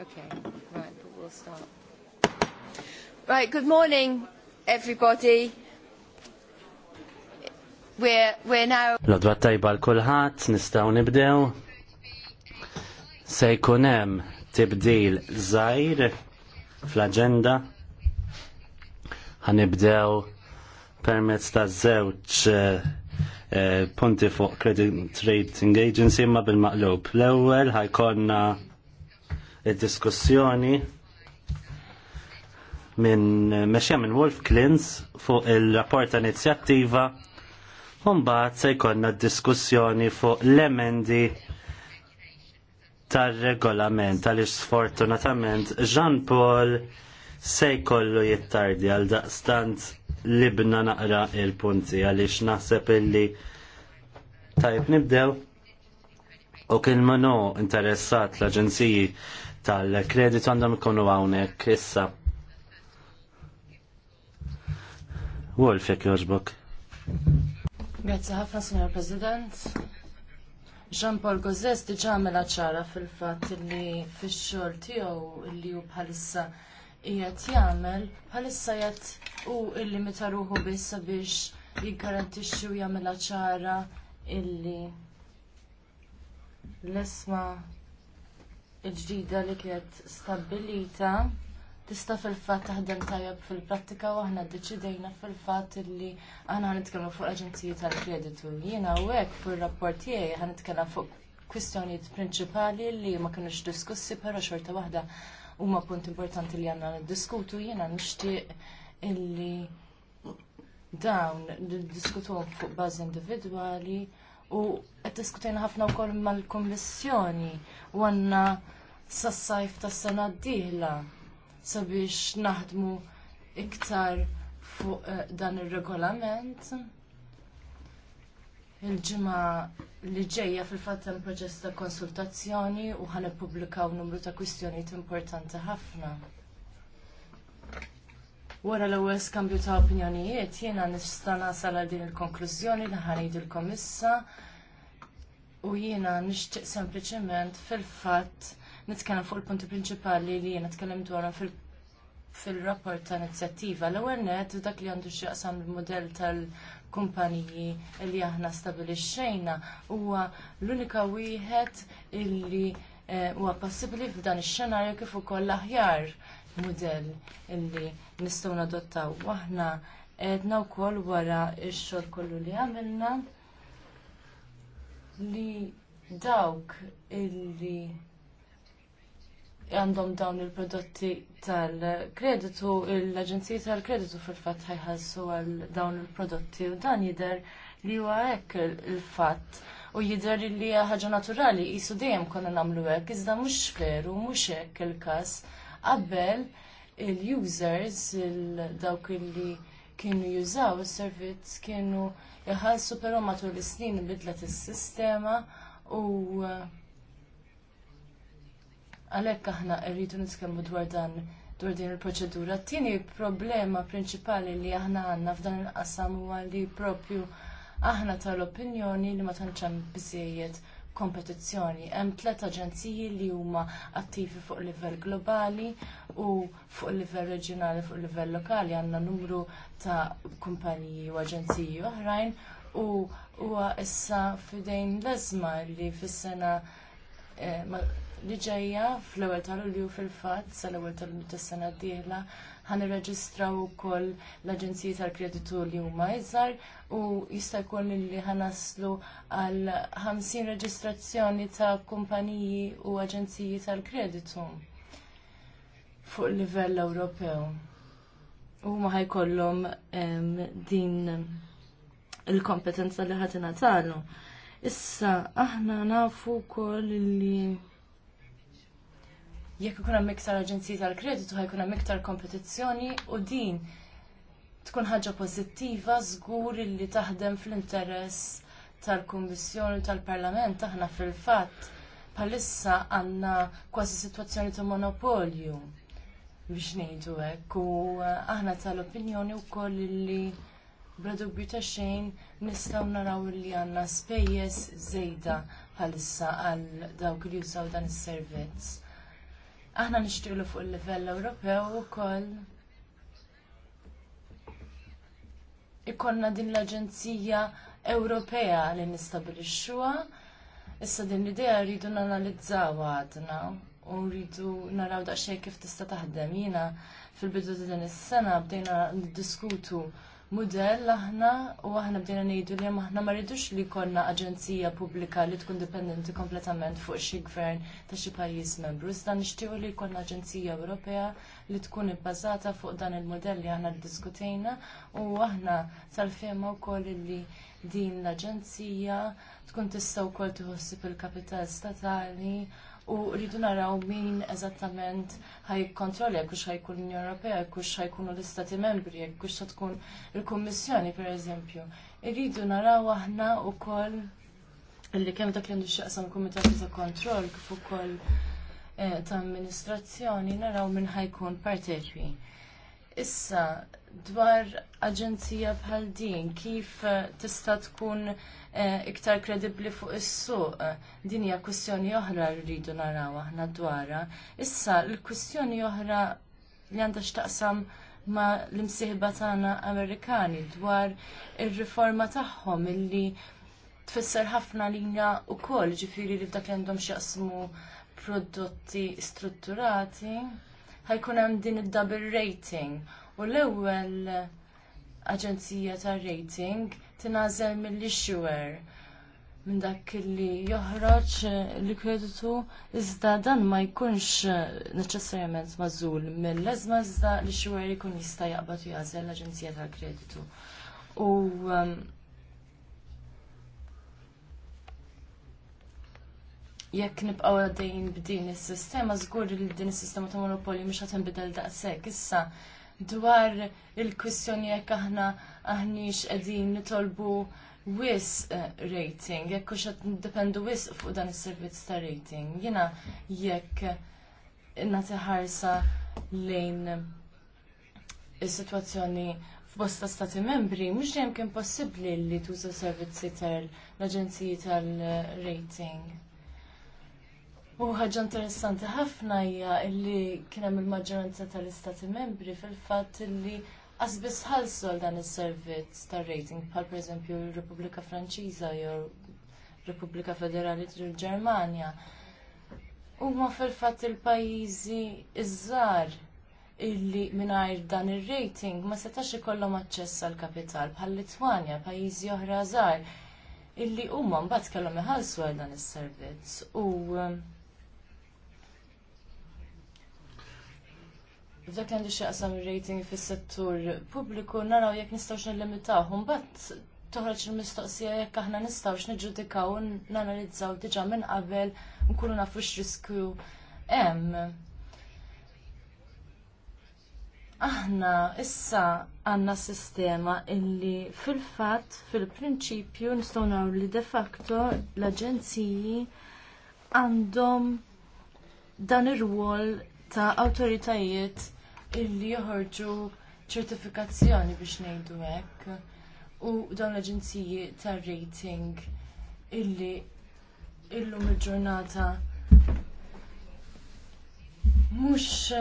Okay, right, but we'll start. Right, good morning, everybody. We're, we're now... Lodwa tajba l-kulħat, nistaw nibdew. Se jkunem tibdil zaħir fl-agenda. Għanibdew permezz ta' zewċ eh, eh, punti fuq Credit Rating Agency ma bil-maqlub. L-ewel ħajkonna il diskussjoni minn meċja minn Wolf Klins fuq il-rapport inizjattiva Umbaħt se jkollna diskussjoni fuq l-emendi tar-regolament għaliex sfortunatament Jean Paul se jkollu jittardi għal daqstant libna naqra il-punti għaliex naħseb illi tajb nibdew u kien manu interessat l-aġenziji tal-kredit għandhom ikunu għawnek issa. Wolf jek joġbok. Grazie ħafna, Signor President. Jean-Paul Gozes diġa għamela ċara fil-fat li fil-xol tijow li ju bħalissa jgħat jgħamel, bħalissa jgħat u illi mitaruħu bissa biex jgarantixxu jgħamela ċara illi l-esma il-ġdida li kienet stabbilita tista' fil-fatt taħdem tajjeb fil-prattika u aħna ddeċidejna fil-fatt li aħna ħanitkellmu fuq aġenziji tal-kreditu. Jiena hekk fir-rapport tiegħi ħanitkellem fuq kwistjonijiet prinċipali li ma kinux diskussi però xorta waħda huma punt importanti li għandna niddiskutu jiena nixtieq illi dawn diskutuhom fuq bażi individwali u qed diskutejna ħafna wkoll mal-Kummissjoni u għandna sas-sajf tas-sena d-dieħla sabiex naħdmu iktar fuq eh, dan ir-regolament. Il-ġimgħa li ġejja fil-fatt hemm proċess ta' konsultazzjoni u publikaw numru ta' kwistjonijiet importanti ħafna. Wara l-ewwel skambju ta' opinjonijiet jiena nista' nasal għal din il-konklużjoni li il-komissa. u jiena nixtieq sempliċement fil-fatt nitkellem fuq il-punti prinċipali li jiena tkellem dwarhom fil- fil-rapport ta' inizjattiva. L-ewwel net dak li għandu x-jaqsam il-modell tal-kumpaniji li aħna stabilixxejna huwa l-unika wieħed illi eh, huwa possibbli f'dan ix-xenarju kif ukoll aħjar mudell illi nistgħu nadottaw. Waħna edna wkoll wara x-xogħol kollu li għamilna li dawk illi għandhom dawn il-prodotti tal-kreditu, l-Aġenziji tal-kreditu fil-fatt ħajħassu għal dawn il-prodotti u dan jidher li huwa hekk il-fatt. U jidher li hija ħaġa naturali, jisu dejjem konna nagħmlu hekk, iżda mhux veru, mhux hekk il-każ qabel il-users, il-dawk li kienu jużaw il-servizz kienu jħallsu però matul is-snin bidlet is-sistema u eh, għalhekk aħna rridu nitkellmu dwar dan dwar din il-proċedura. Tieni problema prinċipali li aħna għandna f'dan il-qasam huwa li propju aħna tal-opinjoni li ma tantx hemm biżejjed kompetizzjoni. Hemm tliet aġenziji li huma attivi fuq livell globali u fuq livell reġjonali fuq livell lokali għandna numru ta' kumpaniji u aġenziji oħrajn u huwa issa fidejn l-eżma li fis-sena eh, li ġejja fl-ewwel ta' Lulju fil-fatt sal-ewwel tal-sena d-dieħla ħan irreġistraw ukoll l-Aġenziji tal-Kreditu li huma iżgħar u jista' jkun li ħanaslu għal 50 reġistrazzjoni ta' kumpaniji u aġenziji tal-kreditu fuq livell Ewropew. Huma ħajkollhom din il-kompetenza li ħatina talu. Issa aħna nafu wkoll li jekk ikun hemm iktar aġenziji tal-kreditu ħajkun hemm iktar kompetizzjoni u din tkun ħaġa pożittiva żgur li taħdem fl-interess tal-Kummissjoni tal-Parlament aħna fil-fatt bħalissa għandna kważi sitwazzjoni ta' monopolju biex ngħidu hekk u eh, aħna tal-opinjoni wkoll li bla dubju ta' xejn nistgħu naraw li għandna spejjeż żejda bħalissa għal dawk li jużaw dan is-servizz. Aħna nishtiqlu fuq il-livell Ewropew ukoll ikonna din l-Aġenzija Ewropea li nistabilixxuha. Issa din l-idea rridu nanalizzawa għadna u rridu naraw daqsxejn kif tista' taħdem. Jiena fil-bidu ta' din is-sena bdejna niddiskutu mudell aħna u aħna bdejna ngħidu li aħna ma rridux li jkollna aġenzija pubblika li tkun dipendenti kompletament fuq xi gvern ta' xi pajjiż membru. Iżda nixtiequ li jkollna aġenzija Ewropea li tkun ibbażata fuq dan il-modell li aħna ddiskutejna u aħna tal-fema wkoll li din l-aġenzija tkun tista' wkoll tħossi il-kapital statali u rridu naraw min eżattament ħaj kontrolli, kux ħajkun l-Unjoni Ewropea, kux ħajkunu l-Istati membri, kux tkun il-Kommissjoni per eżempju. Irridu naraw aħna u koll kemm dak li għandu xaqsam komitat ta' Kontroll kif ukoll eh, ta' amministrazzjoni naraw minn ħajkun parteċi. Issa, dwar aġenzija bħal din, kif eh, tista' tkun eh, iktar kredibbli fuq is-suq. Din hija kwistjoni oħra rridu naraw aħna dwarha. Issa l-kwistjoni oħra li għandha x'taqsam ma l-imsieħba tagħna Amerikani dwar ir-riforma tagħhom illi tfisser ħafna linja wkoll ġifieri li f'dak li għandhom x'jaqsmu prodotti strutturati ħajkun hemm din id-double rating U l-ewwel aġenzija tar-rating tingħażel mill-issuer minn dak li joħroġ l-kreditu iżda dan ma jkunx neċessarjament mażul mill-leżma iżda l issuer jkun jista' jaqbad u jażel l-Aġenzija tal-Kreditu. U um, jekk nibqgħu għaddejjin b'din is-sistema żgur li din is-sistema ta' monopolju mhux qed inbidel daqshekk issa dwar il-kwistjoni jekk aħna aħniex qegħdin nitolbu wis eh, rating, jekk hux qed niddependu wis fuq dan is-servizz ta' rating. Jiena jekk nagħti ħarsa lejn is-sitwazzjoni f'bosta stati membri, mhux dejjem kien possibbli li tuża servizzi tal-aġenziji tal-rating. U ħaġa interessanti ħafna hija li kien hemm il-maġġoranza tal-istati membri fil-fatt li qasbis ħalsu għal dan is-servizz tar-rating bħal pereżempju r-Repubblika Franċiża jew Repubblika Federali tal-Ġermanja. Huma fil-fatt il-pajjiżi iż-żgħar illi mingħajr dan ir-rating ma setax ikollhom aċċess għall kapital bħal Litwanja, pajjiżi oħra żgħar illi huma mbagħad kellhom iħallsu għal dan is-servizz. U um, Dak għandu xieqsam rating fis-settur pubbliku naraw jekk nistgħux nillimitaw. Mbagħad toħroġ il-mistoqsija jekk aħna nistgħux niġġudikaw u nanalizzaw diġà minn qabel nkunu nafu x'riskju hemm. Aħna issa għandna sistema illi fil-fatt fil-prinċipju nistgħu nagħmlu li de facto l-aġenziji għandhom dan ir-rwol ta' awtoritajiet illi joħorġu ċertifikazzjoni biex ngħidu hekk u dawn l-aġenziji tar rating illi illum il-ġurnata mhux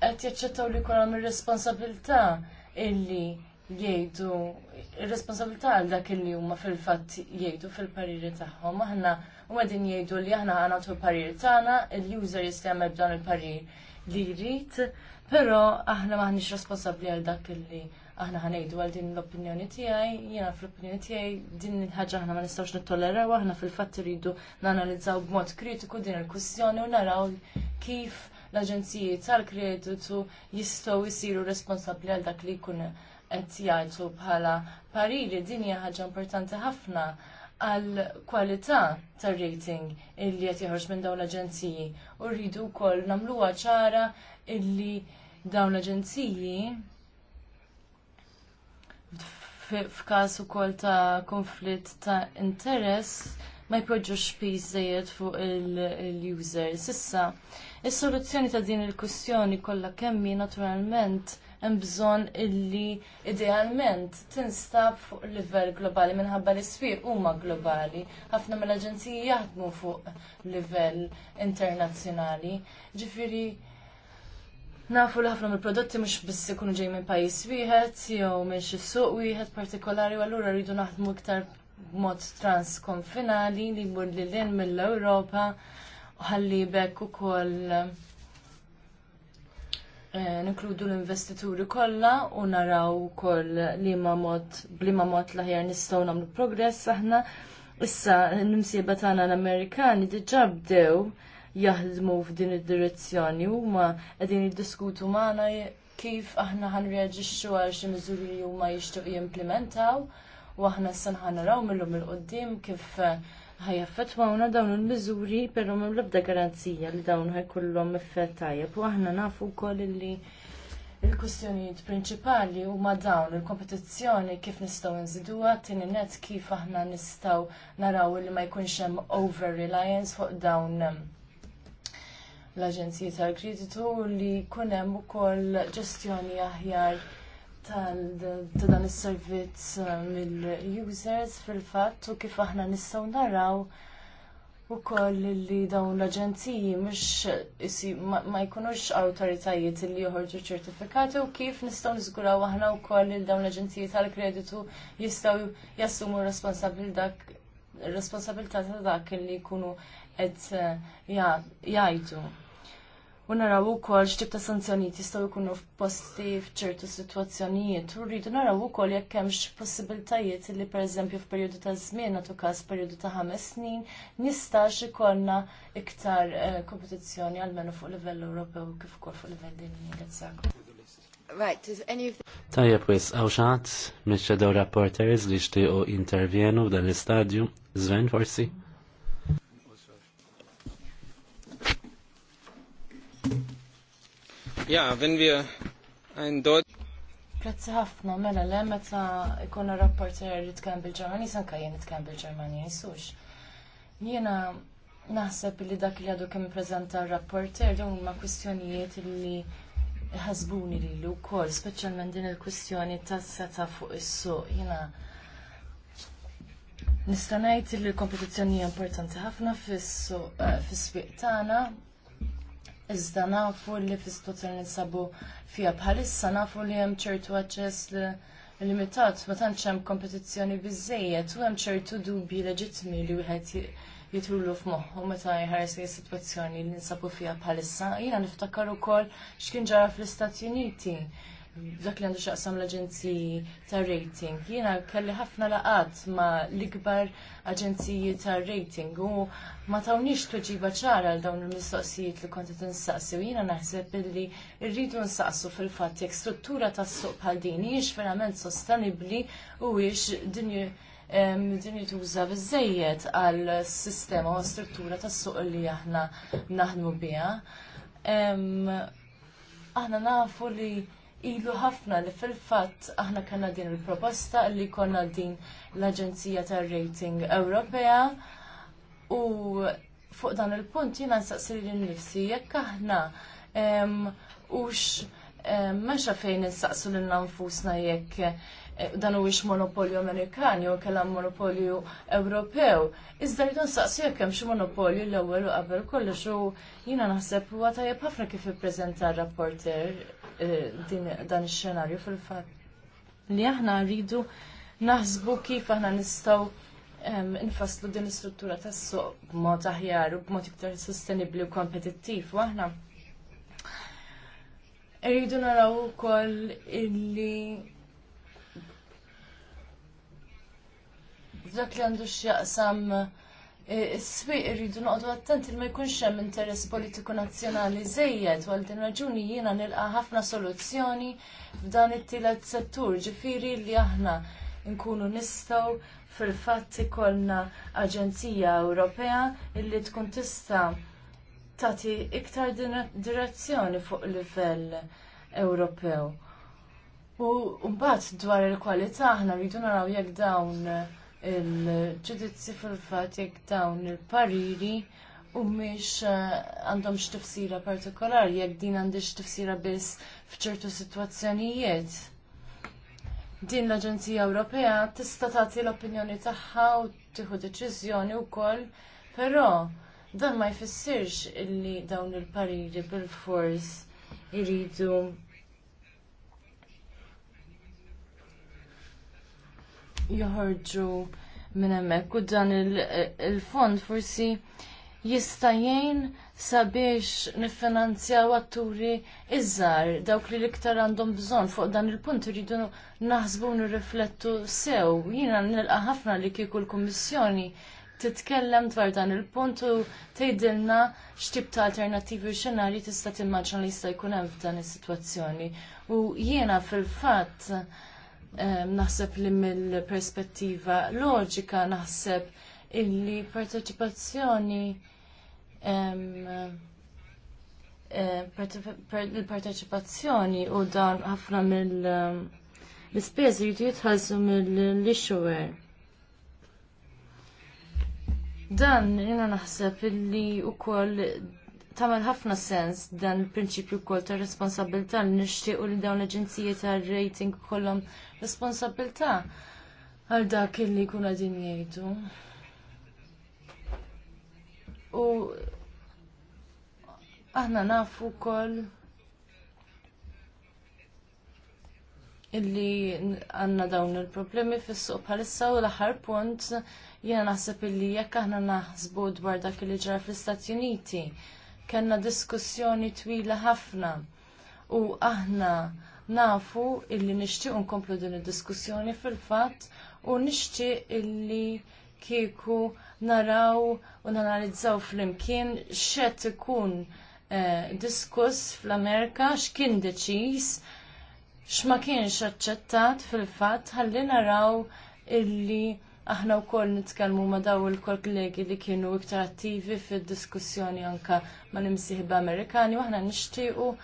qed jaċċettaw li kolhom ir-responsabilità illi jgħidu ir-responsabilità għal dak illi huma fil-fatt jgħidu fil-pariri tagħhom aħna u għedin jgħidu li aħna għandna tu parir tagħna, il-user jistgħu jagħmel b'dan il-parir li jrid Però aħna maħniex responsabbli għal dak li aħna ħanejdu għal din l-opinjoni tiegħi, jiena fl-opinjoni tiegħi din il-ħaġa aħna ma nistgħux nittolleraw, aħna fil-fatt rridu nanalizzaw b'mod kritiku din il kwissjoni u naraw kif l-aġenziji tal-kreditu jistgħu jsiru responsabbli għal dak li jkun qed jgħidu bħala pariri din hija ħaġa importanti ħafna għal kwalità tar-rating illi qed joħorġ minn dawn l-aġenziji u rridu wkoll nagħmluha ċara illi dawn l-aġenziji f'każ ukoll ta' konflitt ta' interess ma jpoġġux piżejjed fuq il-users. Issa, is-soluzzjoni ta' din il-kwistjoni kollha kemmi naturalment hemm bżonn illi idealment tinstab fuq livell globali minħabba li sfir huma globali. Ħafna mill-aġenziji jaħdmu fuq livell internazzjonali. Ġifieri Nafu li ħafna mill-prodotti mhux biss ikunu ġej minn pajjiż wieħed jew minn xi suq wieħed partikolari u allura rridu naħdmu iktar b'mod transkonfinali li jmur lil mill-Ewropa u ħalli bekk ukoll eh, nkludu l-investituri kollha u naraw ukoll liema mod bliema mod l-aħjar nistgħu nagħmlu progress aħna. Issa n-nimsieba tagħna l-Amerikani diġà bdew jaħdmu f'din id-direzzjoni huma qegħdin jiddiskutu magħna kif aħna ħanreġixxu għal xi miżuri li huma jixtiequ jimplementaw u aħna issa ħanaraw millum il-qudiem kif ħajaffetwawna dawn il-miżuri però mill l-ebda garanzija li dawn ħajkollhom effett tajjeb u aħna nafu wkoll li il-kustjonijiet prinċipali huma dawn il-kompetizzjoni kif nistgħu nżiduha, tieni net kif aħna nistgħu naraw li ma jkunx hemm over reliance fuq dawn l aġenzija tal-Kreditu li jkun hemm ukoll ġestjoni aħjar ta' dan is-servizz eh, mill-users fil-fatt u kif aħna nistgħu naraw ukoll li dawn l-aġenziji mhux ma jkunux awtoritajiet li joħorġu ċertifikati u kif nistgħu niżguraw aħna wkoll li dawn l-aġenziji tal-kreditu jistgħu jassumu responsabil dak responsabilità ta' dak li jkunu qed eh, jgħidu. U naraw ukoll x'tib ta' sanzjonijiet jistgħu jkunu f'posti f'ċertu sitwazzjonijiet u rridu naraw ukoll jekk xi possibiltajiet li pereżempju f'perjodu ta' żmien nagħtu każ perjodu ta' ħames snin nistax ikollna iktar eh, kompetizzjoni menu fuq livell Ewropew kif ukoll fuq livell dinji. Grazzi. Right, does any of the... Tajab wis, għawxat, misċa daw rapporters li xtiju intervjenu f'dan l-istadju, zven forsi? Ja, wenn wir ein Deutsch. Grazzi ħafna, mela le, meta ikun rapporter jitkellem bil-Ġermani, sanka jien jitkellem bil-Ġermani, jisux. Jiena naħseb li dak li għadu kemm prezenta rapporter dawn ma' kwistjonijiet li ħasbuni li l wkoll, speċjalment din il-kwistjoni ta' seta fuq is-suq. Jiena nista' ngħid li l-kompetizzjoni importanti ħafna fis-suq eh, fis-swieq tagħna, Iżda nafu li fis li nsabu fija bħalissa nafu li hemm ċertu aċċess limitat ma tantx hemm kompetizzjoni biżejjed u hemm ċertu dubji leġittimi li wieħed jitrullu f'moħħu meta jħares li situazzjoni li nsabu fija bħalissa. Jiena niftakar ukoll x'kien ġara fl-Istati Uniti dak li għandu xaqsam l-aġenziji ta' rating. Jiena kelli ħafna laqat ma' l-ikbar aġenziji ta' rating u ma tawnix tuġiba ċara għal dawn il-mistoqsijiet li t nsaqsi u jiena naħseb billi rridu nsaqsu fil-fatt jekk struttura ta' suq bħal din hijiex verament sostenibbli u jiex dinju din jituża bizzejiet għal sistema u struttura tas suq li aħna naħdmu biha. Aħna nafu li ilu ħafna li fil-fatt aħna kanna din il-proposta li konna din l-Aġenzija tar rating Ewropea u fuq dan il-punt jina nsaqsir li nifsi jekk aħna ux meċa fejn nsaqsu l nfusna jekk eh, dan huwiex monopolju Amerikan jew kellha monopolju Ewropew. Iżda rridu nsaqsu jekk hemm xi monopolju l-ewwel u qabel kollox u jiena naħseb huwa tajjeb ħafna kif ippreżenta r-rapporter Eh, dan ix-xenarju fil-fatt li aħna rridu naħsbu kif aħna nistgħu nfasslu din l-istruttura tas-suq b'mod aħjar u b'mod iktar sostenibbli u kompetittiv u aħna Rridu naraw ukoll illi dak li għandu x'jaqsam s-swiq irridu noqdu attenti li ma jkunx hemm interess politiku nazzjonali żejjed għal din raġuni jiena nilqa' ħafna soluzzjoni f'dan it-tielet settur, ġifieri li aħna nkunu nistgħu fil-fatt ikollna Aġenzija Ewropea illi tkun tista' tagħti iktar direzzjoni fuq livell Ewropew. U mbagħad dwar il-kwalità aħna rridu naraw jekk dawn il-ġudizzi fil-fat jekk dawn il-pariri u miex eh, għandhom x'tifsira partikolari, jekk din x tifsira biss f'ċertu sitwazzjonijiet. Din l-Aġenzija Ewropea tista' tagħti l-opinjoni tagħha u tieħu deċiżjoni wkoll, però dan ma jfissirx illi dawn il-pariri bil-fors iridu joħorġu minn hemmhekk u dan il-fond forsi jista' jgħin sabiex niffinanzjaw atturi iżgħar dawk li l-iktar għandhom bżonn fuq dan il-punt iridu naħsbu nirriflettu sew. Jiena nilqa' ħafna li kieku l-Kummissjoni titkellem dwar dan il-punt u tgħidilna x'tip ta' alternattivi u xenarji tista' timmaġna li jista' jkun hemm f'dan is-sitwazzjoni. U jiena fil-fatt naħseb li mill-perspettiva loġika naħseb illi parteċipazzjoni il-parteċipazzjoni u dan ħafna mill l-ispezi jitħallsu mill-issuer. Dan jena naħseb illi u koll tamal ħafna sens dan il-prinċipju kol ta' responsabilta' nishtiqu li dawn l-ġenzijiet ta' rating kollom responsabilità għal dak li kuna għadin jgħidu. U aħna nafu wkoll illi għandna dawn il-problemi fis-suq bħalissa u l-aħħar punt jiena naħseb illi jekk aħna naħsbu dwar dak li ġara fl-Istati Uniti Kenna diskussjoni twila ħafna u aħna nafu illi nixtieq nkomplu din id-diskussjoni fil-fatt u nixtieq illi kieku naraw u nanalizzaw flimkien x'qed ikun eh, diskuss fl-Amerika x'kien deċiż x'ma kienx aċċettat fil-fatt ħalli naraw illi aħna wkoll nitkellmu ma daw il-kollegi li kienu iktar attivi fid-diskussjoni anka mal-imsieħba Amerikani u aħna nixtiequ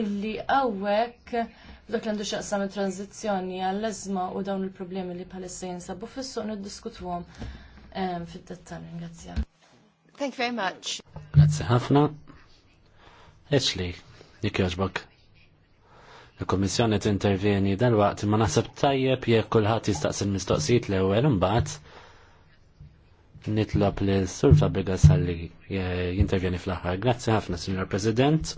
illi hawnhekk dak li għandu xaqsam il-tranzizjoni għall-ezma u dawn il-problemi li bħalissa jinsabu id-diskutu niddiskutuhom ehm, fid-dettal. Grazie. Thank you very much. Grazzi ħafna. Eċli, dik joġbok. il komissjoni t-intervjeni dal-waqt ma nasab tajjeb jekk kulħadd jistaqsi l-mistoqsijiet l-ewwel imbagħad nitlob li s-sur Fabriga Salli eh, jintervjeni fl-aħħar. Grazzi ħafna, Signor President.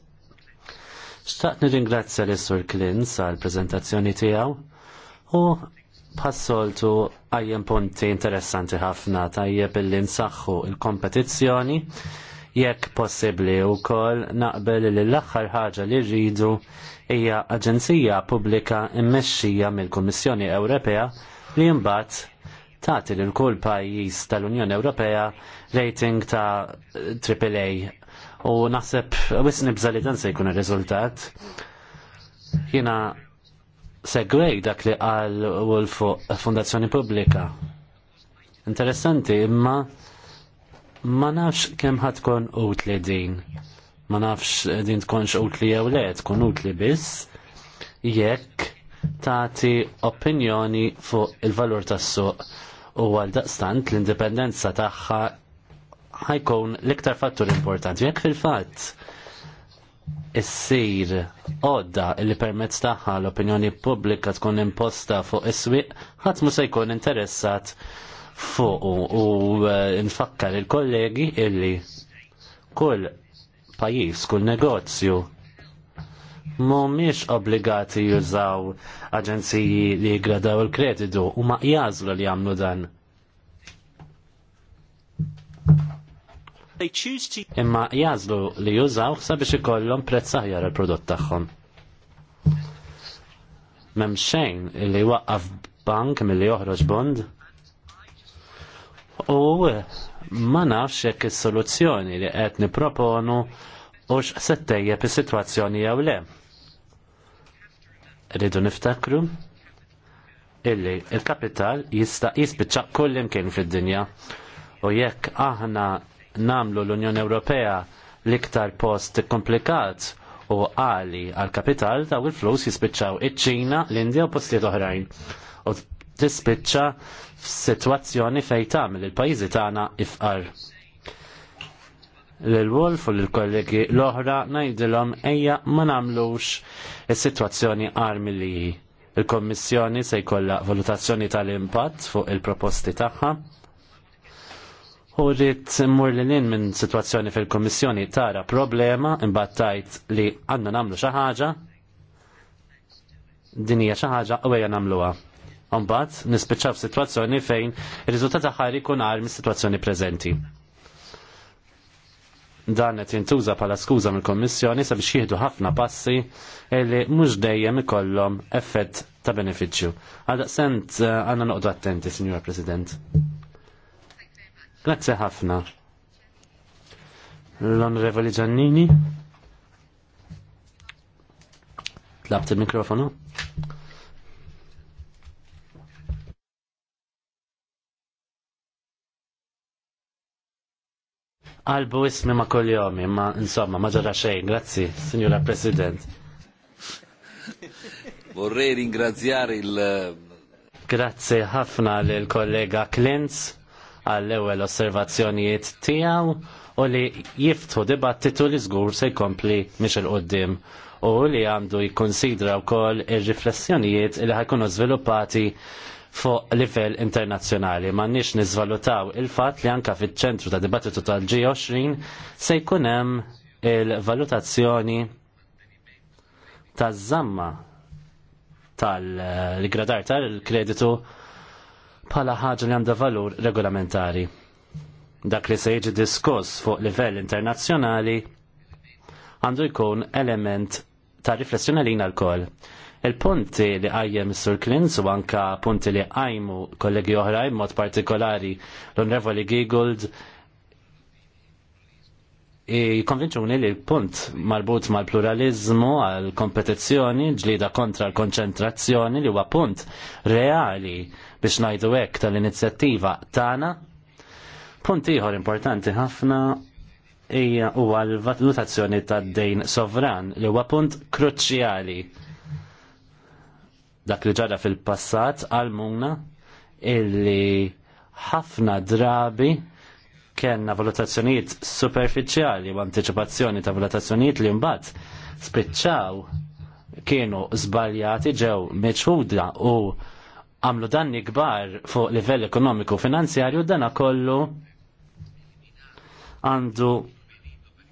Xtaqt nirringrazzja l sur Klins għal prezentazzjoni tiegħu u passoltu għajjem punti interessanti ħafna tajjeb illi nsaħħu il-kompetizzjoni jekk possibbli u kol naqbel li l-axħar ħaġa li rridu hija aġenzija pubblika immexxija mill-Kummissjoni Ewropea li mbagħad tagħti lil kull pajjiż tal-Unjoni Ewropea rating ta' AAA u naħseb wis nibża li dan se jkun ir-riżultat. Jiena segwej dak li qal l Fondazzjoni Pubblika. Interessanti, imma ma nafx kemm ħatkun utli din. Ma nafx din tkunx utli jew le, tkun utli biss jekk tagħti opinjoni fuq il-valur tas-suq u għal daqstant l-indipendenza tagħha ħajkun l-iktar fattur importanti. Jekk fil-fatt issir odda li permezz tagħha l-opinjoni pubblika tkun imposta fuq is-swieq, ħadd mhux se jkun interessat fuq u e, nfakkar il-kollegi illi kull pajjiż, kull negozju mhumiex obbligati jużaw aġenziji li jgradaw il-kreditu u ma jażlu li jagħmlu dan Imma jazlu li jużaw sabiex ikollhom prezz aħjar il-prodott tagħhom. Mem xejn li waqqaf bank milli joħroġ bond. U ma nafx jekk is-soluzzjoni li qed niproponu u x'settejjeb is-sitwazzjoni jew le. Ridu niftakru illi il-kapital jista' jispiċċa kullimkien fid-dinja u jekk aħna namlu l-Unjoni Ewropea l-iktar post komplikat u għali għal kapital daw il-flus jispiċċaw iċ-Ċina, l-Indja u postijiet oħrajn. U tispiċċa f'sitwazzjoni fejn tagħmel il-pajjiżi tagħna ifqar. Lil Wolf u lill kollegi l-oħra ngħidilhom ejja ma nagħmlux is-sitwazzjoni qar milli. Il-Kommissjoni se jkollha valutazzjoni tal-impatt fuq il-proposti tagħha U rrit mur minn situazzjoni fil-Komissjoni tara problema imbattajt li għanna namlu xaħġa dinija xaħġa u għeja namluwa. Umbat nispeċaw situazzjoni fejn il-rizultat ħari ikun għar mis situazzjoni prezenti. Dan qed jintuża bħala skuża mill-Kommissjoni sabiex jieħdu ħafna passi li mhux dejjem ikollhom effett ta' benefiċċju. sent eh, għandna noqdu attenti, Signora President. Grazie. ħafna. L-Onorevoli Giannini. Tlabt il-mikrofonu. Albu ismi ma kol ma insomma, ma ġara xejn, grazzi, signora President. Vorrei ringraziare il... Eh, Grazie Hafna, il collega Klintz għall-ewwel osservazzjonijiet tiegħu u li jiftħu dibattitu li żgur se jkompli miex il qoddim u li għandu jikkonsidra wkoll ir-riflessjonijiet li ħajkunu żviluppati fuq livell internazzjonali. Ma nix nizvalutaw il-fat li anka fit-ċentru ta' dibattitu tal-G20 se jkun hemm il-valutazzjoni taż-żamma tal-gradar tal-kreditu tal bħala ħaġa li għandha valur regolamentari. Dak li se jiġi diskuss fuq livell internazzjonali għandu jkun element ta' riflessjoni lina l-koll. Il-punti li għajjem Sur Klins u anka punti li għajmu kollegi oħra, mod partikolari l-Onrevoli Giggold jikonvinċuni li l-punt marbut mal-pluralizmu għal kompetizzjoni ġlida kontra l-konċentrazzjoni li huwa punt reali biex ngħidu hekk tal-inizjattiva tagħna. Punt ieħor importanti ħafna hija huwa l-valutazzjoni tad-dejn sovran li huwa punt kruċjali dak li ġara fil-passat għalmuna illi ħafna drabi kena valutazzjonijiet superficiali u anticipazzjoni ta' valutazzjonijiet li mbagħad spiċċaw kienu żbaljati ġew meċħuda u għamlu danni kbar fuq livell ekonomiku finanzjarju dana kollu għandu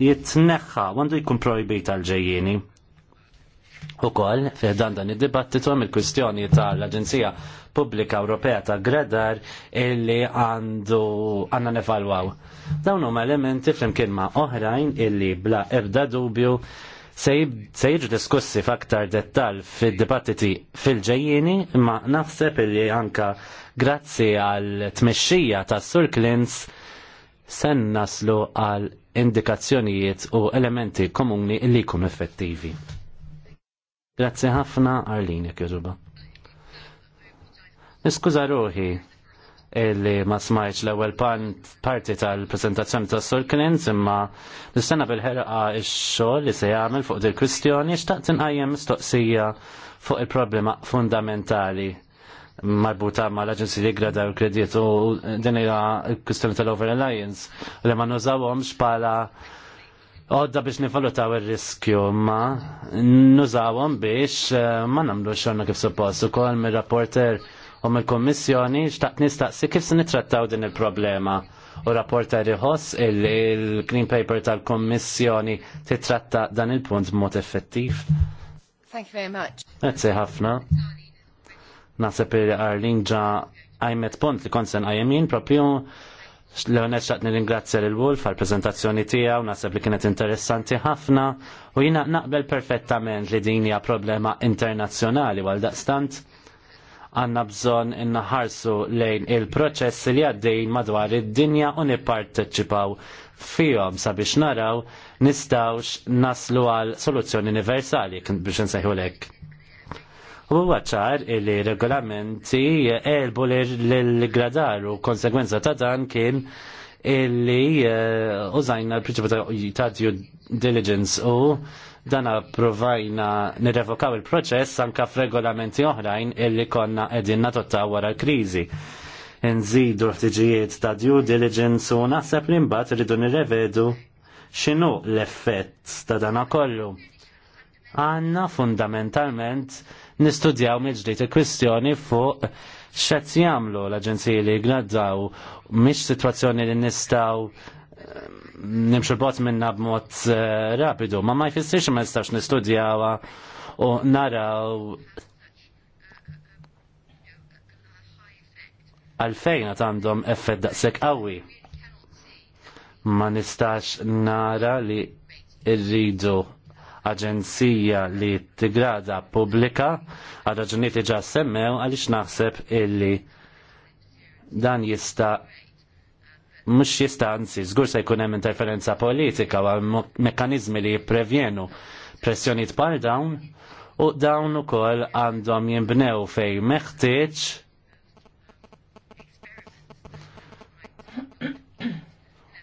jitneħħa, għandu jkun projbit għal-ġejjini. U koll, fiħdan dan id-dibattitu għam il-kwistjoni tal-Aġenzija Pubblika Ewropea ta' Gredar illi għandu għanna nevalwaw. Dawn huma elementi flimkien ma' oħrajn illi bla ebda dubju se jiġu diskussi f'aktar dettal fid-dibattiti fil-ġejjini, imma naħseb li anka grazzi għal tmexxija ta' Sur Klins sen naslu għal indikazzjonijiet u elementi komuni li jkunu effettivi. Grazzi ħafna Arlini Kjużuba. Niskuża ruħi illi ma smajċ l ewwel parti tal-presentazzjoni ta' Sur Klint imma nistenna bil-ħerqa x-xogħol li se jagħmel fuq dil kwistjoni xtaqt inqajjem mistoqsija fuq il-problema fundamentali marbuta ma l-Aġenzji li grada u kredit u din hija l-kwistjoni tal-Over Alliance li ma nużawhomx bħala Odda biex nivalutaw il-riskju, ma nużawhom biex eh, ma nagħmlu xorna kif suppost. Ukoll mir-rapporter U mill-Kommissjoni xtaqt nistaqsi kif se nitrattaw din il-problema u rapporter iħoss il-Green Paper tal-Kommissjoni titratta dan il-punt b'mod effettiv. Thank you very much. Grazie ħafna. Naħseb li Arlene ġa għajmet punt li konsen għajemin propju Leonet xaqt nir-ingrazzja l-Wolf għal-prezentazzjoni tijaw, nasab li kienet interessanti ħafna, u jina naqbel perfettament li din hija problema internazzjonali għal daqstant għanna bżon innaħarsu lejn il-proċess li għaddejn madwar id-dinja u nipparteċipaw fihom sabiex naraw nistawx naslu għal soluzzjoni universali biex nsejħu lek. U għacċar il regolamenti elbu l gradaru konsekwenza konsegwenza ta' dan kien illi eh, użajna l-prinċipu ta' due diligence u Dan provajna nirrevokaw il-proċess anka f'regolamenti oħrajn illi konna qegħdin natotta wara l-kriżi. Nżidu l-ħtiġijiet ta' due diligence u naħseb li mbagħad irridu nirrevedu x'inhu l-effett ta' dana kollu. Għanna fundamentalment nistudjaw miġdiet il-kwistjoni fuq xet jamlu l-agenziji li għaddaw, miex situazzjoni li nistaw nimxu l-bot minna b'mod eh, rapidu, ma ma jfissirx ma nistax nistudjawa u naraw għalfejn għat għandhom effett daqsek qawwi. Ma nistax nara li irridu aġenzija li tigrada pubblika għal raġunijiet ġa semmew għaliex naħseb illi dan jista' mux jistanzi, zgur se jkun hemm interferenza politika u mekkaniżmi li jipprevjenu pressjoniet bħal dawn u dawn ukoll għandhom jinbnew fej meħtieġ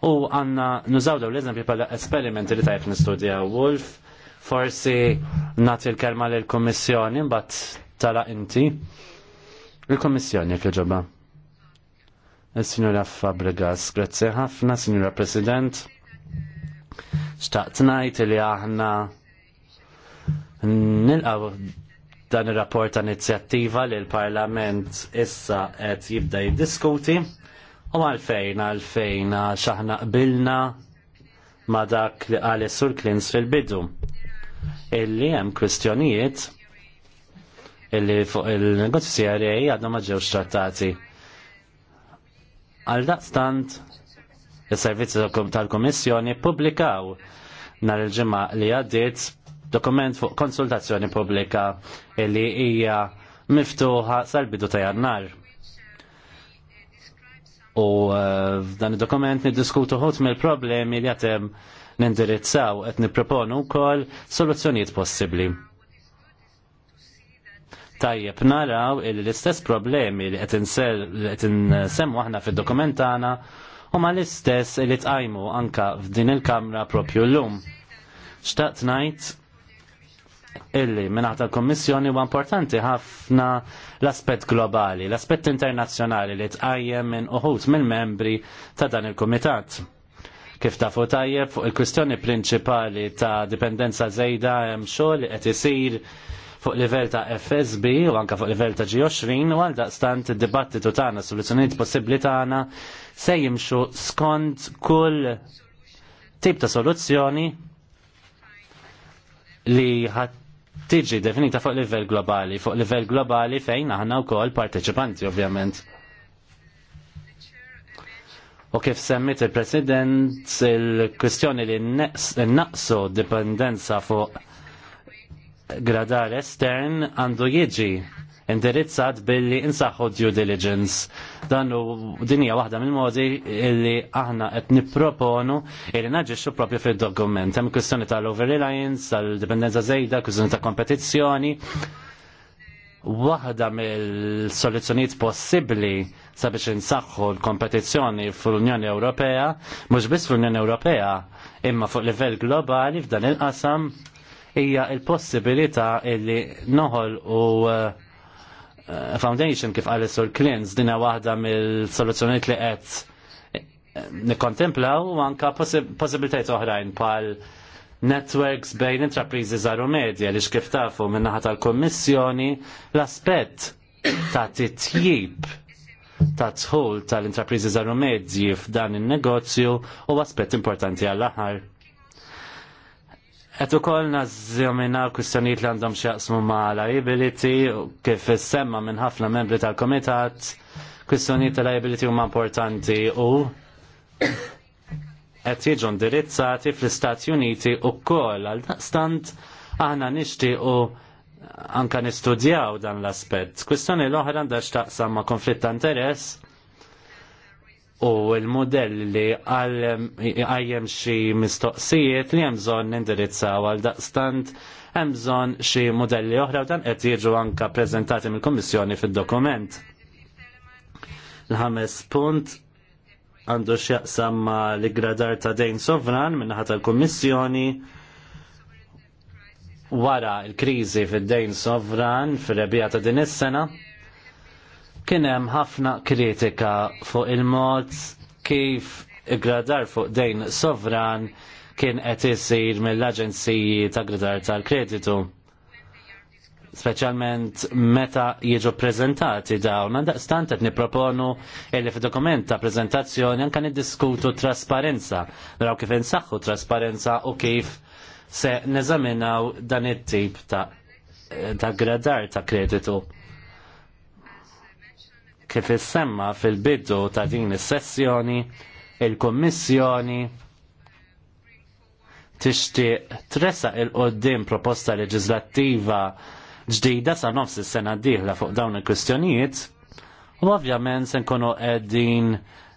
u għanna nużaw l-eżempju pala esperimenti li tajt nistudja Wolf forsi nati l-kelma l kummissjoni mbatt tala inti Il-Kummissjoni fil-ġobba. Eh, Signora Fabregas, grazie ħafna, Signora President. Xtaqt li aħna nilqaw dan ir-rapport ta' inizjattiva li l-Parlament issa qed jibda jiddiskuti u għalfejn għalfejn xaħna qbilna ma dak li għal sur Klins fil-bidu. Illi hemm kwistjonijiet illi fuq il negozjarej CRA għadna ma ġewx trattati Għal daqstant, il-servizzi tal-Komissjoni publikaw nar il-ġimma li għaddiet dokument fuq konsultazzjoni publika li hija miftuħa sal-bidu ta' jannar. U eh, f'dan id-dokument niddiskutu ħut mill-problemi li għatem nindirizzaw qed nipproponu wkoll soluzzjonijiet possibbli tajjeb naraw l-istess problemi li qed insemmu aħna fid-dokument tagħna huma l-istess li tqajmu anka f'din il-kamra propju llum. Xtaqt ngħid illi minnaħ tal-Kommissjoni huwa importanti ħafna l-aspett globali, l-aspett internazzjonali li tqajjem minn uħut mill-membri ta' dan il-Kumitat kif tafu tajjeb fuq il-kwistjoni prinċipali ta' dipendenza żejda hemm xogħol qed isir fuq livell ta' FSB u anka fuq livell ta' G20 u għal daqstant id-dibattitu tagħna soluzzjonijiet possibbli tagħna se jimxu skont kull tip ta' soluzzjoni li ħadd tiġi definita fuq livell globali, fuq livell globali fejn aħna wkoll parteċipanti ovvjament. U kif semmit il-President il-kwistjoni li naqsu dipendenza fuq gradar estern għandu jiġi indirizzat billi insaħħu due diligence. Dan u dinija waħda mill modi illi aħna qed nipproponu illi naġixxu propju fil-dokument. Hemm kwistjoni tal overreliance tal-dipendenza żejda, kwistjoni ta' kompetizzjoni. Waħda mill-soluzzjonijiet possibbli sabiex insaħħu l-kompetizzjoni fl-Unjoni Ewropea, mhux biss fl-Unjoni Ewropea, imma fuq livell globali f'dan il-qasam hija il-possibilità illi noħol u eh, eh, foundation kif għal sur Klins dina waħda mill soluzzjonijiet li qed eh, nikkontemplaw u anka possibilitajiet oħrajn pal networks bejn intrapriżi żaru medja li xkif tafu naħa tal-Kommissjoni l-aspett ta' titjib ta' tħul tal-intrapriżi żaru medji f'dan in-negozju u aspett importanti għall-aħħar. Et u koll nazzjomina kustjoniet li għandhom xaqsmu ma' liability, kif semma minn ħafna membri tal-komitat, kustjoniet ta' liability huma importanti u et jiġu ndirizzati fl-Istati Uniti u koll għal stant aħna nishti u anka nistudjaw dan l-aspet. Kustjoni l-oħra għandha xtaqsam ma' konflitt ta' interess u il-modell li għajjem xi mistoqsijiet li hemm bżonn nindirizzaw għal daqstant hemm bżonn xi modelli oħra u dan qed jiġu anke preżentati mill-Kummissjoni fid-dokument. L-ħames punt għandu x'jaqsam ma l-gradar ta' dejn sovran minn ħadd il-Kummissjoni wara l-kriżi fid-dejn sovran fir-rebija ta' din is-sena. Kien hemm ħafna kritika fuq il-mod kif gradar fuq dejn sovran kien qed isir mill-aġenziji ta' gradar tal-kreditu. Speċjalment meta jiġu ppreżentati dawn, għandaqstant qed nipproponu illi f'dokument ta' preżentazzjoni anke niddiskutu trasparenza, naraw kif insaħħu trasparenza u kif se neżaminaw dan it-tip ta' ta' gradar ta' kreditu kif issemma fil-bidu ta' din is-sessjoni, il-Kommissjoni tixtieq tresaq il-qoddim proposta leġislattiva ġdida sa' nofs is-sena d-dieħla fuq dawn il-kwistjonijiet u ovvjament se nkunu qegħdin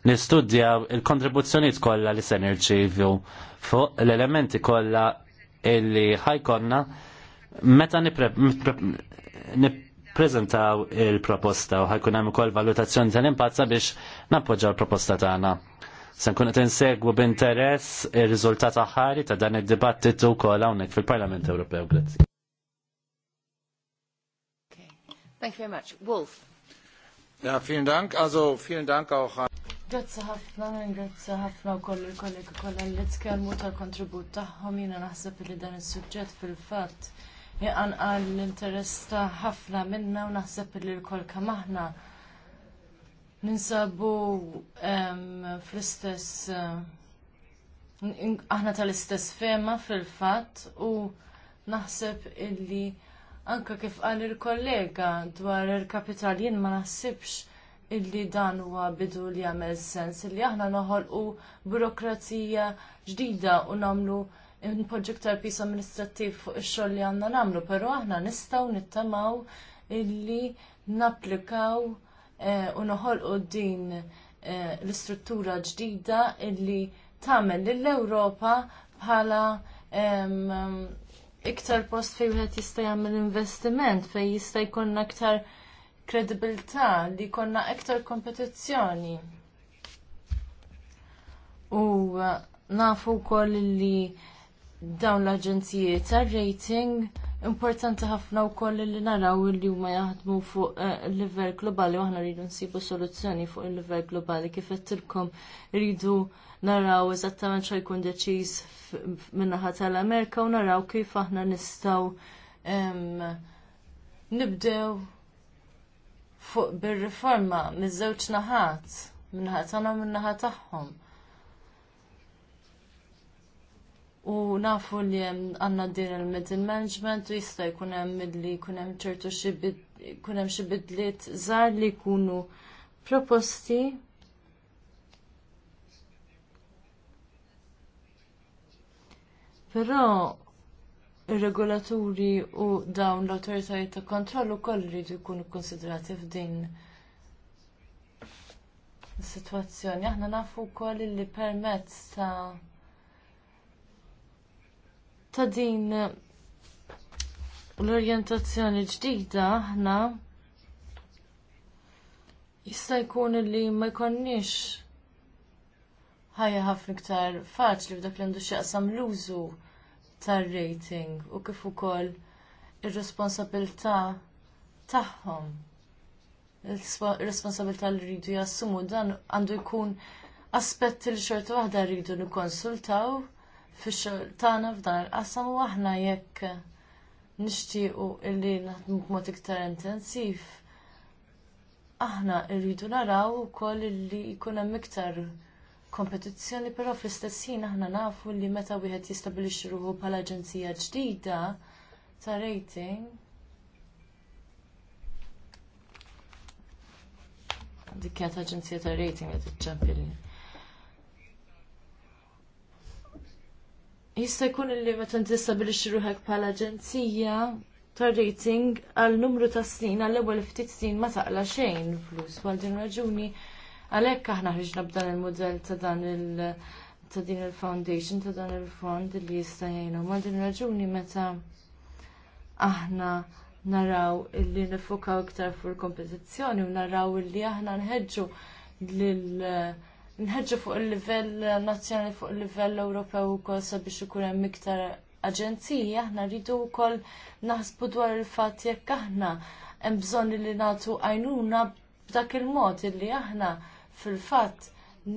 nistudjaw il-kontribuzzjonijiet kollha li se nirċievu fuq l-elementi kollha illi ħajkonna meta prezentaw il-proposta u ħajkun hemm ukoll valutazzjoni tal-impazza biex nappoġġaw il-proposta tagħna. Se nkun qed insegwu b'interess ir-riżultat aħħari ta' dan id-dibattitu wkoll hawnhekk fil-Parlament Ewropew. Grazzi. Okay. Thank you very much. Wolf. Ja, vielen Dank. Also, vielen Dank auch an Grazie ħafna, grazie ħafna u koll il-kollega kollha li tkellmu tal-kontribut tagħhom jiena naħseb li dan is-suġġett fil-fatt għal l-interess ta' ħafna minna u naħseb li l-kol kam aħna ninsabu fl-istess aħna tal-istess fema fil-fatt u naħseb illi anka kif qal il-kollega dwar il-kapital jien ma naħsibx illi dan huwa bidu li jagħmel sens illi aħna noħolqu burokrazija ġdida u nagħmlu il iktar pis amministrattiv fuq ix-xogħol li għandna nagħmlu, però aħna nistgħu nittamaw illi napplikaw eh, u noħolqu din eh, l-istruttura ġdida illi tagħmel lill-Ewropa bħala iktar post fejn wieħed jista' jagħmel investiment fejn jista' jkun iktar kredibilità li jkollna iktar kompetizzjoni. U eh, nafu wkoll li dawn l-aġenzijiet ta' rating importanti ħafna koll li naraw li huma jaħdmu fuq eh, il-livell globali u aħna rridu nsibu soluzzjoni fuq il-livell globali kif qedtilkom rridu naraw eżattament xa jkun deċiż min-naħa tal-Amerika u naraw kif aħna nistgħu nibdew fuq bir-riforma miż-żewġ naħat minn naħa tagħna u min-naħa tagħhom. U nafu li għanna din il-middle management u jista' jkun hemm milli ċertu jkun hemm xi żgħar li jkunu proposti. Però ir-regolaturi u dawn l-awtoritajiet ta' kontroll ukoll iridu jkunu konsiderati f'din is-sitwazzjoni. Aħna nafu wkoll li permezz ta' ta' din l-orjentazzjoni ġdida aħna jista' jkun li ma jkonniex ħajja ħafna iktar faċli f'dak li għandu qasam l-użu tar-rating u kif ukoll ir-responsabilità tagħhom. Ir-responsabilità li rridu jassumu dan għandu jkun aspetti li xorta waħda rridu nikkonsultaw fix-xogħol tagħna f'dan il-qasam u aħna jekk nixtiequ illi naħdmu b'mod iktar intensiv aħna rridu naraw ukoll illi jkun hemm iktar kompetizzjoni, però fl-istess ħin aħna nafu li meta wieħed jistabbilixxi ruħu bħala aġenzija ġdida ta' rating. Dik kienet aġenzija ta' rating qed iċċempilni. Jista' jkun li meta tistabilixxi ruħek bħala aġenzija ta' rating għal numru ta' snin għal ewwel ftit snin ma taqla xejn flus għal din raġuni għalhekk aħna ħriġna b'dan il-mudell ta' dan il- ta' din il-foundation ta' dan il-fond li jista' jgħinu. Ma' din raġuni meta aħna naraw illi nifokaw iktar fuq il kompetizzjoni u naraw illi aħna nħeġġu lil nħedġu fuq il-livell nazzjonali fuq il-livell Ewropew ukoll sabiex ikun hemm iktar aġenziji aħna rridu wkoll naħsbu dwar il-fatt jekk aħna hemm bżonn li nagħtu għajnuna b'dak il-mod illi aħna fil-fatt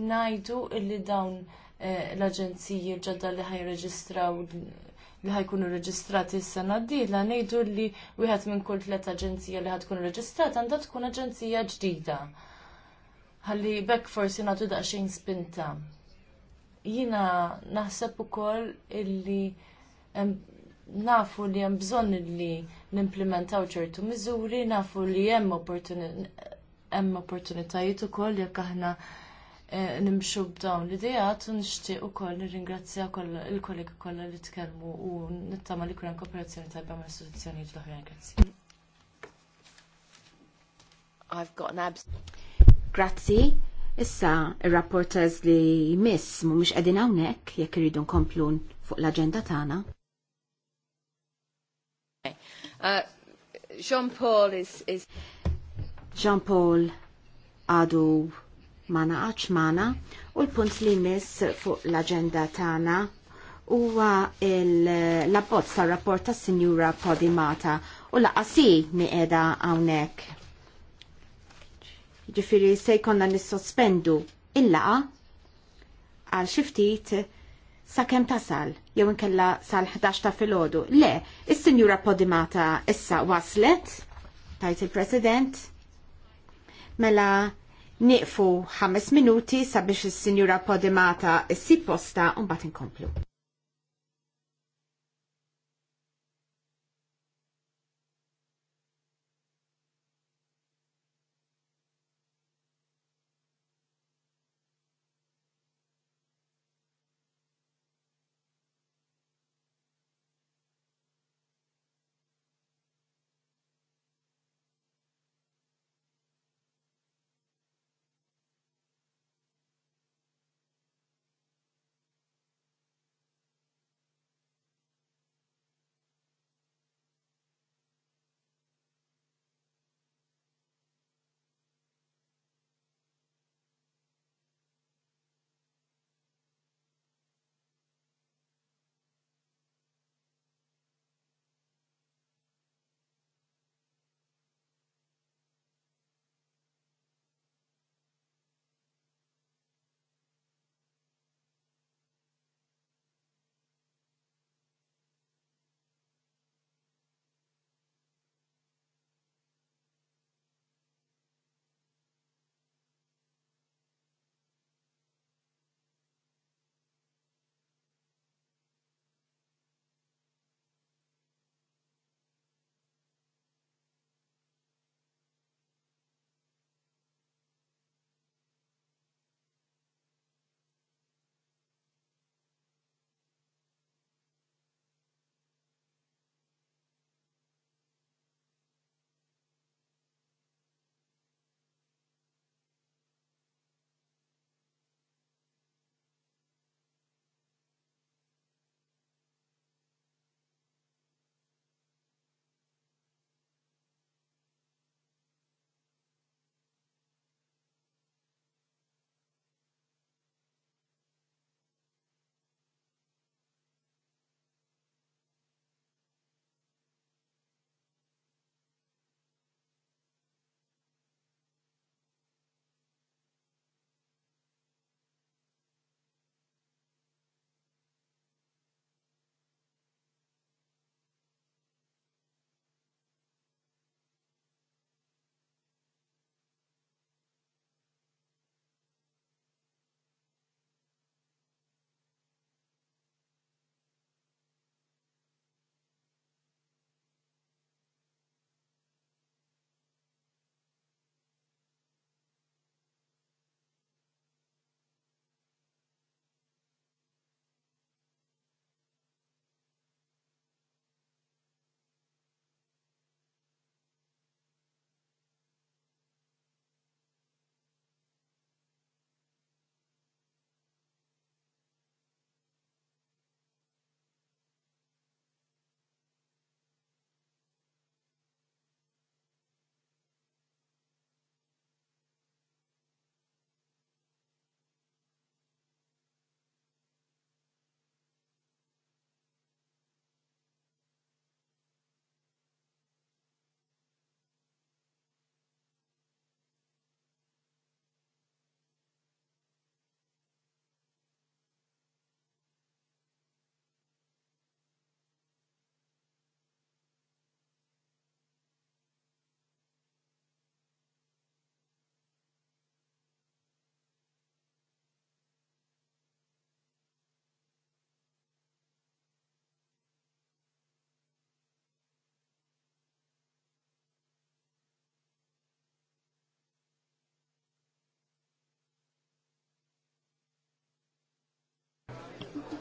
ngħidu illi dawn eh, l-aġenziji ġodda li ħajreġistraw li ħajkunu reġistrati s-sena d-dila, nejdu li wieħed minn kull tliet aġenzija li ħadkun reġistrat għandha tkun aġenzija ġdida ħalli bekk forsi nagħtu daqsxejn spinta. Jiena naħseb ukoll illi nafu li hemm bżonn li nimplementaw ċertu miżuri, nafu li hemm hemm opportunitajiet ukoll jekk aħna eh, nimxu b'dawn l-idejat u nixtieq ukoll nirringrazzja il-kollegi kollha li tkellmu u nittama li kull kooperazzjoni tajba mal istituzzjonijiet l-oħrajn. Grazzi. I've got an abs. Grazzi. Issa, il-rapporters li jmiss mhumiex qegħdin hawnhekk jekk iridu nkomplu fuq l-aġenda tagħna. Eh, uh, Jean-Paul is, is... Jean-Paul għadu mana għax mana u l-punt li jmiss fuq l agenda tagħna huwa l-abbozz tar-rapport tas-Sinjura Podimata u si mi qiegħda hawnhekk ġifiri se jkonna nissospendu il-laqa għal xiftit sa' kem tasal, jew inkella sal-11 ta' filgħodu. Le, is-Sinjura Podimata issa waslet, tajt il-President, mela nieqfu ħames minuti sabiex is-Sinjura Podimata issi posta u mbagħad inkomplu.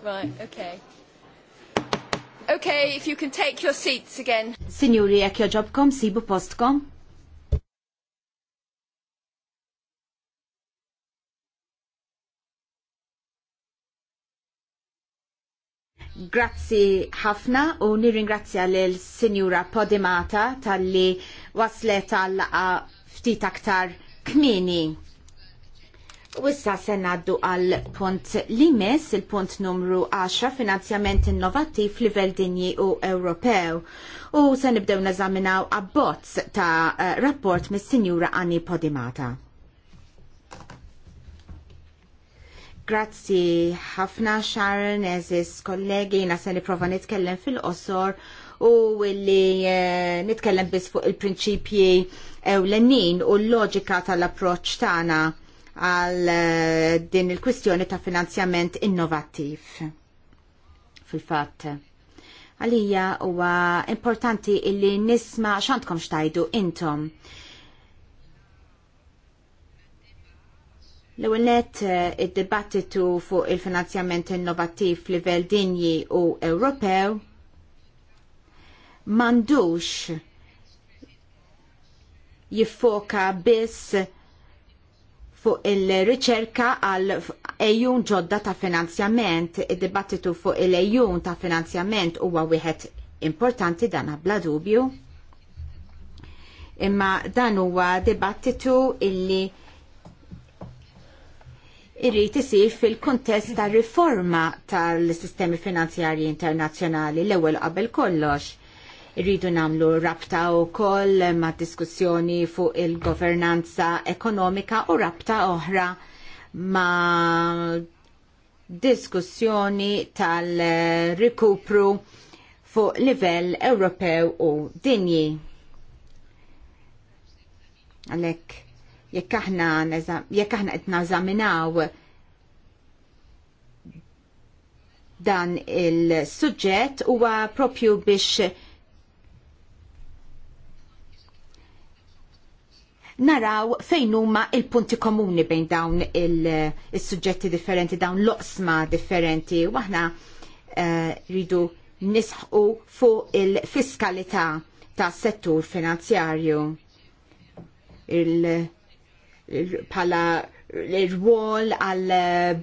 Right, okay. Okay, if you can take your seats again. Signori, jekk joġobkom, sibu postkom. Grazzi ħafna u nirringrazzja lil sinjura Podimata tal-li waslet għal ftit aktar kmini. Wissa se naddu għal punt limes, il-punt numru 10, finanzjament innovattiv livell dinji u Ewropew. U se nibdew nazaminaw abbozz ta' eh, rapport mis-Sinjura Anni Podimata. Grazzi ħafna Sharon, eżis kollegi, nasa se niprofa nitkellem fil-qosor u li uh, eh, nitkellem bis fuq il-prinċipji ewlenin u l-loġika tal-approċ tagħna għal eh, din il-kwistjoni ta' finanzjament innovattiv. Fil-fatt. Għalija huwa importanti illi nisma x'għandkom xtajdu intom. L-ewwel net eh, id-dibattitu fuq il-finanzjament innovattiv livell dinji u Ewropew mandux jiffoka biss fuq il-riċerka għal ejjun ġodda ta' finanzjament, id-dibattitu fuq il-ejjun ta' finanzjament huwa wieħed importanti dan bla dubju. Imma dan huwa dibattitu illi irrid isir fil-kuntest ta' riforma tal-sistemi finanzjarji internazzjonali l-ewwel qabel kollox Irridu namlu rabta u koll ma' diskussjoni fuq il-governanza ekonomika u rabta oħra ma' diskussjoni tal-rikupru fuq livell Ewropew u dinji. Għalek, jekk aħna jekk qed dan il-suġġett huwa propju biex naraw fejn huma il-punti komuni bejn dawn il-suġġetti differenti, dawn l-oqsma differenti, u aħna eh, rridu nisħu fuq il-fiskalità ta' settur finanzjarju. Pala l-rwol għal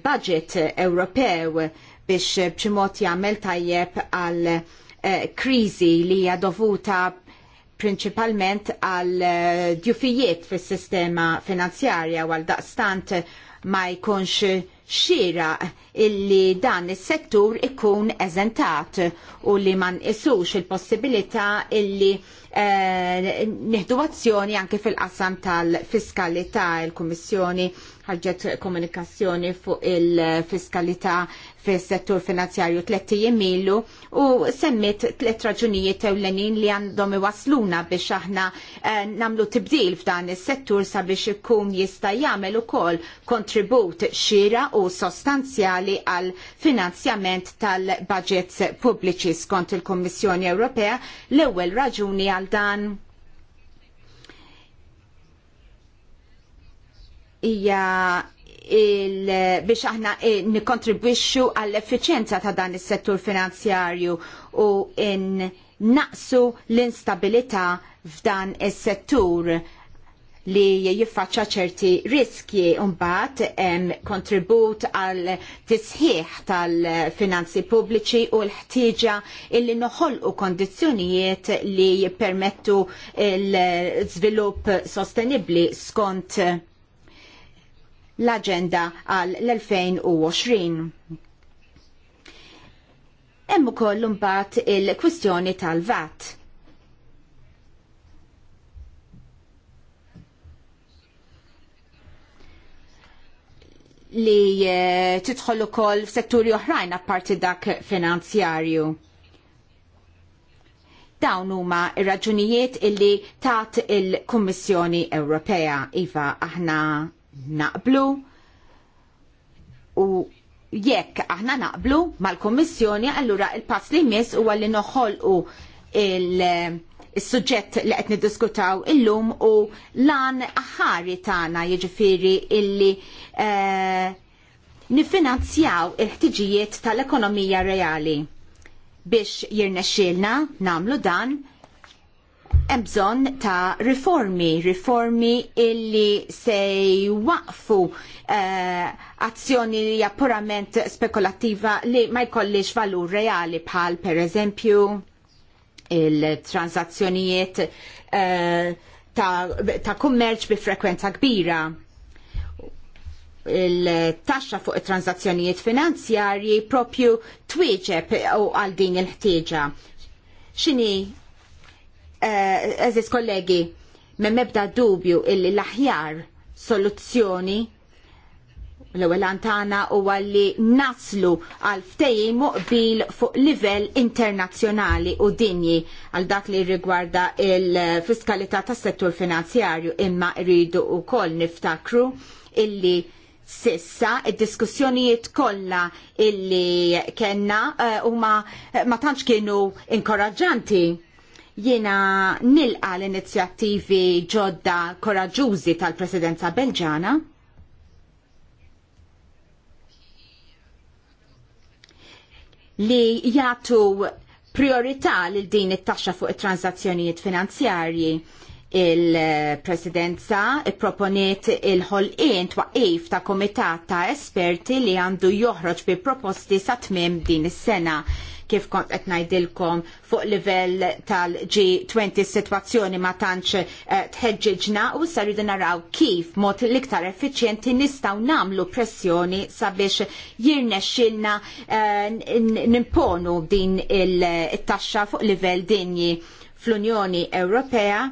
budget Ewropew biex bċimot jagħmel tajjeb għal eh, kriżi li hija dovuta prinċipalment għal eh, djufijiet fis sistema finanzjarja u għal daqstant ma jkunx xira illi dan is settur ikun eżentat u li man isux il-possibilità illi Eh, neħdu azzjoni anke fil-qasam tal-fiskalità il-Kummissjoni ħarġet komunikazzjoni fuq il-fiskalità fis-settur finanzjarju tlettijiem ilu u semmit tliet raġunijiet ewlenin li għandhom iwasluna biex aħna eh, namlu tibdil f'dan is-settur sabiex ikun jista' jagħmel ukoll kontribut xira u sostanzjali għal finanzjament tal-budgets pubbliċi skont il kummissjoni Ewropea l-ewwel raġuni għal dan dan hija biex aħna eh, nikontribwixxu għall-effiċjenza ta' dan is-settur finanzjarju u in naqsu l-instabilità f'dan is-settur li jiffaċċa ċerti riskji mbagħad kontribut għal tisħiħ tal-finanzi pubbliċi u l-ħtieġa illi noħolqu kondizzjonijiet li jippermettu l-żvilupp sostenibbli skont l-agenda għal l-2020. Hemm ukoll imbagħad il-kwistjoni tal-VAT li eh, tidħol ukoll f'setturi oħrajn apparti dak finanzjarju. Dawn huma r raġunijiet illi tat il-Kummissjoni Ewropea iva aħna naqblu u jekk aħna naqblu mal kummissjoni allura il-pass li jmiss huwa li noħolqu il- is-suġġett li qed niddiskutaw illum u lan aħari tagħna jiġifieri illi eh, nifinanzjaw il-ħtiġijiet tal-ekonomija reali. Biex jirnexxielna nagħmlu dan hemm bżonn ta' riformi, riformi illi se jwaqfu eh, azzjoni li hija purament spekulattiva li ma jkollix valur reali bħal pereżempju il-transazzjonijiet eh, ta' kummerċ bi frekwenza kbira il-taxxa fuq it-transazzjonijiet finanzjarji propju twieġeb għal din il-ħtieġa. X'inhi eh, eżis kollegi, me mebda dubju il l-aħjar soluzzjoni L-ewwel antana huwa li naslu għal ftehim bil fuq livell internazzjonali u dinji għal dak li rigwarda il-fiskalità tas-settur finanzjarju imma rridu wkoll niftakru illi sissa id-diskussjonijiet kollha illi kellna eh, huma uh, ma tantx kienu inkoraġġanti jiena nilqa l-inizjattivi ġodda koraġużi tal-Presidenza Belġana li jagħtu priorità li din it-taxxa fuq it-transazzjonijiet finanzjarji il-presidenza proponiet il-ħolqien twaqif ta' komitat ta' esperti li għandu joħroġ bi proposti sa' tmiem din is-sena kif kont qed ngħidilkom fuq livell tal-G20 sitwazzjoni ma tantx eh, tħeġġiġna u issa rridu naraw kif mod l-iktar effiċjenti nistgħu nagħmlu pressjoni sabiex jirnexxilna eh, nimponu din il-taxxa fuq livell dinji fl-Unjoni Ewropea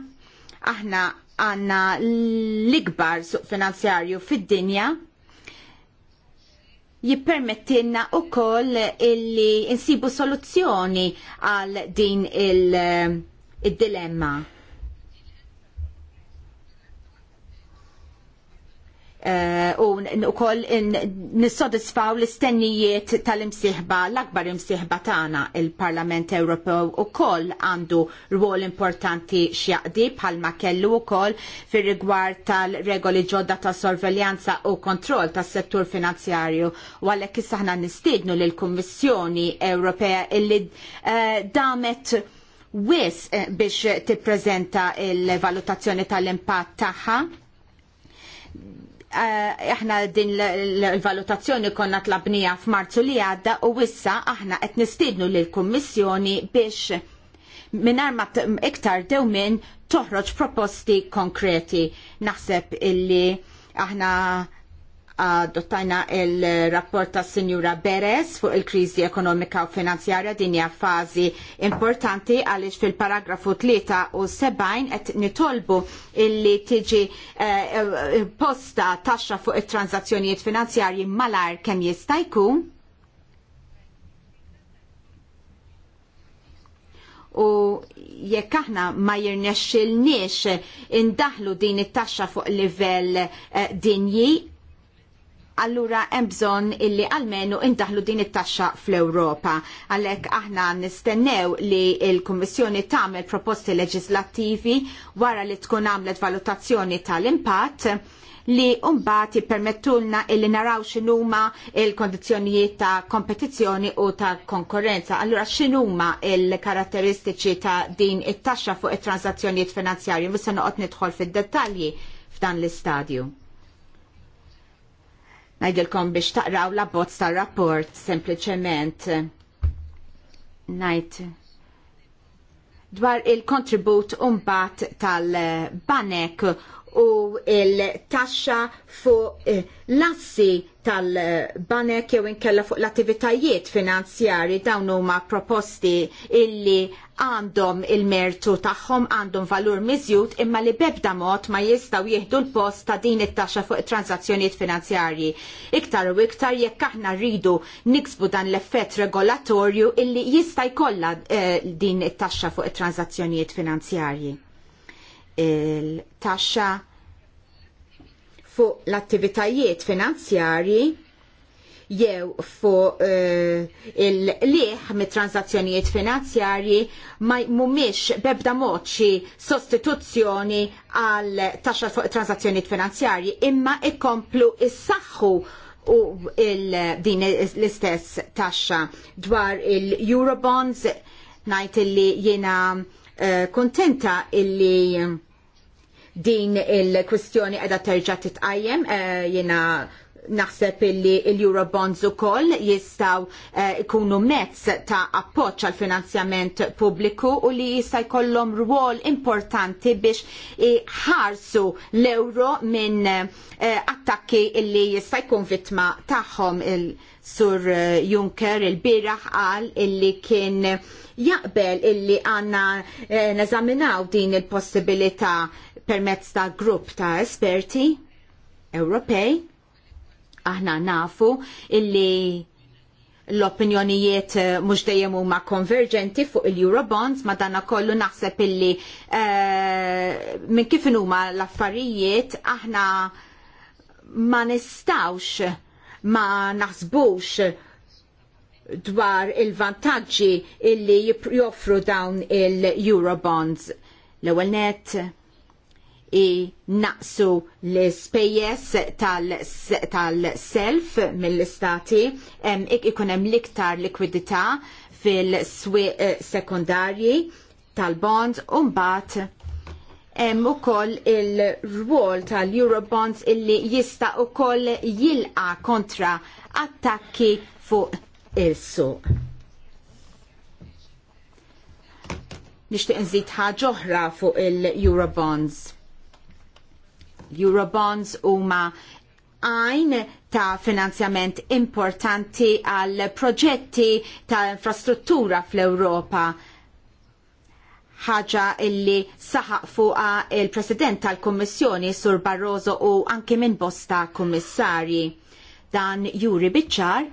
aħna għanna l-ikbar suq finanzjarju fid-dinja jippermettilna wkoll illi insibu soluzzjoni għal din il-dilemma. il dilemma Eh, u koll nissodisfaw l-istennijiet tal-imsieħba l-akbar imsieħba tagħna il-Parlament Ewropew ukoll għandu rwol importanti x'jaqdi bħalma kellu wkoll fir-rigward tal-regoli ġodda ta' sorveljanza u kontroll tas-settur finanzjarju u għalhekk issa nistidnu nistiednu lill-Kummissjoni Ewropea illi eh, damet wis eh, biex tippreżenta l valutazzjoni tal-impatt tagħha Eh, aħna din l-valutazzjoni konna tlabnija f'Marzu li għadda u wissa aħna qed nistiednu lil kummissjoni biex minar ma iktar dew toħroġ proposti konkreti. Naħseb illi aħna adottajna il-rapport ta' Sinjura Beres fuq il-krizi ekonomika u finanzjarja din hija fażi importanti għaliex fil-paragrafu u 7 qed nitolbu illi tiġi eh, posta taxxa fuq it-transazzjonijiet finanzjarji malar kemm jista' jkun. U jekk aħna ma jirnexxilniex indaħlu din it-taxxa fuq livell eh, dinji allura hemm bżonn illi almenu intaħlu din it-taxxa fl-Ewropa. Għalhekk aħna nistennew li l-Kummissjoni tagħmel proposti leġislattivi wara li tkun għamlet valutazzjoni tal-impatt li mbagħad jippermettulna illi naraw x'inhuma il-kondizzjonijiet ta' kompetizzjoni u ta' konkurrenza. Allura x'inhuma il-karatteristiċi ta' din it-taxxa fuq it-transazzjonijiet finanzjarji, mhux se noqgħod nidħol fid-dettalji f'dan l-istadju. Ngħidilkom biex taqraw la bozz tar-rapport sempliċement ngħid dwar il-kontribut un tal-banek u il-taxxa fuq eh, l-assi tal-banek jew inkella fuq l-attivitajiet finanzjari dawn huma proposti illi għandhom il-mertu tagħhom għandhom valur miżjud imma li bebda mod ma jistgħu jieħdu l-post ta' din it-taxxa fuq it-transazzjonijiet finanzjarji. Iktar u iktar jekk aħna rridu niksbu dan l-effett regolatorju illi jista' jkollha eh, din it-taxxa fuq it-transazzjonijiet finanzjarji il-taxxa fuq l-attivitajiet finanzjarji jew fuq uh, il-liħ mit transazzjonijiet finanzjarji ma mumiex bebda moċi sostituzzjoni għal taxxa fuq transazzjonijiet finanzjarji imma ikomplu issaħħu u il din l-istess taxxa dwar il-Eurobonds najt illi jiena uh, eh, kontenta illi din il-kwistjoni edha terġa titqajjem eh, jena naħseb illi l-Eurobonds ukoll jistgħu jkunu eh, mezz ta' appoġġ għal finanzjament pubbliku u li jista' jkollhom rwol importanti biex ħarsu l-euro minn eh, attakki illi jista' jkun vittma tagħhom il-Sur Juncker il-biraħ qal illi kien jaqbel illi għanna neżaminaw din il-possibilità permezz ta' grupp ta' esperti Ewropej. Aħna nafu illi l-opinjonijiet eh, mhux dejjem huma konverġenti fuq il-Eurobonds, ma dana kollu naħseb illi uh, minn kif huma l-affarijiet aħna ma nistawx ma naħsbux dwar il-vantaġġi illi joffru dawn il-Eurobonds. L-ewwel net i naqsu l-spejjes tal-self tal mill-istati, ikun hemm l-iktar likwidità fil-swieq eh, sekundarji tal-bonds u mbagħad hemm ukoll il-rwol tal-Eurobonds illi jista' ukoll jilqa kontra attakki fuq il-suq. Nixtieq nżid ħaġa oħra fuq il-Eurobonds. Eurobonds huma għajn ta' finanzjament importanti għal proġetti ta' infrastruttura fl-Europa. ħaġa illi saħaq fuqa il-President tal-Kommissjoni Sur Barroso u anki minn bosta kummissarji. Dan juri biċċar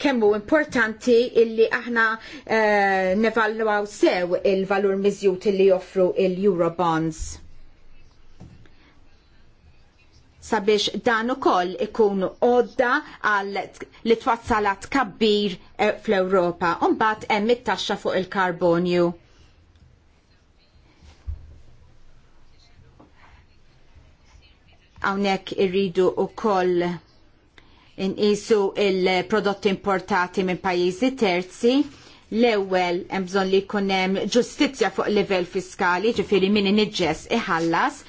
kemmu importanti illi aħna uh, nevalwaw sew il-valur mizjut illi joffru il-Eurobonds sabiex dan ukoll ikun odda għal li twazzalat kabbir eh, fl-Ewropa. Umbat hemm it-taxxa fuq il-karbonju. Hawnhekk irridu ukoll inqisu il-prodotti importati minn pajjiżi terzi l-ewwel hemm bżonn li jkun hemm ġustizzja fuq livell fiskali, ġifieri min iniġġess iħallas,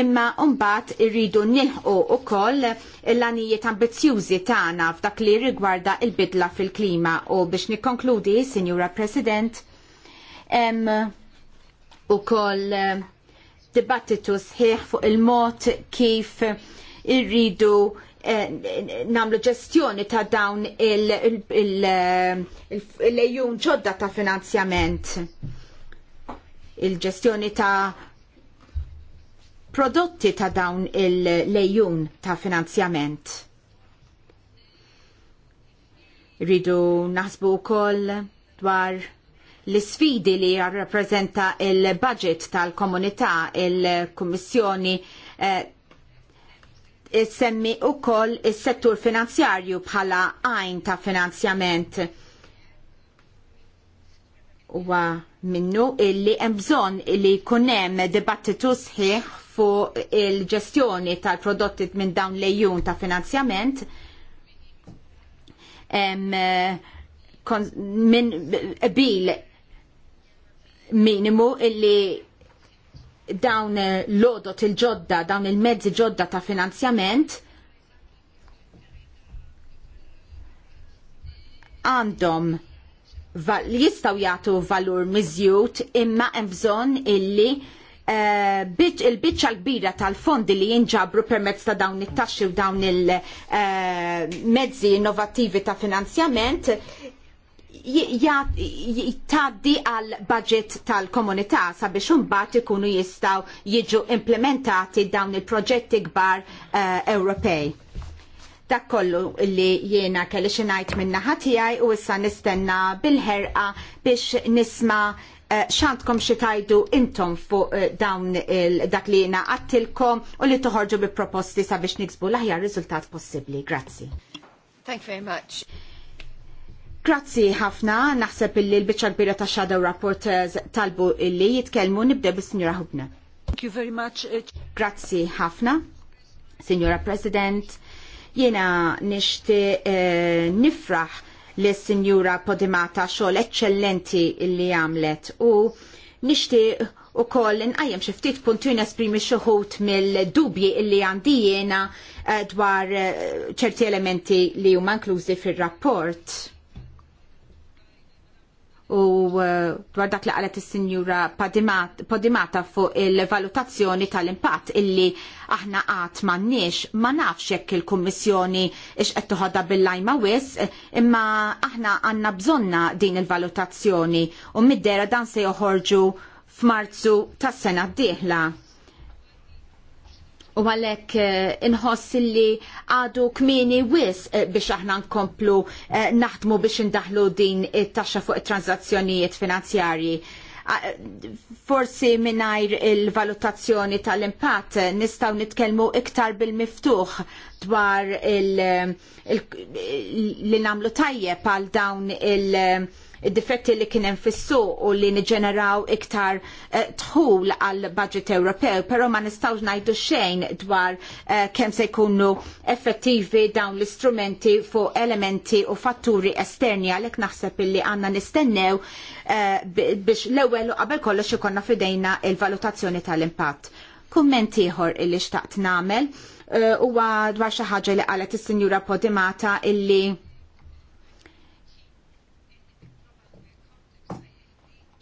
imma mbagħad irridu nilħqu wkoll l-għanijiet ambizzjużi tagħna f'dak li rigwarda l-bidla fil-klima u biex nikkonkludi, Sinjura President, hemm ukoll eh, dibattitu sħiħ fuq il-mod kif irridu Eh, namlu ġestjoni ta' dawn il-lejjun ġodda ta' finanzjament. Il-ġestjoni ta' prodotti ta' dawn il-lejjun ta' finanzjament. Ridu naħsbu wkoll dwar l-sfidi li jarrapprezenta il-budget tal-komunità, il-Kummissjoni eh, semmi u koll il-settur finanzjarju bħala għajn ta' finanzjament. Uwa minnu illi mbżon illi kunem dibattitu sħiħ fu il-ġestjoni tal-prodotti minn dawn lejjun ta' finanzjament. minn bil minimu illi dawn l-odot il-ġodda, dawn il-mezzi ġodda ta' finanzjament għandhom li jistaw jagħtu valur miżjud imma hemm bżonn illi uh, eh, il l kbira tal-fondi li jinġabru permezz ta' dawn it-taxxi u dawn il-mezzi eh, uh, innovattivi ta' finanzjament jittaddi għal budget tal-komunità sabiex imbagħad ikunu jistgħu jiġu implementati dawn il-proġetti kbar uh, Ewropej. Dak kollu li jiena kelli xinajt ngħid ħatijaj tiegħi u issa nistenna bil-ħerqa biex nisma' uh, x'għandkom xi tajdu intom fuq uh, dawn dak li jiena għattilkom u li toħorġu bi proposti sabiex niksbu l-aħjar riżultat possibbli. Grazzi. Thank you very much. Grazzi ħafna, naħseb illi l-bicċa kbira ta' Shadow Rapporters talbu illi jitkellmu nibda bis-Sinjora Hubna. Thank you very much. Grazzi ħafna, Sinjora President. Jena nishti eh, nifraħ li Sinjura Podimata xogħol eccellenti illi għamlet u nishti u koll nqajjem xi ftit punti nesprimi xi ħut mill-dubji illi għandi jiena eh, dwar eh, ċerti elementi li huma inklużi fir-rapport u uh, dwar dak li qalet is-Sinjura Podimata fuq il-valutazzjoni tal-impatt illi aħna qatt m'għandniex ma nafx jekk il-Kummissjoni x qed toħodha bil-lajma wis, imma aħna għandna bżonna din il-valutazzjoni u middera dan se joħorġu f'Marzu tas-sena d-dieħla u għalek eh, inħoss li għadu kmini wis eh, biex aħna nkomplu eh, naħdmu biex indaħlu din it-taxxa fuq it transazzjonijiet finanzjarji. Forsi minnajr il-valutazzjoni tal-impatt nistaw nitkelmu iktar bil-miftuħ dwar il-li namlu tajjeb għal dawn il-, il, il id-difetti li kien hemm fis-suq u li niġeneraw iktar eh, tħul għal budget Ewropew, però ma nistgħux ngħidu xejn dwar eh, kemm se jkunu effettivi dawn l-istrumenti fuq elementi u fatturi esterni għalhekk naħseb illi għandna nistennew eh, biex l-ewwel u qabel kollox ikonna fidejna il-valutazzjoni tal-impatt. Kumment ieħor illi xtaqt nagħmel huwa dwar xi ħaġa li qalet is-Sinjura Podimata illi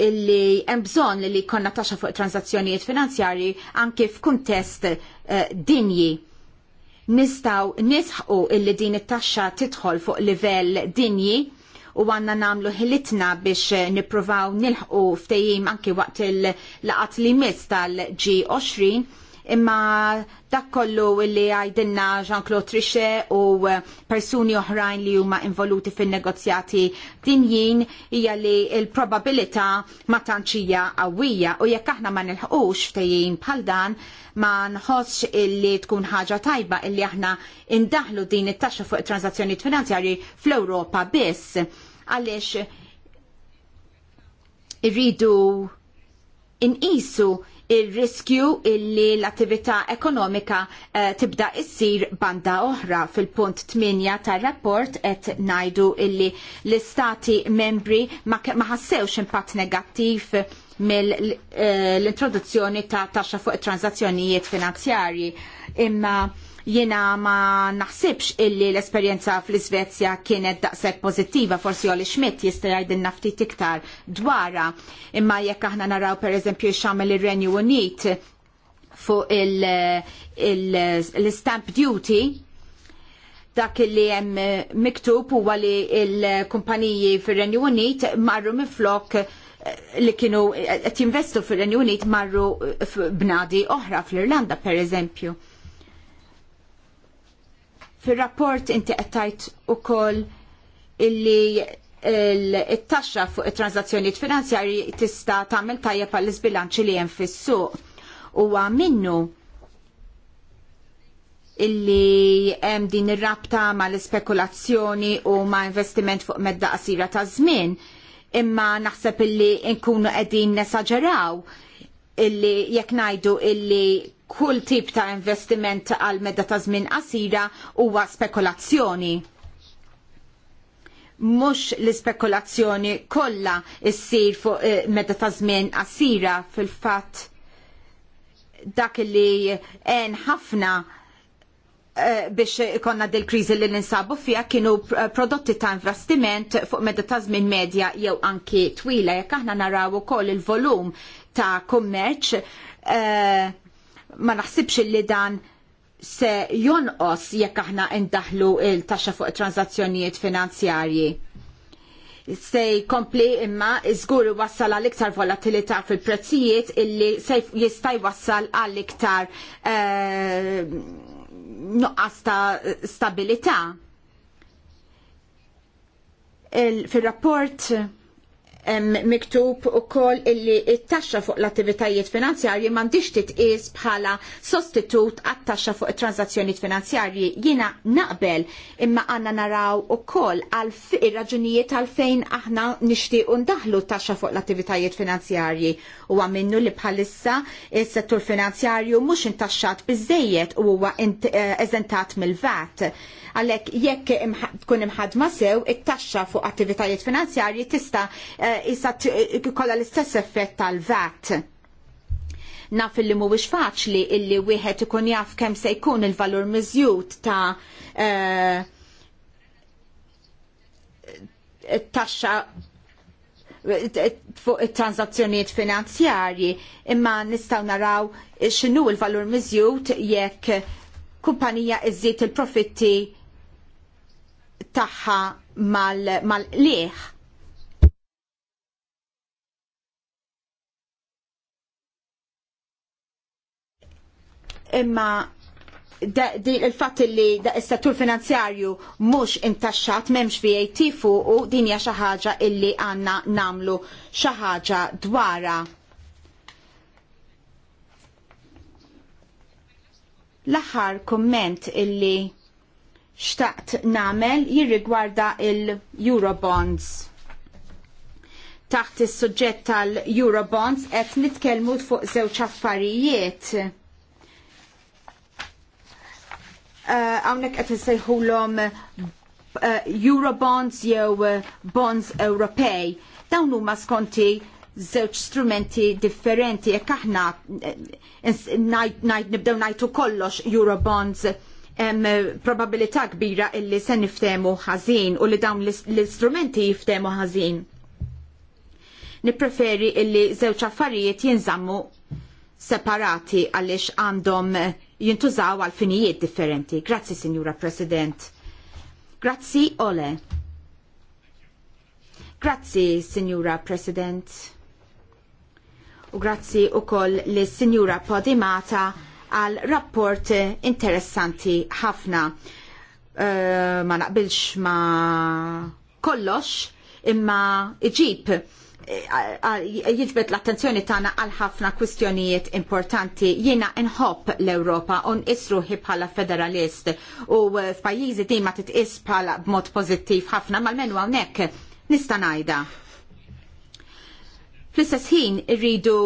illi hemm bżonn li jkollna taxxa fuq transazzjonijiet finanzjarji anke f'kuntest eh, dinji nistaw nisħu illi din it-taxxa tidħol fuq livell dinji u għanna namlu ħilitna biex eh, nippruvaw nilħu ftejim anki waqt il-laqat li mis tal-G20 imma dak kollu li għajdinna Jean-Claude Trichet u eh, persuni oħrajn li huma involuti fin negozjati dinjin hija li l-probabilità ma tantx hija qawwija u jekk aħna ma nilħqux ftejjin bħal dan ma nħossx illi tkun ħaġa tajba illi aħna indaħlu din it-taxxa fuq it-transazzjonijiet finanzjarji fl-Ewropa biss għaliex irridu inqisu il-riskju illi l-attività ekonomika eh, tibda issir banda oħra fil-punt 8 tar-rapport qed ngħidu illi l-istati membri ma ħassewx impatt negattiv mill-introduzzjoni eh, ta' taxxa fuq it transazzjonijiet finanzjarji imma Jiena ma naħsibx illi l-esperjenza fl-Svezja kienet daqshekk pożittiva, forsi għalli xmet jista' jgħidilna nafti iktar dwarha. Imma jekk aħna naraw pereżempju x'għamel ir-Renju Unit fuq l-stamp duty dak li hemm miktub huwa li l-kumpaniji fir-Renju Unit marru miflok li kienu qed jinvestu fir-Renju Unit marru b'nadi oħra fl-Irlanda pereżempju. Fil-rapport inti qed ukoll illi it-taxxa fuq it-transazzjonijiet finanzjarji tista' tagħmel tajjeb għall isbilanċi li hemm fis-suq. Huwa minnu illi hemm din ir-rabta mal-ispekulazzjoni u ma' investiment fuq medda qasira ta' żmien, imma naħseb illi nkunu qegħdin nesaġeraw illi jekk ngħidu illi kull tip ta' investiment għal medda ta' żmien qasira huwa spekulazzjoni. Mhux l-ispekulazzjoni kollha ssir fuq eh, medda ta' żmien qasira fil-fatt dak li en ħafna eh, biex ikonna dil kriżi li ninsabu fija kienu eh, prodotti ta' investiment fuq medda ta' żmien medja jew anki twila jekk aħna naraw ukoll il-volum ta' kummerċ uh, ma naħsibx li dan se jonqos jekk aħna indaħlu il-taxxa fuq transazzjonijiet finanzjarji. Se jkompli imma iżgur wassal għal iktar volatilità fil-prezzijiet illi se jista' jwassal għal iktar uh, nuqqas ta' stabilità. Fil-rapport miktub ukoll illi it-taxxa fuq l-attivitajiet finanzjarji m'għandix titqies bħala sostitut għat-taxxa fuq it-transazzjonijiet finanzjarji. Jiena naqbel imma għanna naraw ukoll għal ir-raġunijiet għalfejn aħna nixtiequ ndaħlu taxxa fuq l-attivitajiet finanzjarji u minnu li bħalissa il settur finanzjarju mhux intaxxat bizzejiet u huwa eh, eżentat mill-VAT. Għalhekk jekk tkun imħadma sew it-taxxa fuq attivitajiet finanzjarji tista' eh, issa eh, kolla l-istess effett tal-VAT. Naf li mhuwiex faċli illi wieħed ikun jaf kemm se jkun il-valur miżjud ta' eh, taxxa eh, fuq it-transazzjonijiet finanzjarji imma nistgħu naraw x'inhu l-valur miżjud jekk kumpanija iżżid il-profitti tagħha mal mal imma il-fatt li il-settur finanzjarju mhux intaxxat m'hemmx VAT fuq u din hija xi ħaġa illi għandna nagħmlu xi ħaġa dwarha. L-aħħar kumment illi xtaqt namel jirrigwarda il-Eurobonds. Taħt is-suġġett tal-Eurobonds qed nitkellmu fuq żewġ affarijiet Eh, hawnhekk qed insejħulhom eh, Eurobonds jew eh, bonds Ewropej. Dawn huma skonti żewġ strumenti differenti jekk aħna nibdew ngħidu kollox Eurobonds hemm probabilità kbira illi se niftemu ħażin u li dawn l-istrumenti jiftemu ħażin. Nippreferi illi żewġ affarijiet jinżammu separati għaliex għandhom jintużaw għal finijiet differenti. Grazzi, Signora President. Grazzi, Ole. Grazzi, Signora President. U grazzi u koll li Signora Podimata għal rapport interessanti ħafna. Uh, ma naqbilx ma kollox imma iġib Eh, jiġbed l-attenzjoni tagħna għal ħafna kwistjonijiet importanti. Jiena nħobb l-Ewropa u nqisruħi bħala federalist u eh, f'pajjiżi dima titqis bħala b'mod pożittiv ħafna mal-menu hawnhekk nista' ngħidha. Fl-istess ħin irridu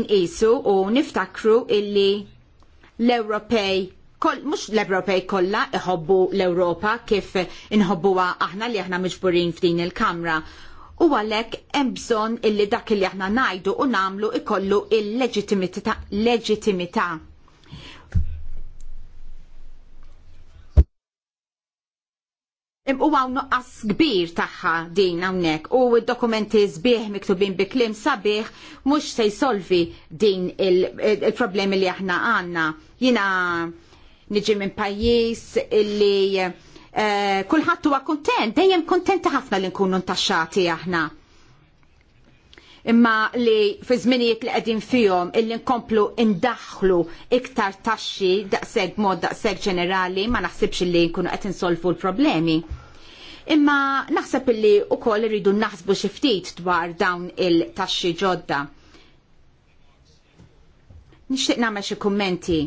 nqisu u niftakru illi l-Ewropej Kol, mux l-Ewropej kollha iħobbu l-Ewropa kif inħobbuha aħna li aħna miġburin f'din il-Kamra u għalhekk hemm bżonn illi dak li aħna ngħidu u nagħmlu ikollu il leġitimita leġitimità. U għaw nuqqas kbir taħħa din għawnek u dokumenti zbieħ miktubin bi klim sabiħ mux se jsolvi din il-problemi il il li aħna għanna. Jina nġi minn pajis illi Eh, kulħadd huwa kuntent, dejjem kuntenti ħafna li nkunu ntaxxati aħna. Imma li fi żminijiet li qegħdin fihom illi nkomplu indaħħlu iktar taxxi daqshekk mod daqshekk ġenerali ma naħsibx li nkunu qed insolvu l-problemi. Imma naħseb illi wkoll irridu naħsbu xi ftit dwar dawn il-taxxi ġodda. Nixtieq nagħmel xi kummenti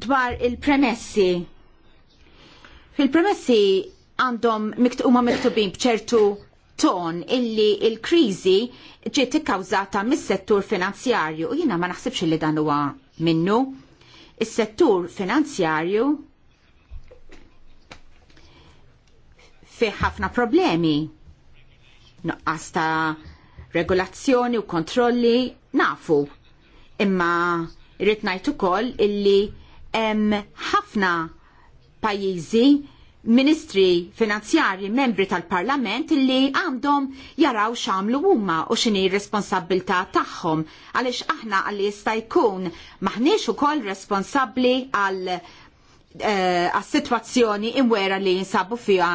dwar il-premessi. Fil-premessi għandhom huma miktubin bċertu ton illi il-krizi ġiet ikkawżata mis-settur finanzjarju u jiena ma naħsibx li dan huwa minnu. Is-settur finanzjarju fi ħafna problemi. Nuqqas no, ta' regolazzjoni u kontrolli nafu. Imma rrid ngħid ukoll illi hemm ħafna pajjiżi ministri finanzjari, membri tal-parlament li għandhom jaraw xamlu huma u xini responsabilta tagħhom għaliex aħna għalli jista' jkun maħniex ukoll responsabbli għal eh, għas-sitwazzjoni imwera li jinsabu fiha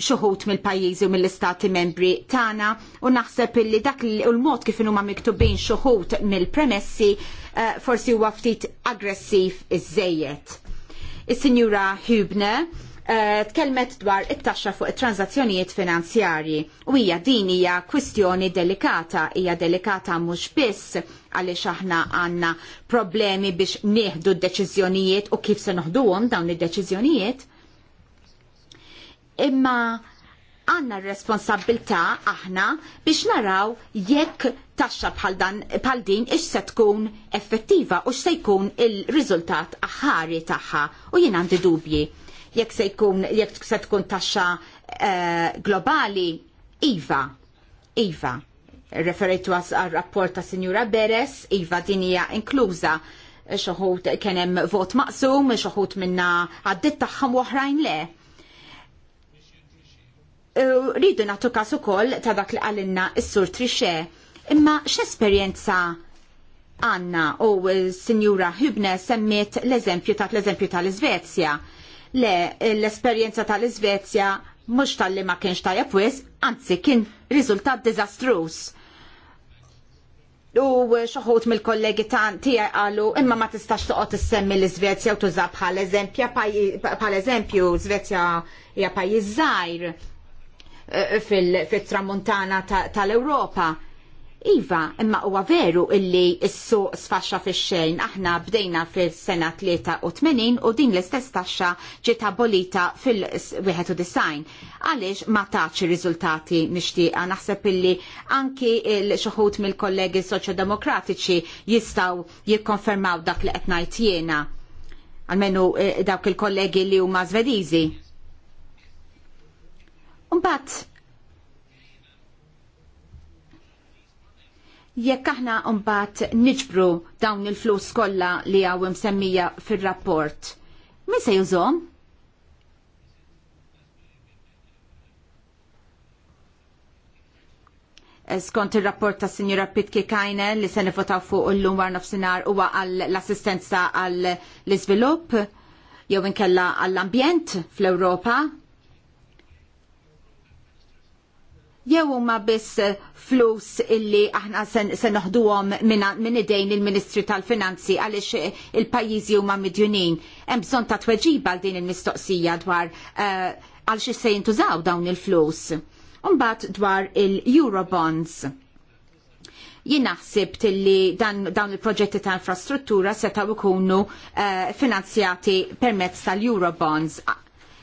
xuħut mill-pajjiżi u mill-istati membri tagħna u naħseb illi dak l-mod kif huma miktubin xuħut mill-premessi Eh, forsi huwa ftit aggressiv iż-żejjed. Is-Sinjura Hübner eh, tkellmet dwar it-taxxa fuq it-transazzjonijiet finanzjarji u hija din hija kwistjoni delikata, hija delikata mhux biss għaliex aħna għandna problemi biex nieħdu d-deċiżjonijiet u kif se noħduhom dawn id-deċiżjonijiet. Imma għandna r-responsabilità aħna biex naraw jekk taxxa bħal dan bħal din ix se tkun effettiva u x'se jkun il-riżultat aħari tagħha u jien għandi dubji jekk se jkun jekk se tkun taxxa uh, globali iva iva referejtu għal rapport ta' Sinjura Beres iva din hija inkluża xoħut hemm vot maqsum, xoħut minna għaddit tagħhom oħrajn le. Eh, rridu natu każ ukoll ta' dak li għalinna s-sur trixe. Imma x'esperjenza għanna u s-Sinjura Hübner semmiet l-eżempju ta' l-eżempju tal svezja Le, l-esperjenza tal-Iżvezja mhux tal-li ma kienx tajjeb wis, anzi kien riżultat diżastruż. U xoħut mill-kollegi tija għalu imma ma tistax toqgħod semmi l svezja u tuża bħal eżempju bħal eżempju Svezja hija pajjiż żgħir eh, fit-tramuntana tal-Ewropa. Iva, imma huwa veru illi s-suq sfaxxa fix-xejn aħna bdejna fis-sena 83 u din l-istess taxxa ġiet abolita fil-91. Għaliex ma ir riżultati nixtieqa naħseb illi anki l-xuħut mill-kollegi soċjodemokratiċi jistgħu jikkonfermaw dak li qed ngħid jiena. Almenu eh, dawk il-kollegi li huma Zvediżi. Mbagħad Jekk aħna mbagħad niġbru dawn il-flus kollha li hawn semmija fir-rapport, min se jużhom? Eh, skont il-rapport ta' Sinjura Pitki Kajne li se nifotaw fuq l-lum war nofsinar huwa għall-assistenza għall-izvilupp jew inkella għall-ambjent fl-Ewropa jew huma biss flus illi aħna se noħduhom minn idejn il-Ministri tal-Finanzi għaliex il-pajjiżi huma midjunin. Hemm bżonn ta' tweġiba għal din il-mistoqsija dwar eh, għal xi se jintużaw dawn il-flus. Mbagħad dwar il-Eurobonds. Jien naħseb tilli dawn il-proġetti ta' infrastruttura setaw ikunu eh, finanzjati permezz tal-Eurobonds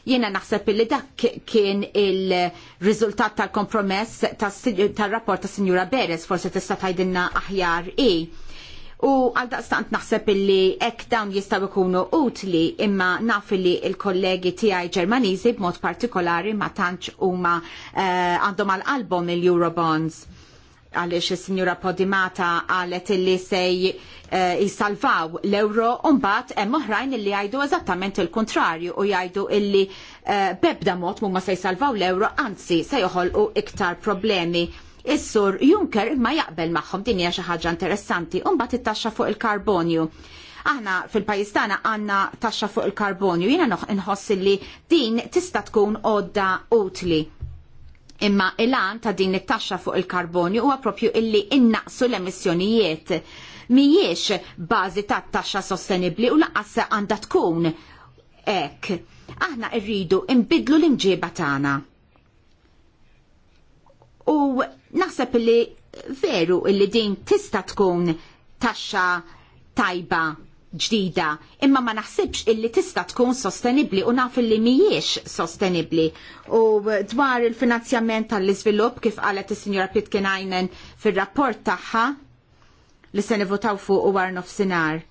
Jiena naħseb li dak kien il-riżultat tal-kompromess tal-rapport ta' Sinjura Beres, forse tista' tajdinna aħjar i. U għal daqstant naħseb illi ek dawn jistaw ikunu utli imma naf li il-kollegi tiegħi Ġermaniżi b'mod partikolari ma tantx huma eh, għandhom għal album il-Eurobonds għaliex il sinjura Podimata qalet illi sej eh, jissalvaw l ewro u hemm oħrajn illi jgħidu eżattament il-kontrarju u jgħidu illi eh, bebda mod mumma se jsalvaw l ewro anzi se joħolqu iktar problemi. Is-sur Juncker ma jaqbel magħhom din hija xi ħaġa interessanti u mbagħad it-taxxa fuq il-karbonju. Aħna fil-pajis tagħna għandna taxxa fuq il-karbonju, jiena inħoss li din tista' tkun għodda utli Imma il-għan ta' din it-taxxa fuq il-karbonju huwa propju illi innaqsu l-emissjonijiet. Mijiex bażi ta' taxxa sostenibli u laqas għandha tkun hekk. Aħna rridu imbidlu l-imġiba tagħna. U naħseb li veru illi din tista' tkun taxxa tajba ġdida, imma ma naħsibx illi tista' tkun sostenibli u naf illi mhijiex sostenibli. U dwar il-finanzjament tal-iżvilupp kif qalet is-Sinjora Ajnen fir-rapport tagħha li se nivotaw fuq u għar nofsinhar.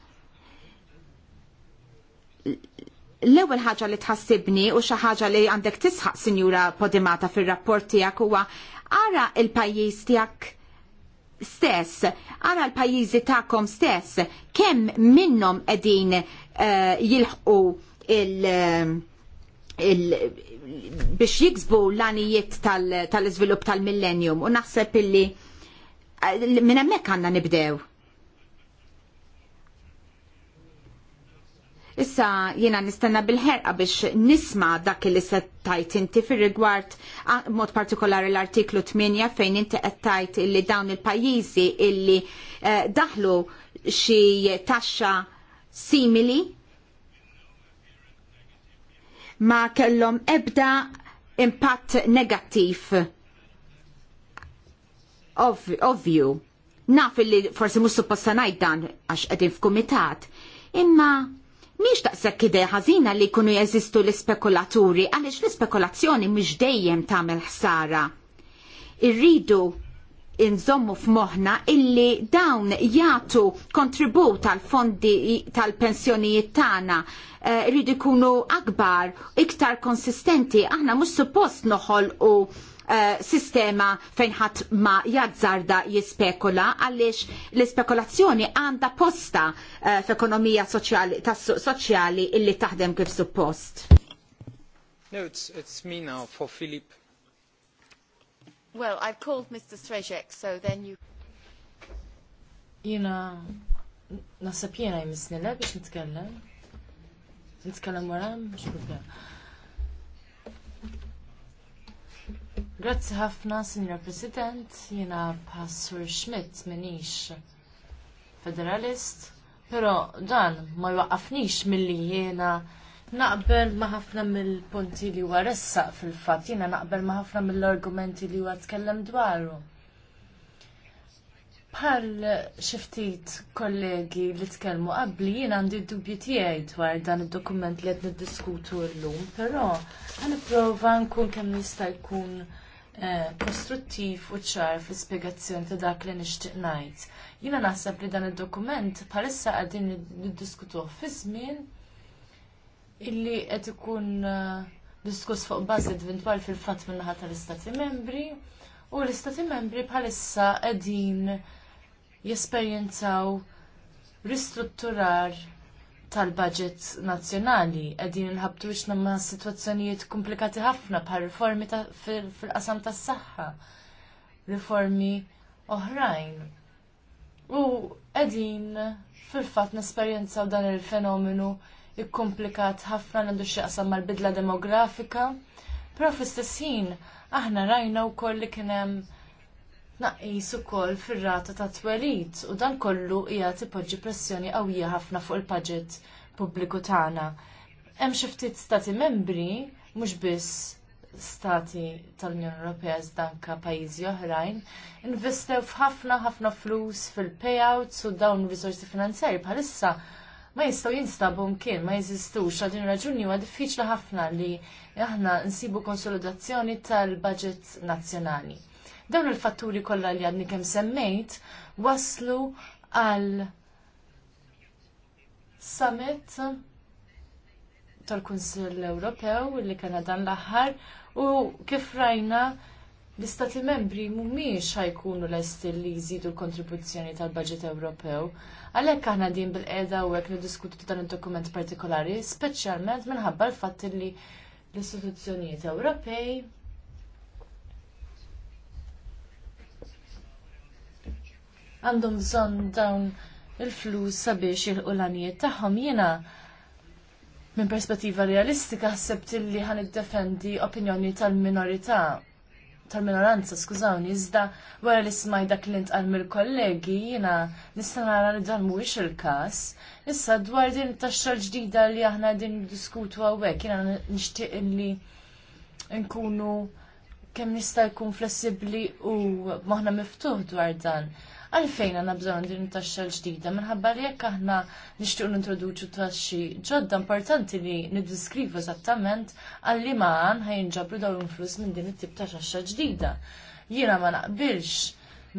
L-ewwel ħaġa li tħassibni u xi ħaġa li għandek tisħaq Sinjura Podimata fir-rapport tiegħek huwa ara il-pajjiż tiegħek stess, għana l-pajizi ta'kom stess, kem minnom edin uh, eh, jilħu il- eh, il- biex jiksbu l-anijiet tal-izvilup tal-millennium u naħseb illi eh, minn hemmhekk għandna nibdew. Issa jiena nistenna bil-ħerqa biex nisma dak li se tajt inti fir rigward mod partikolari l-artiklu 8 fejn inti qed tajt illi dawn il-pajjiżi illi eh, daħlu xi taxxa simili ma kellhom ebda impatt negattiv ovvju. Naf li forsi mhux supposta ngħid dan għax qegħdin f'kumitat, imma Miex taqsek ide ħażina li jkunu jeżistu l-ispekulaturi għaliex l-ispekulazzjoni mhix dejjem tagħmel ħsara. Irridu inżommu f'moħħna illi dawn jagħtu kontribut tal fondi tal-pensjonijiet tagħna eh, irridu jkunu akbar, iktar konsistenti, aħna mhux suppost noħolqu Eh, sistema fejn ħadd ma jazzarda jispekula għaliex l-ispekulazzjoni għandha posta eh, f'ekonomija soċjali tas soċjali illi taħdem kif suppost. No, it's, it's me now for Philippe. Well, I've called Mr. Strejek, so then you... Jina, nasab jena jmisnila biex nitkellem. Nitkellem wara, mux problem. Grazzi ħafna, Signor President, jina Pastor Schmidt minix federalist, pero dan ma mill milli jena naqbel ma ħafna mill-punti li huwa ressaq fil-fatt, jena naqbel ma ħafna mill-argumenti li huwa tkellem dwaru. Bħal xiftit kollegi li tkellmu qabli jien għandi dubju tiegħi dwar dan id-dokument li qed niddiskutu llum, però ħanipprova nkun kemm jista' jkun eh, kostruttiv u ċar fl-ispjegazzjoni ta' dak li nixtieq ngħid. Jiena naħseb li dan id-dokument bħalissa qegħdin niddiskutuh fi żmien illi qed ikun eh, diskuss fuq bażi dwar fil-fatt min-naħa tal-Istati Membri u l-Istati Membri bħalissa qegħdin jesperjenzaw ristrutturar tal-budget nazzjonali qegħdin nħabtu iċna ma' sitwazzjonijiet komplikati ħafna bħal riformi fil-qasam tas saħħa riformi oħrajn. U qegħdin fil fatt nesperjenzaw dan il-fenomenu ikkomplikat ħafna għandu xie qasam mal-bidla demografika, però fl-istess aħna rajna wkoll li kien hemm tnaqqis ukoll fir-rata ta' twelid u dan kollu hija tipoġġi pressjoni qawwija ħafna fuq il-budget pubbliku tagħna. Hemm xi ftit stati membri mhux biss stati tal-Unjoni Ewropea żdanka pajjiżi oħrajn investew f'ħafna ħafna flus fil-payouts u dawn risorsi finanzjarji bħalissa ma jistgħu jinstabu mkien, ma jeżistux għal din raġuni huwa diffiċli ħafna li aħna nsibu konsolidazzjoni tal-budget nazzjonali. Dawn il-fatturi kollha li għadni kemm semmejt waslu għal summit tal-Kunsill Ewropew li kena dan l-aħħar u kif rajna l-istati membri mhumiex ħajkunu lesti li jżidu l-kontribuzzjoni tal-Baġit Ewropew. Għalhekk aħna din bil-qiegħda u hekk niddiskutu dan id-dokument partikolari, speċjalment minħabba l-fatt li l-istituzzjonijiet Ewropej għandhom bżonn dawn il-flus sabiex jilqu l-għanijiet tagħhom jiena minn perspettiva realistika ħsebt li ħan iddefendi opinjoni tal-minorità tal-minoranza, skużawni, iżda wara li smaj dak li ntqal mill-kollegi jiena nista' nara li dan mhuwiex il-każ. Issa dwar din it-taxxa l-ġdida li aħna din diskutu hawnhekk jiena nixtieq li nkunu kemm nista' jkun flessibbli u moħħna miftuħ dwar dan għalfejn għanna bżon din taxxa l-ġdida minħabba li jekk aħna nixtiequ nintroduċu taxxi ġodda importanti li niddiskrivu eżattament għalli ma għan ħajnġabru dawn l-influss minn din it-tip ta' taxxa ġdida. Jiena ma naqbilx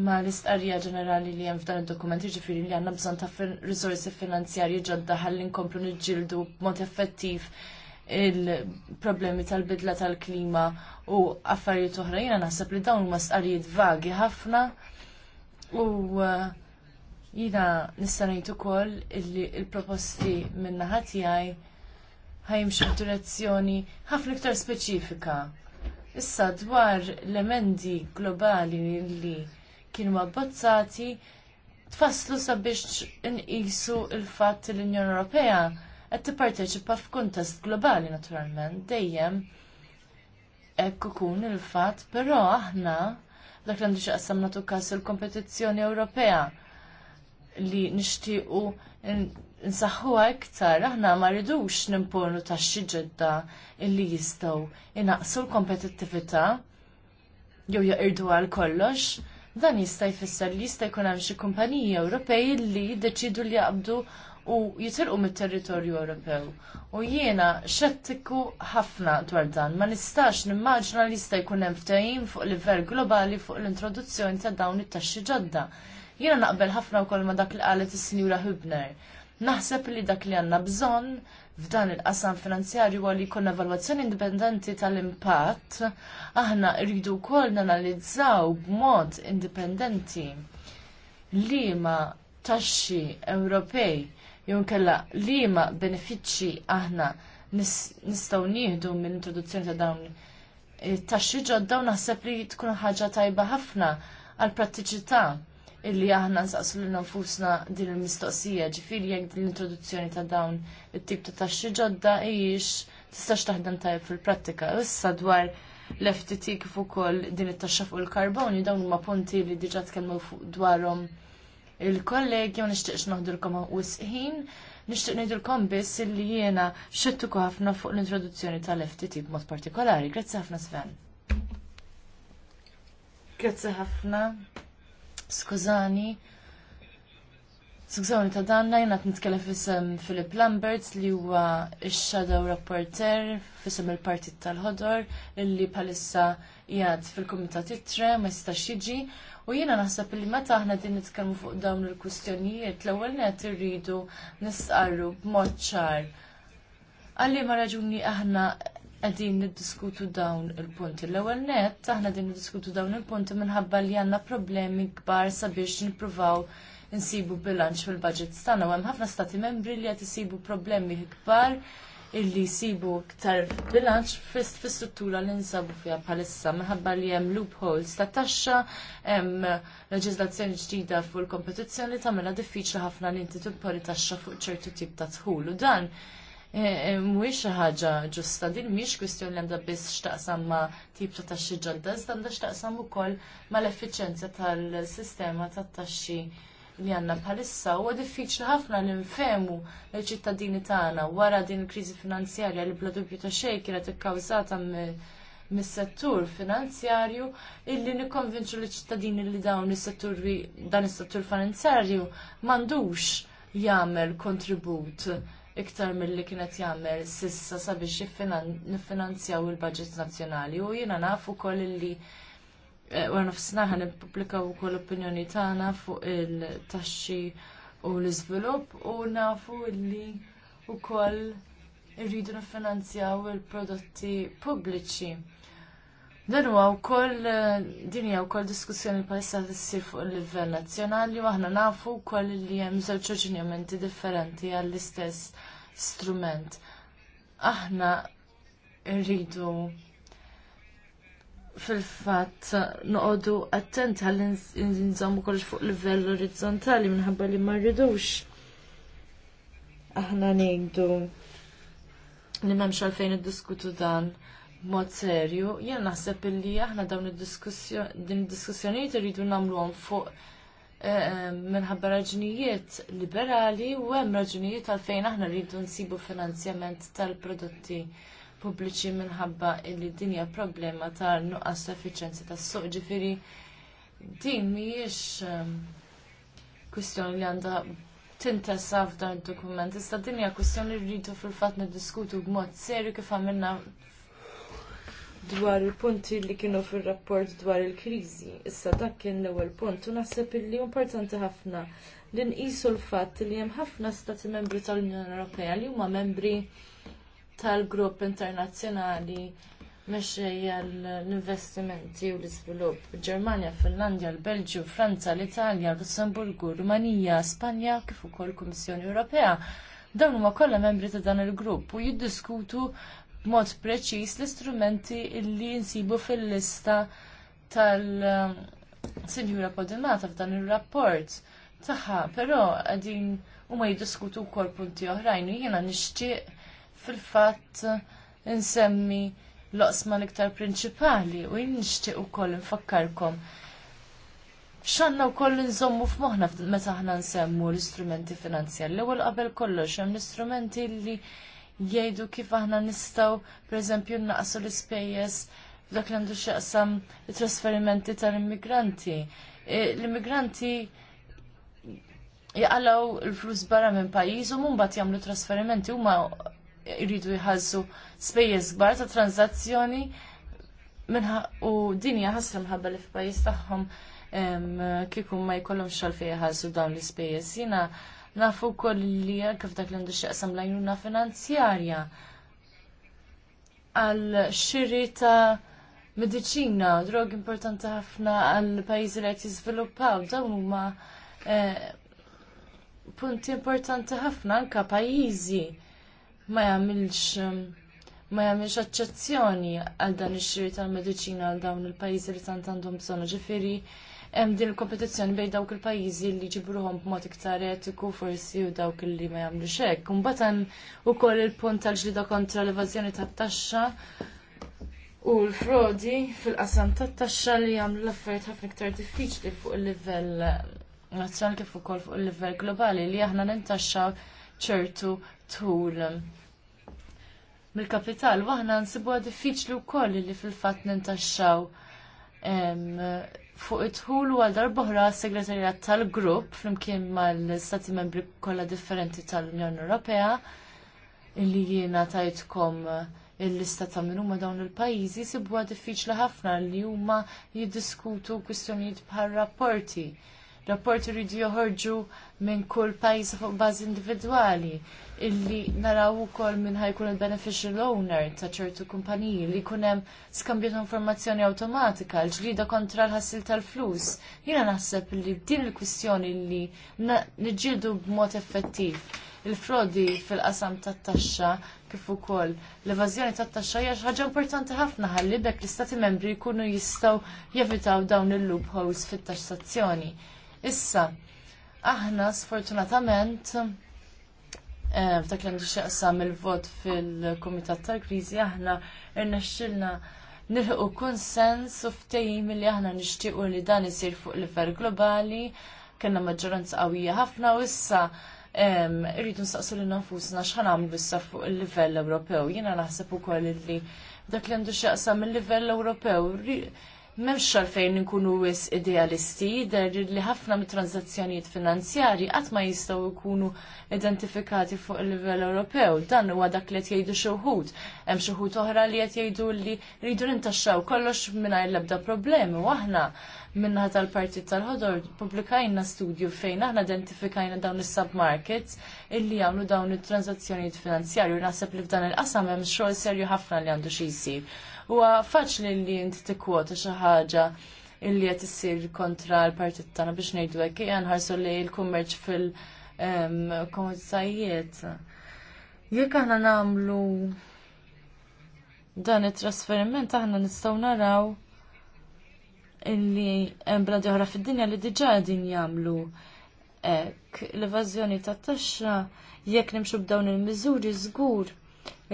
ma l-istqarrija ġenerali li hemm f'dan id-dokument iġifiri li għandna bżonn ta' risorsi finanzjarji ġodda ħalli nkomplu niġġieldu b'mod effettiv il-problemi tal-bidla tal-klima u affarijiet oħra. naħseb li dawn huma stqarrijiet vagi ħafna U eh, jina nistanajtu ukoll illi il-proposti minna ħatijaj ħajimxu direzzjoni ħafna iktar speċifika. Issa dwar l-emendi globali li kienu abbozzati tfasslu sabiex nqisu il-fatt li l-Unjoni Ewropea qed tipparteċipa f'kuntest globali naturalment dejjem hekk ikun il-fatt, però aħna dak l-għandu xaqsam natu kas il-kompetizzjoni Ewropea li nishtiqu nsaħħuha iktar, aħna ma rridux nimponu taxxi ġodda illi jistgħu inaqsu l-kompetittività jew jaqirdu għal kollox, dan jista' jfisser li jista' jkun hemm xi kumpaniji Ewropej li jiddeċidu li jaqbdu u jitilqu mit-territorju Ewropew. U jiena xettiku ħafna dwar dan, ma nistax nimmaġna li jista' jkun hemm ftehim fuq livell globali fuq l-introduzzjoni ta' dawn it-taxxi ġodda. Jiena naqbel ħafna wkoll ma dak li qalet is-Sinjura Hübner. Naħseb li dak li għandna bżonn f'dan il-qasam finanzjarju għalli jkun evalwazzjoni indipendenti tal-impatt, aħna rridu wkoll nanalizzaw b'mod indipendenti liema taxxi Ewropej jew inkella liema benefiċċji aħna nistgħu nieħdu mill-introduzzjoni ta' dawn it-taxxi ġodda u naħseb li tkun ħaġa tajba ħafna għall prattiċità illi aħna nsaqsu l nfusna din il-mistoqsija ġifiri jekk din l-introduzzjoni ta' dawn it-tip ta' taxxi ġodda hijiex tistax taħdem tajb fil-prattika. Issa dwar l-FTT kif ukoll din it-taxxa fuq il-karbonju dawn huma punti li diġà tkellmu dwarhom il-kollegi u nixtieqx noħdulkom wisqin. Nixtieq ngħidulkom biss li jiena xettuku ħafna fuq l-introduzzjoni tal-FTT b'mod partikolari. Grazzi ħafna Sven. Grazzi ħafna. Skużani. Skużawni ta' danna jena t-nitkellem fissem Philip Lambert li huwa x-shadow rapporter fissem il-partit tal-ħodor illi palissa jgħad fil-komitat it-tre ma jistax jiġi U jiena naħseb li meta aħna din nitkellmu fuq dawn il-kwistjonijiet, l-ewwel qed irridu nisqarru b'mod ċar. Għalli ma raġuni aħna qegħdin niddiskutu dawn il-punti. L-ewwel nett aħna din niddiskutu dawn il-punti minħabba li għandna problemi kbar sabiex nippruvaw insibu bilanċ fil-budget tagħna u hemm ħafna stati membri li qed isibu problemi kbar illi jsibu iktar bilanċ fi struttura li nsabu fiha bħalissa minħabba li hemm loopholes ta' taxxa, hemm leġiżlazzjoni ġdida fuq il-kompetizzjoni tagħmilha diffiċli ħafna li inti timpori taxxa fuq ċertu tip ta' tħul. u dan e, e, mhuwiex xi ħaġa ġusta, din mhix kwistjoni li għandha biss x'taqsam ma' tip ta' taxxi ġodda, iżda għandha x'taqsam ukoll mal-effiċenzja tal-sistema tat-taxxi li għanna bħalissa huwa diffiċli ħafna li nfemu l-ċittadini tagħna wara din il-kriżi finanzjarja li bla dubju ta' xejn kienet ikkawżata mis-settur finanzjarju illi nikkonvinċu l-ċittadini li dawn is-settur dan is-settur finanzjarju m'għandux jagħmel kontribut iktar milli kienet jagħmel sissa sabiex niffinanzjaw il-budget nazzjonali u jiena naf ukoll illi Eh, għarna f-sna ħan publikaw kol opinjoni tagħna fuq il-taxxi u l-izvilup u nafu li u koll irridu nifinanzjaw il-prodotti pubbliċi. Dan huwa wkoll eh, din hija wkoll diskussjoni bħalissa tissir fuq il-livell nazzjonali u aħna nafu wkoll li hemm żewġ oġinjamenti differenti għall-istess strument. Aħna rridu fil-fatt noqogħdu attent għal nżommu kollox fuq livell orizzontali minħabba li ma rridux aħna ngħidu li m'hemmx għalfejn iddiskutu dan mod serju, jien naħseb illi aħna dawn id-diskussjonijiet irridu nagħmluhom fuq minħabba raġunijiet liberali u hemm raġunijiet għalfejn aħna rridu nsibu finanzjament tal-prodotti pubbliċi minħabba li din hija problema ta' nuqqas effiċenzi tas-suq ġifieri din mhijiex ehm, kwistjoni li għandha tintessa f'dan id-dokument. Issa din hija kwistjoni li rridu fil-fatt niddiskutu b'mod serju kif għamilna dwar il-punti li kienu fir rapport dwar il kriżi Issa dak kien l-ewwel punt u naħseb li importanti ħafna li nqisu l-fatt li hemm ħafna stati membri tal-Unjoni Ewropea li huma membri tal-grupp internazzjonali mexxejja l-investimenti u l-iżvilupp. Ġermanja, Finlandja, l-Belġju, Franza, l-Italja, Lussemburgu, Rumanija, Spanja kif ukoll Kummissjoni Ewropea. Dawn huma kollha membri ta' dan il-grupp u jiddiskutu b'mod preċiż l-istrumenti li nsibu fil-lista tal-Sinjura Podimata f'dan ir-rapport tagħha, però qegħdin huma jiddiskutu wkoll punti oħrajn u jiena nixtieq fil-fatt insemmi l-oqsma l-iktar prinċipali u u ukoll nfakkarkom. xanna u koll nżommu f'moħna meta ħna nsemmu l-istrumenti finanzjali. l ewel qabel kollox hemm l-istrumenti li jgħidu kif aħna nistgħu pereżempju naqsu l-ispejjeż dak li għandu x'jaqsam it-trasferimenti tal-immigranti. E, l-immigranti jaqalaw l-flus barra minn pajjiż u mbagħad jagħmlu trasferimenti huma jridu jħazzu spejjeż kbar ta' tranzazzjoni u din hija ħasra minħabba li f'pajjiż tagħhom kieku ma jkollhom xogħol fejn jħassu dawn l-ispejjeż. Jiena nafu wkoll li kif dak li għandu x'jaqsam l-għajnuna finanzjarja għal xiri ta' medicina, drog importanti ħafna għal pajjiżi li qed jiżviluppaw, dawn huma eh, punti importanti ħafna anke pajjiżi ma jagħmilx ehm, ma jagħmilx aċċezzjoni għal dan ix-xiri tal-mediċina għal dawn il-pajjiżi li tant għandhom bżonn. Ġifieri hemm din il-kompetizzjoni bejn dawk il-pajjiżi li ġibruhom b'mod iktar etiku forsi u dawk li ma jagħmlux hekk. Imbagħad hemm ukoll il-punt tal-ġlida kontra l-evażjoni tat-taxxa u l-frodi fil-qasam tat-taxxa li jagħmlu l-affarijiet ħafna iktar diffiċli fuq il-livell nazzjonali kif ukoll fuq il-livell globali li aħna nintaxxaw ċertu tul mill-kapital, waħna nsibu diffiċli wkoll li fil-fatt nintaxxaw fuq it-ħul u għaldar boħra segretarjat tal-grupp flimkien mal-stati membri kollha differenti tal-Unjoni Ewropea illi jiena tajtkom il-lista ta' minn huma dawn il-pajjiżi sibuha diffiċli ħafna li huma jiddiskutu kwistjonijiet bħal rapporti. Rapporti rridu joħorġu minn kull pajjiż fuq bażi individwali illi naraw ukoll minn ħajkun il-beneficial owner ta' ċertu kumpaniji li jkun hemm skambju ta' informazzjoni awtomatika l-ġlida kontra l-ħassil tal-flus. Jiena naħseb li din il-kwistjoni li niġiedu b'mod effettiv il-frodi fil-qasam tat-taxxa kif ukoll l-evażjoni tat-taxxa hija ħaġa importanti ħafna ħalli bekk l-istati membri jkunu jistgħu jevitaw dawn il-loopholes fit-taxxazzjoni. Issa, aħna sfortunatament eh, f'dak li għandu xaqsam il-vot fil-Komitat tal-Krizi aħna irnexxilna nilħu konsens u ftehim li aħna nixtiequ li dan isir fuq l-fer globali, kellna maġġoranza qawwija ħafna u issa irridu nsaqsu li nafusna xħan għamlu issa fuq il-livell Ewropew. Jiena naħseb ukoll li dak li għandu xaqsam il-livell Ewropew memx xalfejn nkunu wis idealisti, der li ħafna mit-transazzjonijiet finanzjari qatt ma jistgħu jkunu identifikati fuq il-livell Ewropew. Dan huwa dak li qed jgħidu xi wħud. Hemm xi oħra li qed jgħidu li rridu nintaxxaw kollox mingħajr l-ebda problemi u aħna minnaħat tal-Partit tal-Ħodor publikajna studju fejn aħna identifikajna dawn is-submarkets illi jagħmlu dawn it-transazzjonijiet finanzjari u naħseb li f'dan il-qasam hemm xogħol serju ħafna li għandu xi jsir huwa faċli li inti tikkwota xi ħaġa illi qed issir kontra l-partit tana biex ngħidu hekk hija nħarsu li l-kummerċ fil-komunitajiet. Jekk aħna nagħmlu dan it-trasferiment aħna nistgħu naraw illi hemm bladi oħra fid-dinja li diġà din jagħmlu hekk l-evażjoni tat-taxxa jekk nimxu b'dawn il-miżuri żgur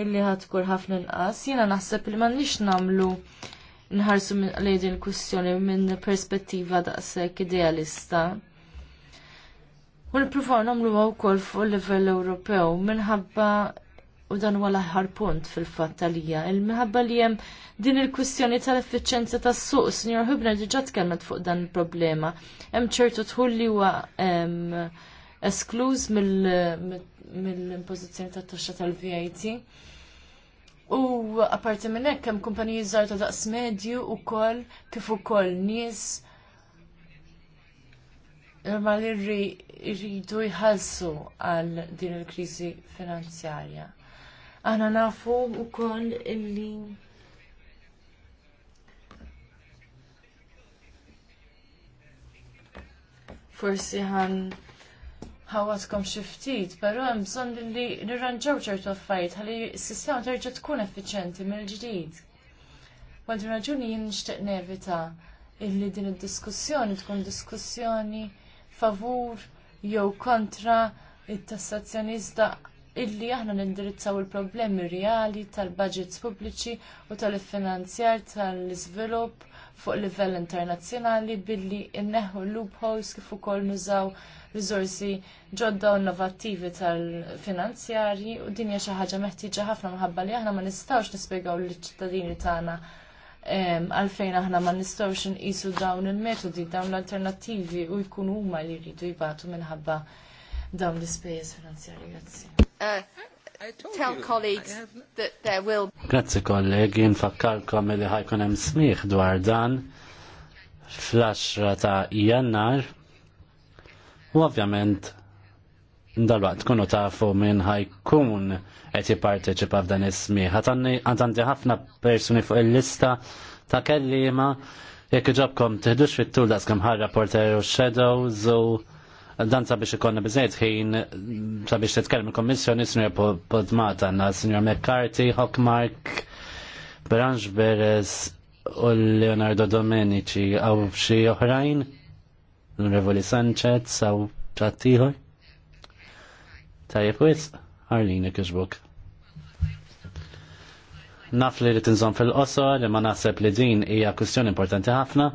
illi ħatkur ħafna inqas. Jiena naħseb li m'għandniex nagħmlu nħarsu lejn din il-kwistjoni minn perspettiva daqshekk idealista. U nippruvaw nagħmluha wkoll fuq livell Ewropew minħabba u dan huwa l-aħħar punt fil-fatt Talija. Il-minħabba li hemm din il-kwistjoni tal-effiċenza tas-suq, Sinjor Hubner diġà tkellmet fuq dan il-problema. Hemm ċertu tħulli huwa eskluż mill mill-impożizzjoni tat taxxa tal-VAT. U apparti minn hekk hemm kumpaniji żgħar ta' daqs medju wkoll kif ukoll nies normali jridu jħallsu għal din il-kriżi finanzjarja. Aħna nafu wkoll illi forsi ħan ħawaskom xi ftit, però hemm bżonn li nirranġaw ċertu affarijiet ħalli s-sistema terġa' tkun effiċjenti mill-ġdid. Għandu raġuni jien nixtieq nevita illi din id-diskussjoni tkun diskussjoni favur jew kontra it-tassazzjoni illi aħna nindirizzaw il-problemi reali tal-budgets pubbliċi u tal-finanzjar tal-iżvilupp fuq livell internazzjonali billi inneħħu loopholes kif ukoll nużaw rizorsi ġodda u innovattivi tal-finanzjarji u dinja xi ħaġa meħtieġa ħafna minħabba li aħna ma nistgħux nispjegaw lill-ċittadini tagħna ehm, għalfejn aħna ma nistgħux nqisu dawn il-metodi, dawn l-alternattivi u jkunu huma li jridu jibatu minħabba dawn l-ispejjeż finanzjarji. Grazzi. Uh, tell colleagues that there will Grazzi kollegi, nfakkalkom li ħajkun hemm smigħ dwar dan fl-10 ta' Jannar U ovvjament dal-waqt tkunu tafu minn ħajkun qed jipparteċipa f'dan is-smieħ. Għandi ħafna persuni fuq il-lista ta' kellima jekk iġobkom tiħdux fit-tul da' kemm ħar rapporter u shadows u dan sabiex ikonna bizzejt ħin sabiex titkellem il-Kommissjoni Sinjor Podmata għandna Sinjor McCarthy, Hockmark, Branch Beres u Leonardo Domenici għaw xi oħrajn l-Onorevoli Sanchez, saw ċattiħor. Tajib wis, Arlina Kishbuk. Naf li rrit nżom fil-qosor li ma naħseb li din hija kwistjoni importanti ħafna.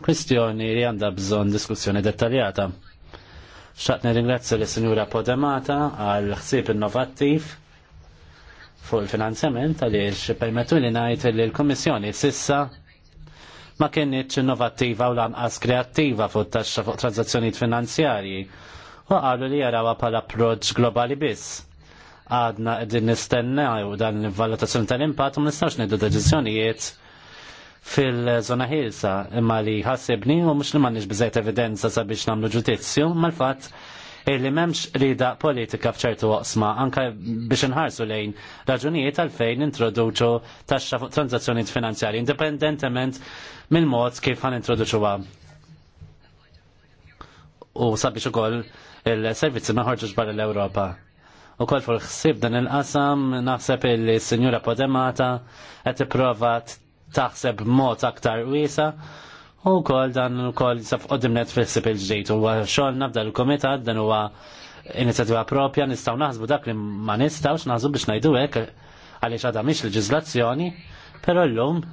Kwistjoni li għandha bżonn diskussjoni dettaljata. Xaqt ringrazzja li Sinjura Podemata għal ħsieb innovattiv fuq il-finanzjament għaliex permettu li ngħid li l-Kummissjoni sissa ma kienieċ innovattiva u lanqas kreattiva fuq taxxa fuq tranzazzjonijiet finanzjarji u qalu li jarawha bħala approċċ globali biss. Għadna qegħdin nistennew dan il-valutazzjoni tal-impatt u ma nistax ngħidu deċiżjonijiet fil-żona ħilsa imma li ħassibni u mhux li m'għandniex biżejt evidenza sabiex nagħmlu ġudizzju mal-fatt illi memx rida politika fċertu waqsma anka biex nħarsu lejn raġunijiet għalfejn introduċu taxxa fuq transazzjoni finanzjari indipendentement mill mod kif għan għam. U sabiex ukoll il-servizzi ma ġbar l-Ewropa. U kol fuq xsib dan il-qasam naħseb s sinjura Podemata qed prova taħseb mod aktar wiesa' U kol dan u kol saf qoddimnet fil-sip il-ġdijt u xol nabda l-komitat dan huwa inizjativa propja nistaw naħsbu dak li ma nistawx naħzbu biex najdu hekk għaliex għadha ġizlazzjoni pero però llum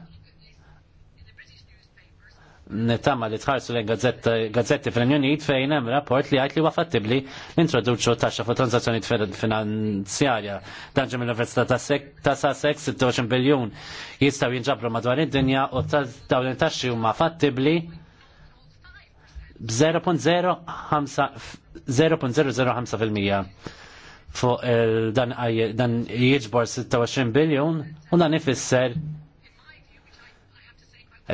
nittama li tħarsu l gazzetti fil-Unjonit fejn hemm rapport li għajt li wafattibli introduċu taxxa fuq transazzjoni finanzjarja. Dan ġem l-Università ta' sasek 26 biljun jistgħu jinġabru madwar id-dinja u dawn it-taxxi huma fattibli b'0.005% fuq dan jieġbor 26 biljun u dan ifisser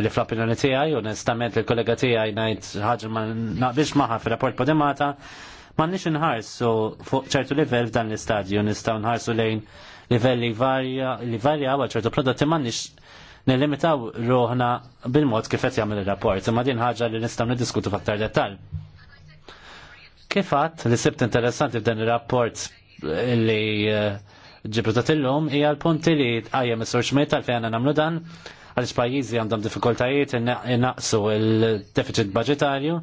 li fl-opinjoni tiegħi, nestament il-kollega tiegħi ngħid ħaġa ma naqbilx magħha fir-rapport podimata, ma nix nħarsu fuq ċertu livell f'dan l-istadju, nistgħu nħarsu lejn livelli li varja għal ċertu prodotti ma nix nelimitaw roħna bil-mod kif qed jagħmel ir-rapport, imma din ħaġa li nistgħu niddiskutu f'aktar dettall. Kifat li sibt interessanti f'dan ir-rapport li eh, ġibru illum hija l-punti li tqajjem is-sur xmejt għalfejn nagħmlu dan għaliex pajjiżi għandhom diffikultajiet innaqsu il-deficit budgetarju,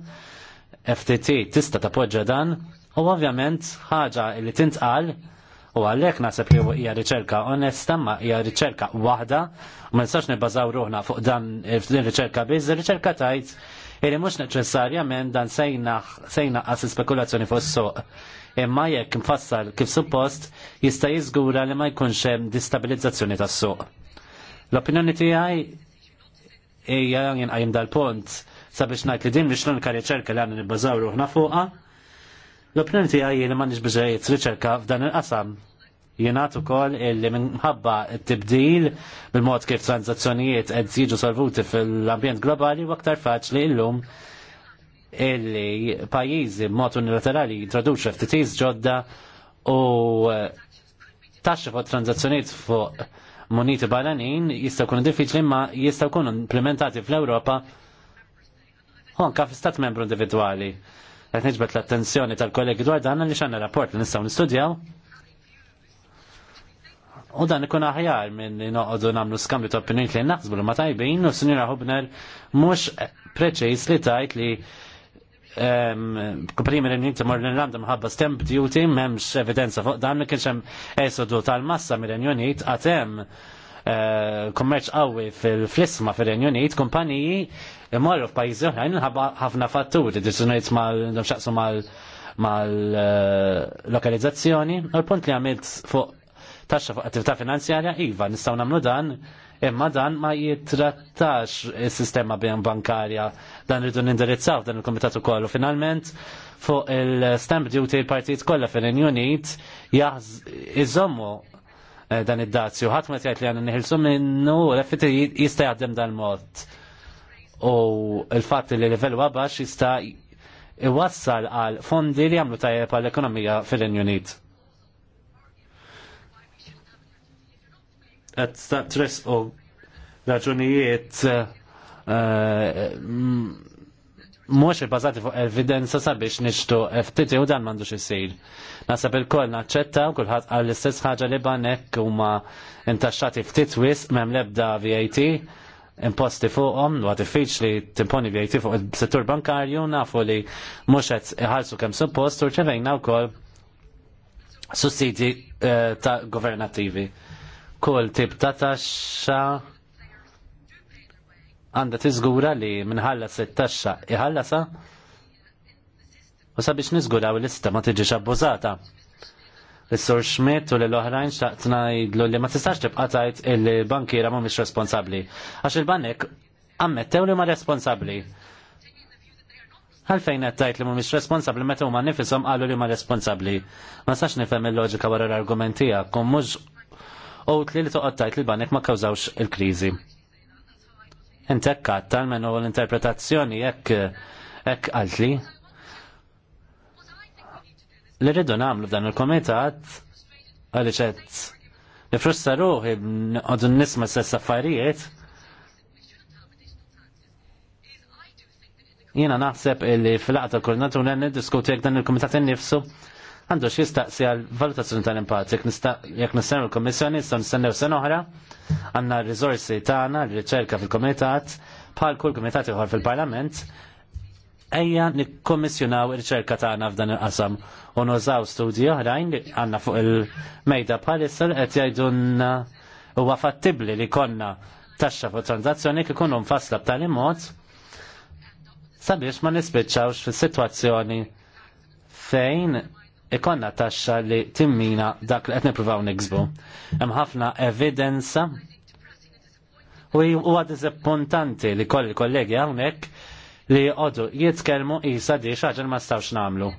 FTT tista tappoġġa dan u ovvjament ħaġa li tintqal u għalhekk naħseb li hija riċerka onesta ma hija riċerka waħda u ma nistax nibbażaw ruħna fuq dan din riċerka biż, riċerka tajt Iri mux neċessarjament dan sejna għas spekulazzjoni fuq suq Imma jekk mfassal kif suppost jista' jiżgura li ma jkunx hemm distabilizzazzjoni tas-suq. L-opinjoni tiegħi hija jinqajm dal-punt sabiex ngħid li din biex l-unika riċerka li għandna nibbażaw ruħna fuqha. L-opinjoni tiegħi li m'għandniex biżejjed riċerka f'dan il-qasam. Jingħad ukoll illi minħabba t-tibdil bil-mod kif tranzazzjonijiet qed jiġu solvuti fil-ambjent globali u aktar faċli illum illi pajjiżi b'mod unilaterali jintroduċu FTTs ġodda u taxxa fuq tranzazzjonijiet fuq moniti barranin jistgħu jkunu diffiċli ma jistgħu jkunu implementati fl-Ewropa anka f'istat membru individwali. Qed neġbet l-attenzjoni tal-kollegi dwar dan li xanna rapport li nistgħu nistudjaw. U dan ikun aħjar minn noqogħdu nagħmlu skambju ta' opinjoni li naħsbu li ma tajbin u Sinjura Hubner mhux preċiż li tajt li kumpanija mir-Renjuniti mor l-Irlanda mħabba stamp duty m'hemmx evidenza fuq dan ma kienx hemm esodu tal-massa mir Unit, għad hemm eh, kummerċ qawwi fil-flisma fir Unit kumpaniji imorru f'pajjiżi oħrajn ħafna fatturi deċiżjonijiet mal-xaqsu mal-lokalizzazzjoni eh, u l-punt li għamilt fuq taxxa fuq attività finanzjarja iva nistgħu nagħmlu dan Imma dan ma jittrattax il-sistema bankarja dan rridu nindirizzaw dan il-komitat u kollu. Finalment, fuq il-stamp duty il-partijiet kollha fil-Unit iżommu eh, dan id-dazju. Ħadd ma jgħid li għandna niħilsu minnu l-effetti jista' jgħaddem dan mod. U l-fatt li livell wabax jista' iwassal għal fondi li jagħmlu tajjeb għall-ekonomija fil-Unit. qed tresqu raġunijiet uh, uh, mm, mhux il-bażati fuq evidenza sabiex nixtu f'titi u dan m'għandux isir. Nasab il-koll naċċetta u kulħadd għall l-istess ħaġa li banek huma intaxxati ftit wisq m'hemm l-ebda VAT imposti fuqhom u diffiċ li timponi VAT fuq il-settur bankarju nafu li mhux qed iħallsu kemm suppost u rċevejna wkoll sussidi eh, ta' governattivi kull tip ta' taxxa għandha tiżgura li minħallas it-taxxa sa? u sabiex u l istema ma tiġix abbużata. Is-Sur Schmidt u l-oħrajn x'taqt ngħidlu li ma tistax tibqa' tgħid il-bankiera mhumiex responsabbli. Għax il-banek ammettew li ma responsabbli. Għalfejn qed tgħid li mhumiex responsabbli meta huma nifisom qalu li ma responsabbli. Ma sax nifhem il-loġika wara l-argument tiegħek u mhux Outli li toqgħod tajt li banek ma kawżawx il-kriżi. Intek kattal minn l-interpretazzjoni jekk hekk qaltli. Li rridu namlu dan il-komitat għalli ċet, li frusta ruħi għadu nisma' s-sess affarijiet Jena naħseb illi fil-laqta għata koordinatur għan diskuti jek dan il-komitat nifsu għandu x'jistaqsi għal valutazzjoni tal-impatt. Jek nistennew il-Kommissjoni nistgħu nistennew sena oħra, għandna r rizorsi tagħna, r-riċerka fil-Komitat, bħal kull Komitat ieħor fil-Parlament, ejja nikkommissjonaw ir-ċerka tagħna f'dan il-qasam u nużaw studji oħrajn li għandna fuq il-mejda bħalissa qed jgħidulna huwa fattibbli li konna taxxa fuq tranzazzjoni kif ikunu mfassla b'tali mod sabiex ma nispiċċawx fis-sitwazzjoni fejn ikonna taxxa li timmina dak li qed nippruvaw niksbu. Hemm ħafna evidenza u huwa diżappuntanti li kolli kollegi hawnhekk li jqogħdu jitkellmu qisha di xaġa ma stawx nagħmlu.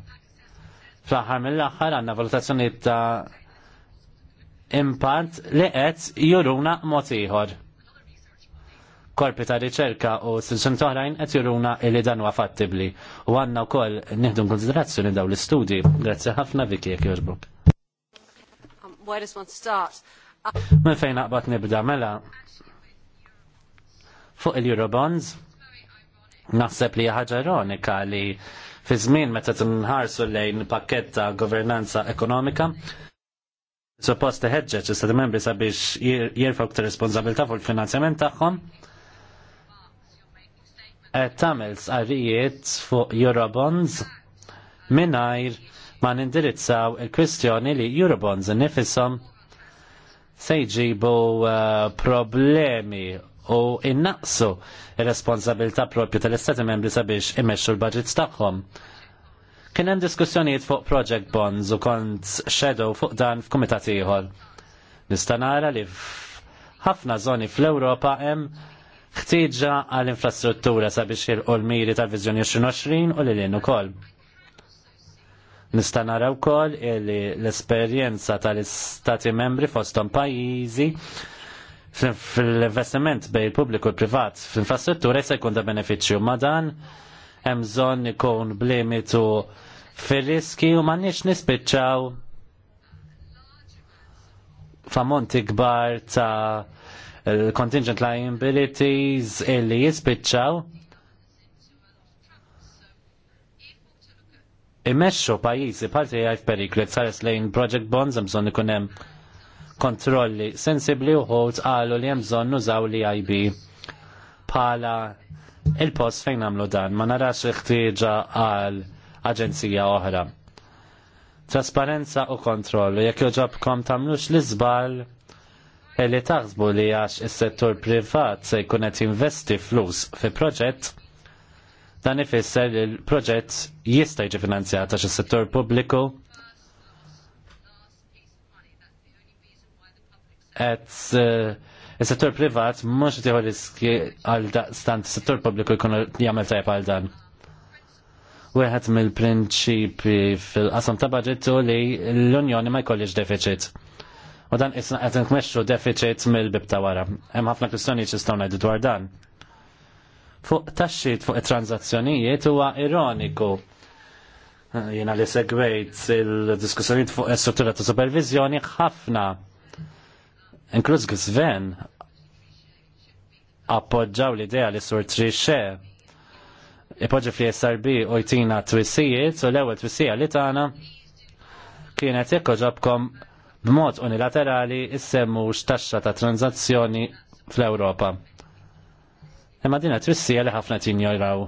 Fl-aħħar mill-aħħar għandna valutazzjoni ta' impatt li qed juruna mod ieħor korpi ta' riċerka u s-sistem toħrajn qed juruna li dan huwa fattibbli. U għandna wkoll nieħdu konsiderazzjoni daw l-istudji. Grazzi ħafna Viki jekk jorbok. Um, uh, Minn fejn naqbad nibda mela fuq il-Eurobonds naħseb li ħaġa ironika li fi żmien meta tinħarsu lejn pakket ta' governanza ekonomika suppost teħeġġeġ is membri sabiex jirfaw ktar responsabilta fuq il-finanzjament tagħhom tagħmel sqarrijiet fuq Eurobonds minnajr ma nindirizzaw il-kwistjoni li Eurobonds nifisom se jġibu eh, problemi u innaqsu il-responsabilta propju tal-Istati membri sabiex imexxu l-budget tagħhom. Kien hemm diskussjonijiet fuq project bonds u kont shadow fuq dan f'kumitat ieħor. Nista' nara li ħafna żoni fl-Ewropa hemm ħtieġa għall-infrastruttura sabiex jilqu l-miri tal-Viżjoni 2020 u lil ukoll. Nista' nara wkoll li l-esperjenza tal-istati membri fosthom pajjiżi fl-investiment bej pubbliku u privat fl-infrastruttura se jkun ta' benefiċċju ma' dan hemm bżonn ikun blimitu fir-riski u m'għandniex nispiċċaw famonti kbar ta' contingent liabilities illi jispiċċaw imexxu pajjiżi parti għaj f'periklu tsares lejn project bonds hemm bżonn ikun hemm kontrolli sensibbli u ħodt qalu li hemm bżonn nużaw li IB bħala il-post fejn nagħmlu dan ma narax iħtieġa għal aġenzija oħra. Trasparenza u kontrollu jekk joġobkom tagħmlux l iżball E li taħsbu li għax is-settur privat se jkun qed investi flus fi proġett dan ifisser li l-proġett jista' jiġi finanzjat għax settur pubbliku qed eh, is-settur privat mhux qed riski għal daqstant is-settur pubbliku jkun jagħmel tajjeb għal dan. Wieħed mill-prinċipi fil-qasam ta' baġittu li l-Unjoni ma jkollix deficit U dan isna qed nkmexxu deficit mill-bibta wara. Hemm ħafna kwistjonijiet x'istgħu ngħidu dwar dan. Fuq taxxit fuq it-tranzazzjonijiet huwa ironiku jiena li segwejt il-diskussjonijiet fuq is-struttura ta' supervizjoni ħafna inkluż Gżven appoġġaw l-idea li sur trixxe ipoġġi fl SRB u jtina twissijiet u l-ewwel twissija li tagħna kienet ikkoġobkom b'mod unilaterali issemmu x-taxxa ta' tranzazzjoni fl-Ewropa. Imma dina twissija li ħafna tinjoraw.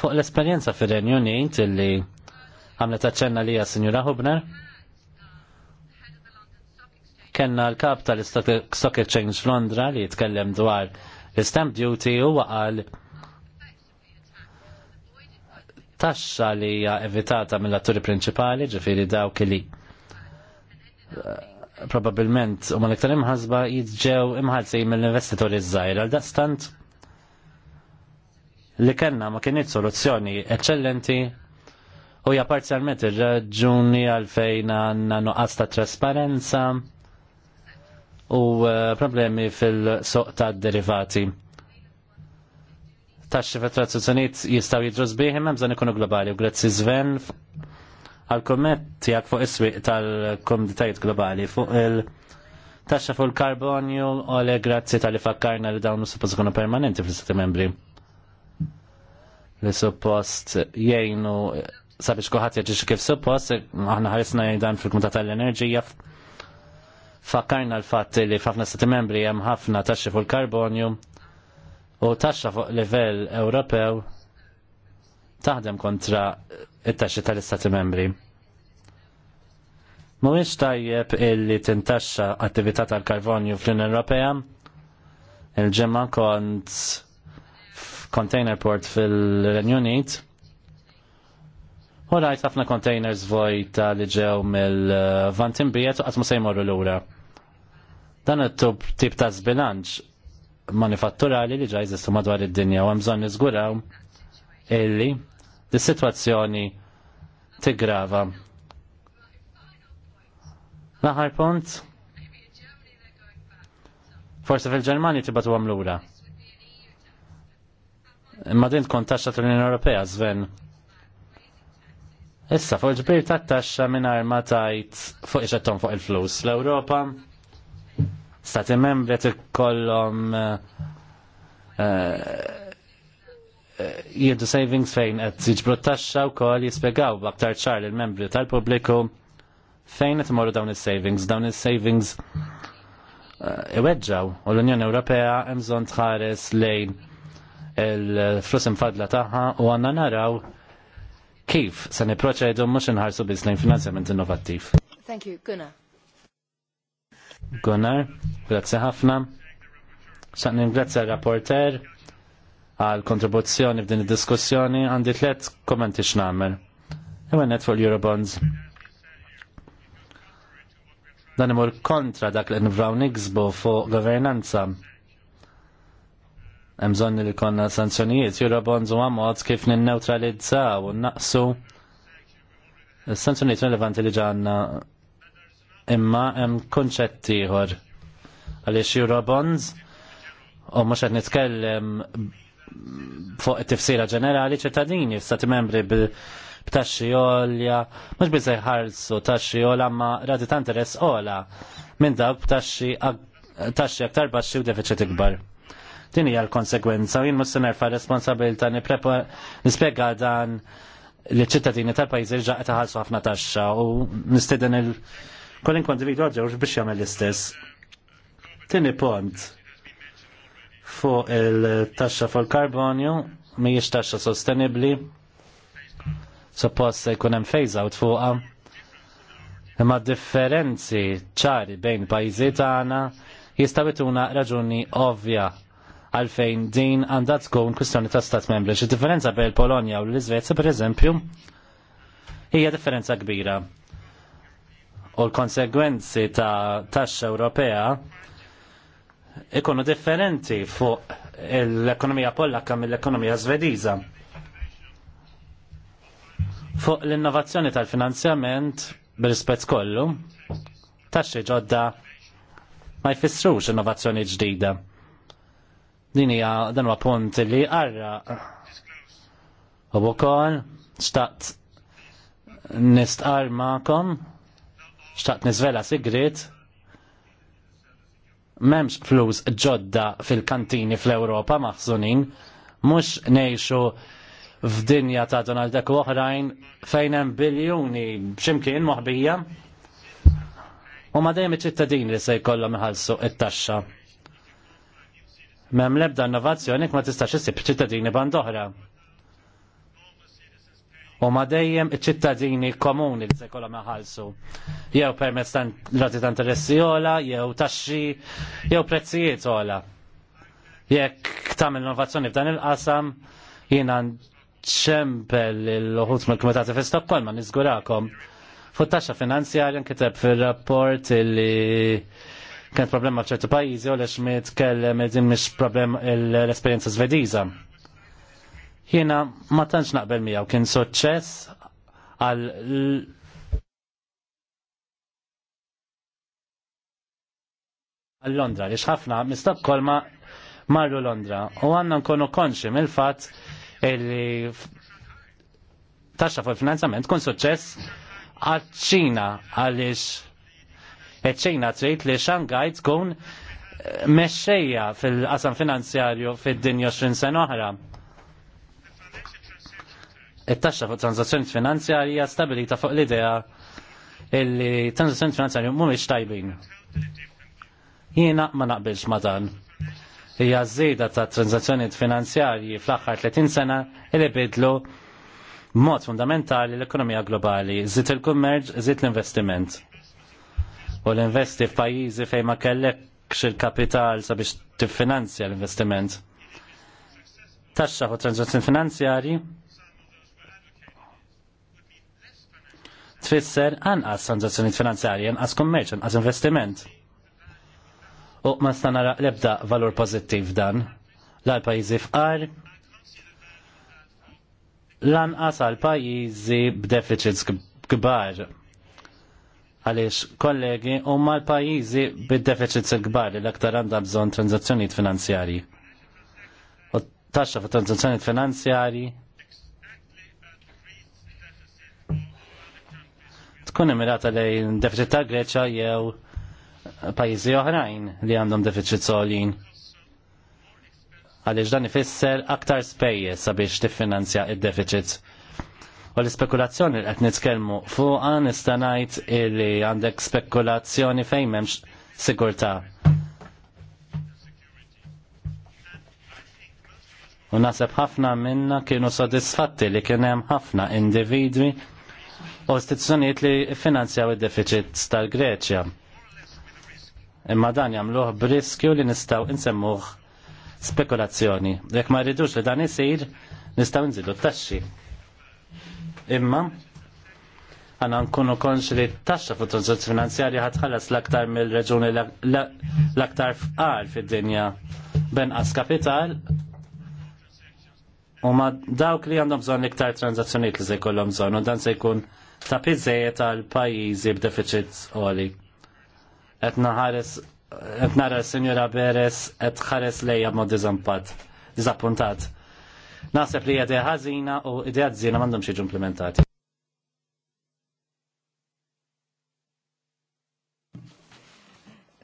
Fuq l-esperjenza fir-Renju Unit illi għamlet aċċenna lija Sinjura Hubner, kenna l-kap tal-Stock Exchange f'Londra li jitkellem dwar l-stamp duty u waqal taxxa li hija evitata mill-atturi prinċipali, ġifieri dawk li eh, probabilment u mal-iktar imħasba jitġew imħalsin mill-investitori żgħir għal daqstant li kellna ma kienet soluzzjoni eċċellenti u hija parzjalment ir-raġuni għalfejn għandna nuqqas ta' trasparenza u eh, problemi fil-soq ta' derivati taxxi fit transazzjonijiet jistgħu jidru biħim, hemm bżonn ikunu globali u grazzi Sven għal-komment tiegħek fuq is-swieq tal komditajt globali fuq il- taxxa fuq il-karbonju u le grazzi tal-li fakkarna li dawn suppost ikunu permanenti fl-istati membri. Li suppost jgħinu sabiex kuħat jaġiġ kif suppost, aħna ħarisna jgħidan fil-Kumitat tal-Enerġija fakkarna l fat li f'ħafna stati membri hemm ħafna taxxi fuq il-karbonju u taxxa fuq livell Ewropew taħdem kontra it-taxxi tal-Istati membri. Mhuwiex tajjeb illi tintaxxa attività tal-karbonju fl-Unjoni Ewropea. Il-ġimgħa kont container port fil-Renju Unit. U rajt ħafna containers vojta li ġew mill-vant u qatt ma se jmorru lura. Dan it-tub tip ta' zbilanċ manifatturali li ġaj jistu madwar id-dinja u għamżon nizguraw illi di situazzjoni tigrava. Laħar punt, forse fil-Ġermani u għamlura. Imma din tkun taxxa tal-Unjoni Ewropea, Sven. Issa, fuq il-ġbir tat taxxa minn arma tajt fuq iċettom fuq il-flus. L-Ewropa stati membri tikollhom eh, eh, jiddu savings fejn qed jiġbru taxxa wkoll jispjegaw b'aktar ċar lill membri tal-pubbliku fejn qed imorru dawn is-savings. Dawn is-savings eh, iweġġaw u l-Unjoni Ewropea hemm bżonn tħares lejn il-flus infadla tagħha u għandna naraw kif se niproċedu mhux inħarsu biss lejn finanzjament innovattiv. Thank you, Gunnar. Gunnar, grazie ħafna. Saq ningrazzja rapporter għal kontribuzzjoni f'din id-diskussjoni għandi tliet kommenti x'nagħmel. Ewenet fuq Eurobonds. Dan imur kontra dak li nvraw niksbu fuq governanza. Hemm bżonn li konna sanzjonijiet, Eurobonds huwa mod kif ninneutralizzaw u naqsu sanzjonijiet relevanti li ġanna imma hemm kunċett ieħor għaliex Eurobonds u mhux qed nitkellem fuq it-tifsira ġenerali ċittadini stati membri b'taxxi olja, mhux biżej ħarsu taxxi olja ma rati ta' interess ola minn dawk b'taxxi taxxi aktar baxxi u deficit ikbar. Din hija l-konsekwenza u jien mhux se nerfa' nipprepa, nispjega dan li ċittadini tal-pajjiż irġa' qed ħafna taxxa u nistieden il- Kolin kondividu għadġawx biex jagħmel l-istess. Tini pont fuq il-taxxa fuq il-karbonju mhijiex taxxa sostenibbli. Suppost se jkun hemm phase out fuqha. Imma differenzi ċari bejn pajjiżi tagħna jista' bituna raġuni ovvja għalfejn din għandha tkun kwistjoni ta' stat membri. Xi differenza bejn il-Polonja u l-Iżvezja pereżempju hija differenza kbira u l-konsegwenzi ta' taxxa Ewropea ikunu differenti fuq l-ekonomija pollakka mill-ekonomija svediża. Fuq l-innovazzjoni tal-finanzjament bil-rispett kollu, taxxi ġodda ma jfissrux innovazzjoni ġdida. Din hija dan huwa punt li għarra u wkoll xtaqt nistqar ma'kom xtaqt nizvela sigrit, memx flus ġodda fil-kantini fl-Europa maħsunin, mux nejxu f'dinja ta' Donald Duck uħrajn oħrajn fejn hemm biljuni x'imkien moħbija. U ma dejjem iċ li se jkollhom iħallsu it-taxxa. Mem lebda innovazzjoni ma tistax issib ċittadini band oħra u ma dejjem iċ-ċittadini komuni li se jkollhom iħallsu. Jew permezz ta' rati ta' interessi ola, jew taxxi, jew prezzijiet ola. Jekk tagħmel innovazzjoni f'dan il-qasam, jiena ċempel il ħut mill-Kumitati fi ma niżgurakom. Fuq taxxa finanzjarja nkiteb fir-rapport li kien problema f'ċertu pajjiżi u lex mitkellem din mhix problema l-esperjenza Svediża Jiena ma tantx naqbel miegħu kien suċċess għal għal Londra li ħafna mistab kolma marru Londra u għanna nkunu konxi mill-fatt li taxxa fuq il finanzament kun suċċess għal-ċina għaliex e ċina trid li Xangaj tkun mexxejja fil-qasam finanzjarju fid-dinja 20 sena oħra it-taxxa fuq transazzjoni hija stabilita fuq l-idea li transazzjoni finanzjarja mhumiex tajbin. Jiena ma naqbilx ma dan. Hija żieda ta' transazzjoni finanzjarji fl-aħħar 30 sena li bidlu mod fundamentali l-ekonomija globali, żid il-kummerġ, żid l-investiment. U l-investi f'pajjiżi fejn ma kellekx il-kapital sabiex tiffinanzja l-investiment. Taxxa fuq transazzjoni finanzjarji tfisser anqas transazzjoni finanzjarji, anqas kummerċ, anqas investiment. U ma l lebda valur pozittiv dan l pajjiżi fqar, lanqas għal pajjiżi b'deficits kbar. Għaliex kollegi huma l-pajjiżi b'deficits kbar li l-aktar għandha bżonn transazzjonijiet finanzjarji. U taxxa f' transazzjonijiet finanzjarji tkun emirata lejn deficit ta' Greċa jew pajjiżi oħrajn li għandhom deficit solin. Għaliex dan ifisser aktar spejjeż sabiex tiffinanzja id-deficit. U l-spekulazzjoni li qed nitkellmu fuqha nista' ngħid li għandek spekulazzjoni fejn memx sigurtà. U naseb ħafna minna kienu sodisfatti li kien hemm ħafna individwi u istituzzjonijiet li finanzjaw id-deficit tal-Greċja. Imma dan jagħmluh b'riskju li nistgħu insemmuh spekulazzjoni. Jekk ma rridux li dan isir, nistgħu nżidu t-taxxi. Imma għanna nkunu konx li t-taxxa fuq transazzjoni finanzjarji ħatħallas l-aktar mill-reġuni l-aktar fqar fid-dinja benqas kapital U ma dawk li għandhom bżon iktar tranzazzjoniet li se jkollhom bżonn u dan se jkun ta' pizzejiet għal pajjiżi b'deficit għoli. Qed naħares qed nara s-Sinjura Beres et ħares lejja mod dizampat, dizappuntat. Naħseb li idea ħazina u idea żiena mandom xieġu implementati.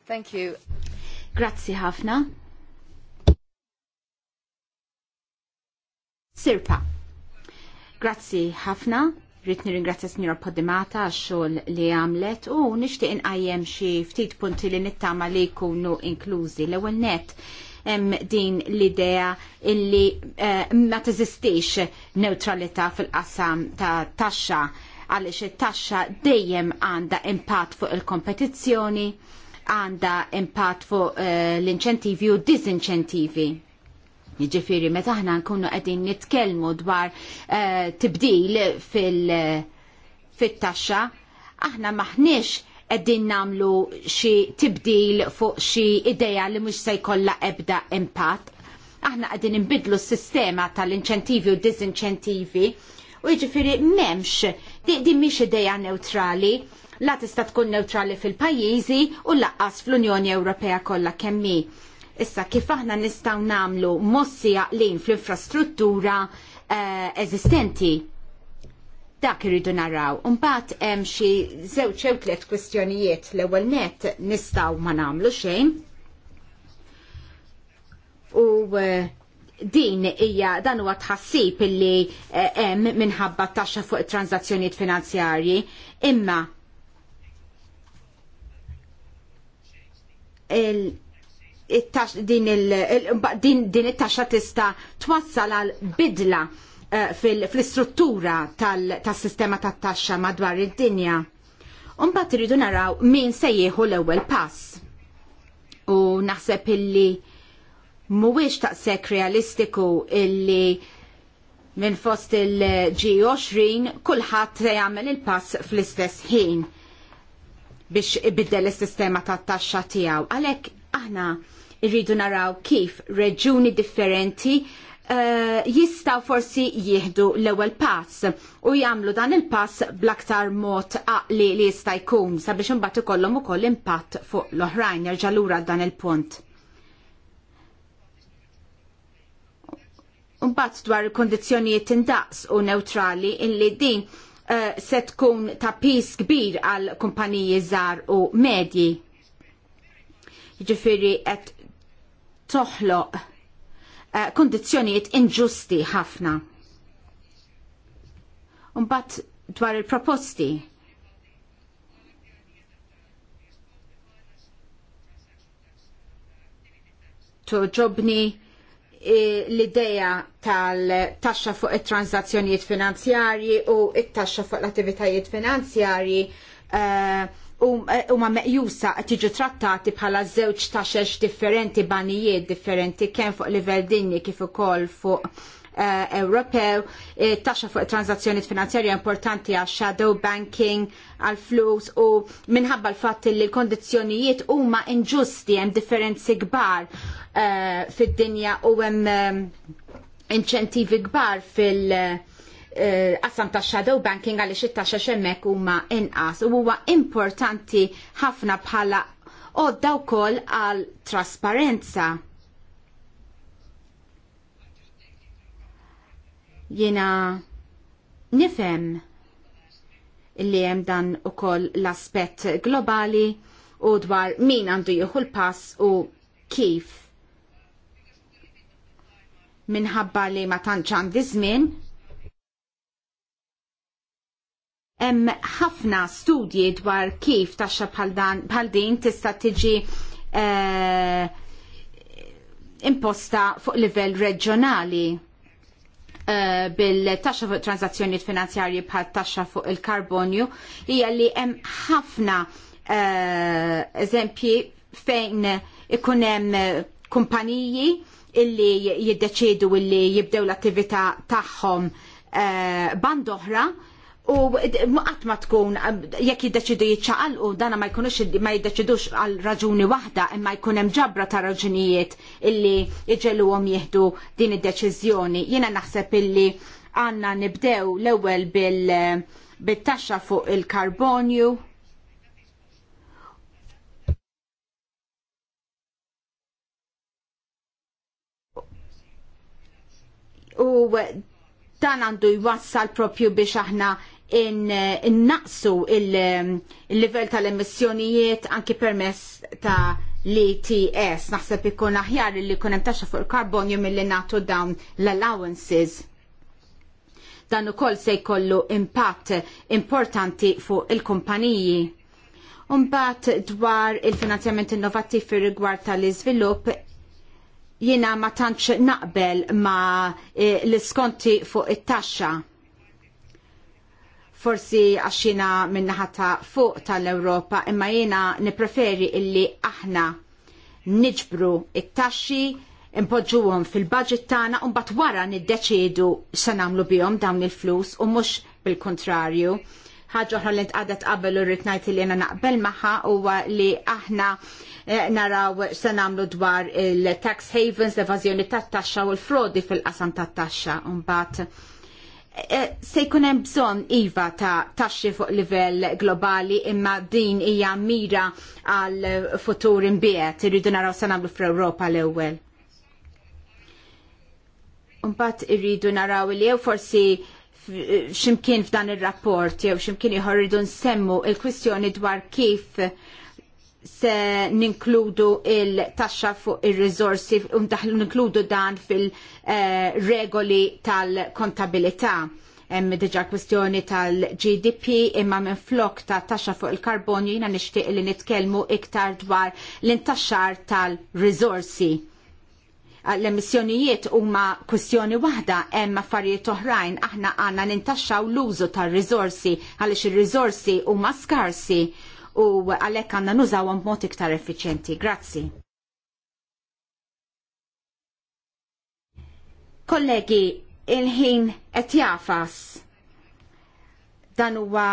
Thank you. Grazie ħafna. Sirpa. Grazzi ħafna, rrit nirringrazzja Signora Podimata għax-xogħol li għamlet u nixtieq inqajjem xi ftit punti li nittama li jkunu inklużi. L-ewwel net hemm din l-idea illi eh, ma teżistix neutralità fil-qasam ta' taxxa għaliex it-taxxa dejjem għandha impatt fuq il-kompetizzjoni, għandha impatt fuq eh, l-inċentivi u diżinċentivi. Jiġifieri meta aħna nkunu qegħdin nitkellmu dwar eh, tibdil fit-taxxa, aħna maħniex qegħdin nagħmlu xi tibdil fuq xi idea li mhux se jkollha ebda impatt. Aħna qegħdin inbidlu s-sistema tal-inċentivi u disinċentivi u jiġifieri m'hemmx di, di mhix idea neutrali la tista' tkun neutrali fil-pajjiżi u laqqas fl-Unjoni Ewropea kollha kemm Issa kif aħna nistgħu nagħmlu mossi għaqlin fl-infrastruttura uh, eżistenti dak irridu naraw. Mbagħad hemm xi żewġ jew tliet kwistjonijiet l-ewwel net nistgħu ma nagħmlu xejn. U eh, din hija dan huwa tħassib illi hemm eh, minħabba taxxa fuq it-transazzjonijiet finanzjarji, imma il din it-taxxa tista' twassal għal bidla eh, fil istruttura tas-sistema tat-taxxa madwar id-dinja. Umbagħad iridu naraw min se jieħu l-ewwel pass. U naħseb illi mhuwiex taqsek realistiku illi minn fost il-G20 kulħadd se jagħmel il-pass fl-istess ħin biex ibiddel is-sistema tat-taxxa tiegħu. Għalhekk aħna Irridu naraw kif reġuni differenti uh, jistaw forsi jieħdu l-ewwel pass u jagħmlu dan il-pass bl-aktar mod aqli li jista' jkun sabiex imbagħad ikollhom ukoll impatt fuq l-oħrajn jerġa' lura dan il-punt. Mbagħad dwar il-kondizzjonijiet indaqs u neutrali illi din uh, se tkun ta' pis kbir għal kumpaniji żgħar u medji. Jiġifieri qed toħloq eh, kondizjoniet inġusti ħafna. Umbat dwar il-proposti. Toġobni eh, l-ideja tal-taxxa fuq it-transazzjonijiet finanzjarji u it-taxxa fuq l-attivitajiet finanzjarji uh, huma meqjusa tiġu trattati bħala żewġ taxex differenti banijiet differenti kemm fuq livell dinji kif ukoll fuq eh, Ewropew, eh, taxxa fuq transazzjoni finanzjarja importanti għal shadow banking, għal flus u minħabba l-fatt li l-kondizjonijiet huma inġusti hemm differenzi kbar eh, fid-dinja u hemm inċentivi kbar fil- uh, Eh, qasam ta' shadow banking għaliex it-taxxa xemmek huma inqas u huwa importanti ħafna bħala daw wkoll għal trasparenza. Jiena nifhem li hemm dan ukoll l-aspett globali u dwar min għandu jieħu l-pass u kif minħabba li ma tantx għandi żmien hemm ħafna studji dwar kif taxxa bħal din tista' tiġi eh, imposta fuq livell reġjonali eh, bil-taxxa fuq transazzjoni finanzjarji bħal taxxa fuq il-karbonju hija li hemm ħafna eh, eżempji fejn ikun hemm kumpaniji illi jiddeċidu illi jibdew l-attività tagħhom band oħra u qatt ma tkun jekk jiddeċidu u dana ma jkunux ma jiddeċidux għal raġuni waħda imma jkun hemm ġabra ta' raġunijiet illi għom jieħdu din id-deċiżjoni. Jiena naħseb illi għandna nibdew l-ewwel bit-taxxa fuq il-karbonju u dan għandu jwassal propju biex aħna innaqsu il-level um, tal-emissjonijiet anki permess ta' l-ETS. Naħseb ikun aħjar li jkun hemm taxxa fuq il-karbonju milli nagħtu dawn l-allowances dan ukoll se jkollu impatt importanti fuq il-kumpaniji. Umbat dwar il-finanzjament innovativ fir rigward tal-iżvilupp jiena ma tantx naqbel ma eh, l-iskonti fuq it-taxxa forsi għaxina ta' fuq tal-Europa imma jena nipreferi illi aħna niġbru it-taxxi impoġġuhom fil-budget tagħna u mbagħad wara niddeċiedu se nagħmlu bihom dawn il-flus u mhux bil-kontrarju. Ħaġa oħra li tqadet qabel u rrid ngħid li jena naqbel magħha huwa li aħna eh, naraw se nagħmlu dwar il-tax havens, l-evażjoni tat-taxxa u l-frodi fil-qasam tat-taxxa u mbagħad Eh, se jkun hemm bżonn iva ta' taxxi fuq livell globali imma din hija mira għal futur imbiet irridu naraw se nagħmlu fl-Ewropa l-ewwel. Mbagħad irridu naraw li jew forsi ximkien f'dan ir-rapport jew ximkien ieħor irridu nsemmu il-kwistjoni dwar kif se ninkludu il-taxxa fuq il-rizorsi, ninkludu dan fil-regoli eh, tal-kontabilità. Hemm diġà kwistjoni tal-GDP imma minn flok ta' taxxa fuq il-karbonju jiena nixtieq li nitkellmu iktar dwar l-intaxxar tal-rizorsi. L-emissjonijiet huma kwistjoni waħda hemm affarijiet oħrajn aħna għandna nintaxxaw l-użu tar-riżorsi għaliex ir-riżorsi huma skarsi u għalhekk għandna nużawhom b'mod iktar effiċjenti. Grazzi. Kollegi, il-ħin qed jafas dan huwa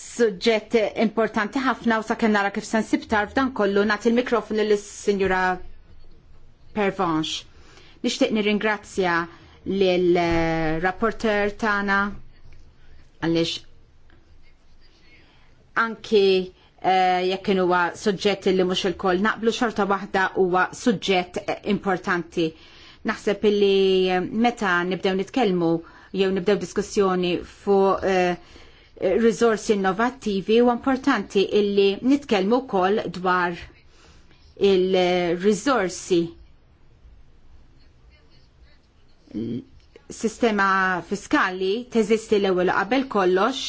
suġġett importanti ħafna u sakemm nara kif se nsibtar f'dan kollu nagħti il-mikrofonu lis-Sinjura Pervanche. Nixtieq nirringrazzja lill rapporteur tagħna għaliex anki Eh, jekk kien huwa suġġett li mhux il-koll naqblu xorta waħda huwa suġġett eh, importanti. Naħseb illi eh, meta nibdew nitkellmu jew nibdew diskussjoni fuq risorsi innovattivi huwa importanti illi nitkellmu wkoll dwar il-risorsi sistema fiskali teżisti l-ewwel qabel kollox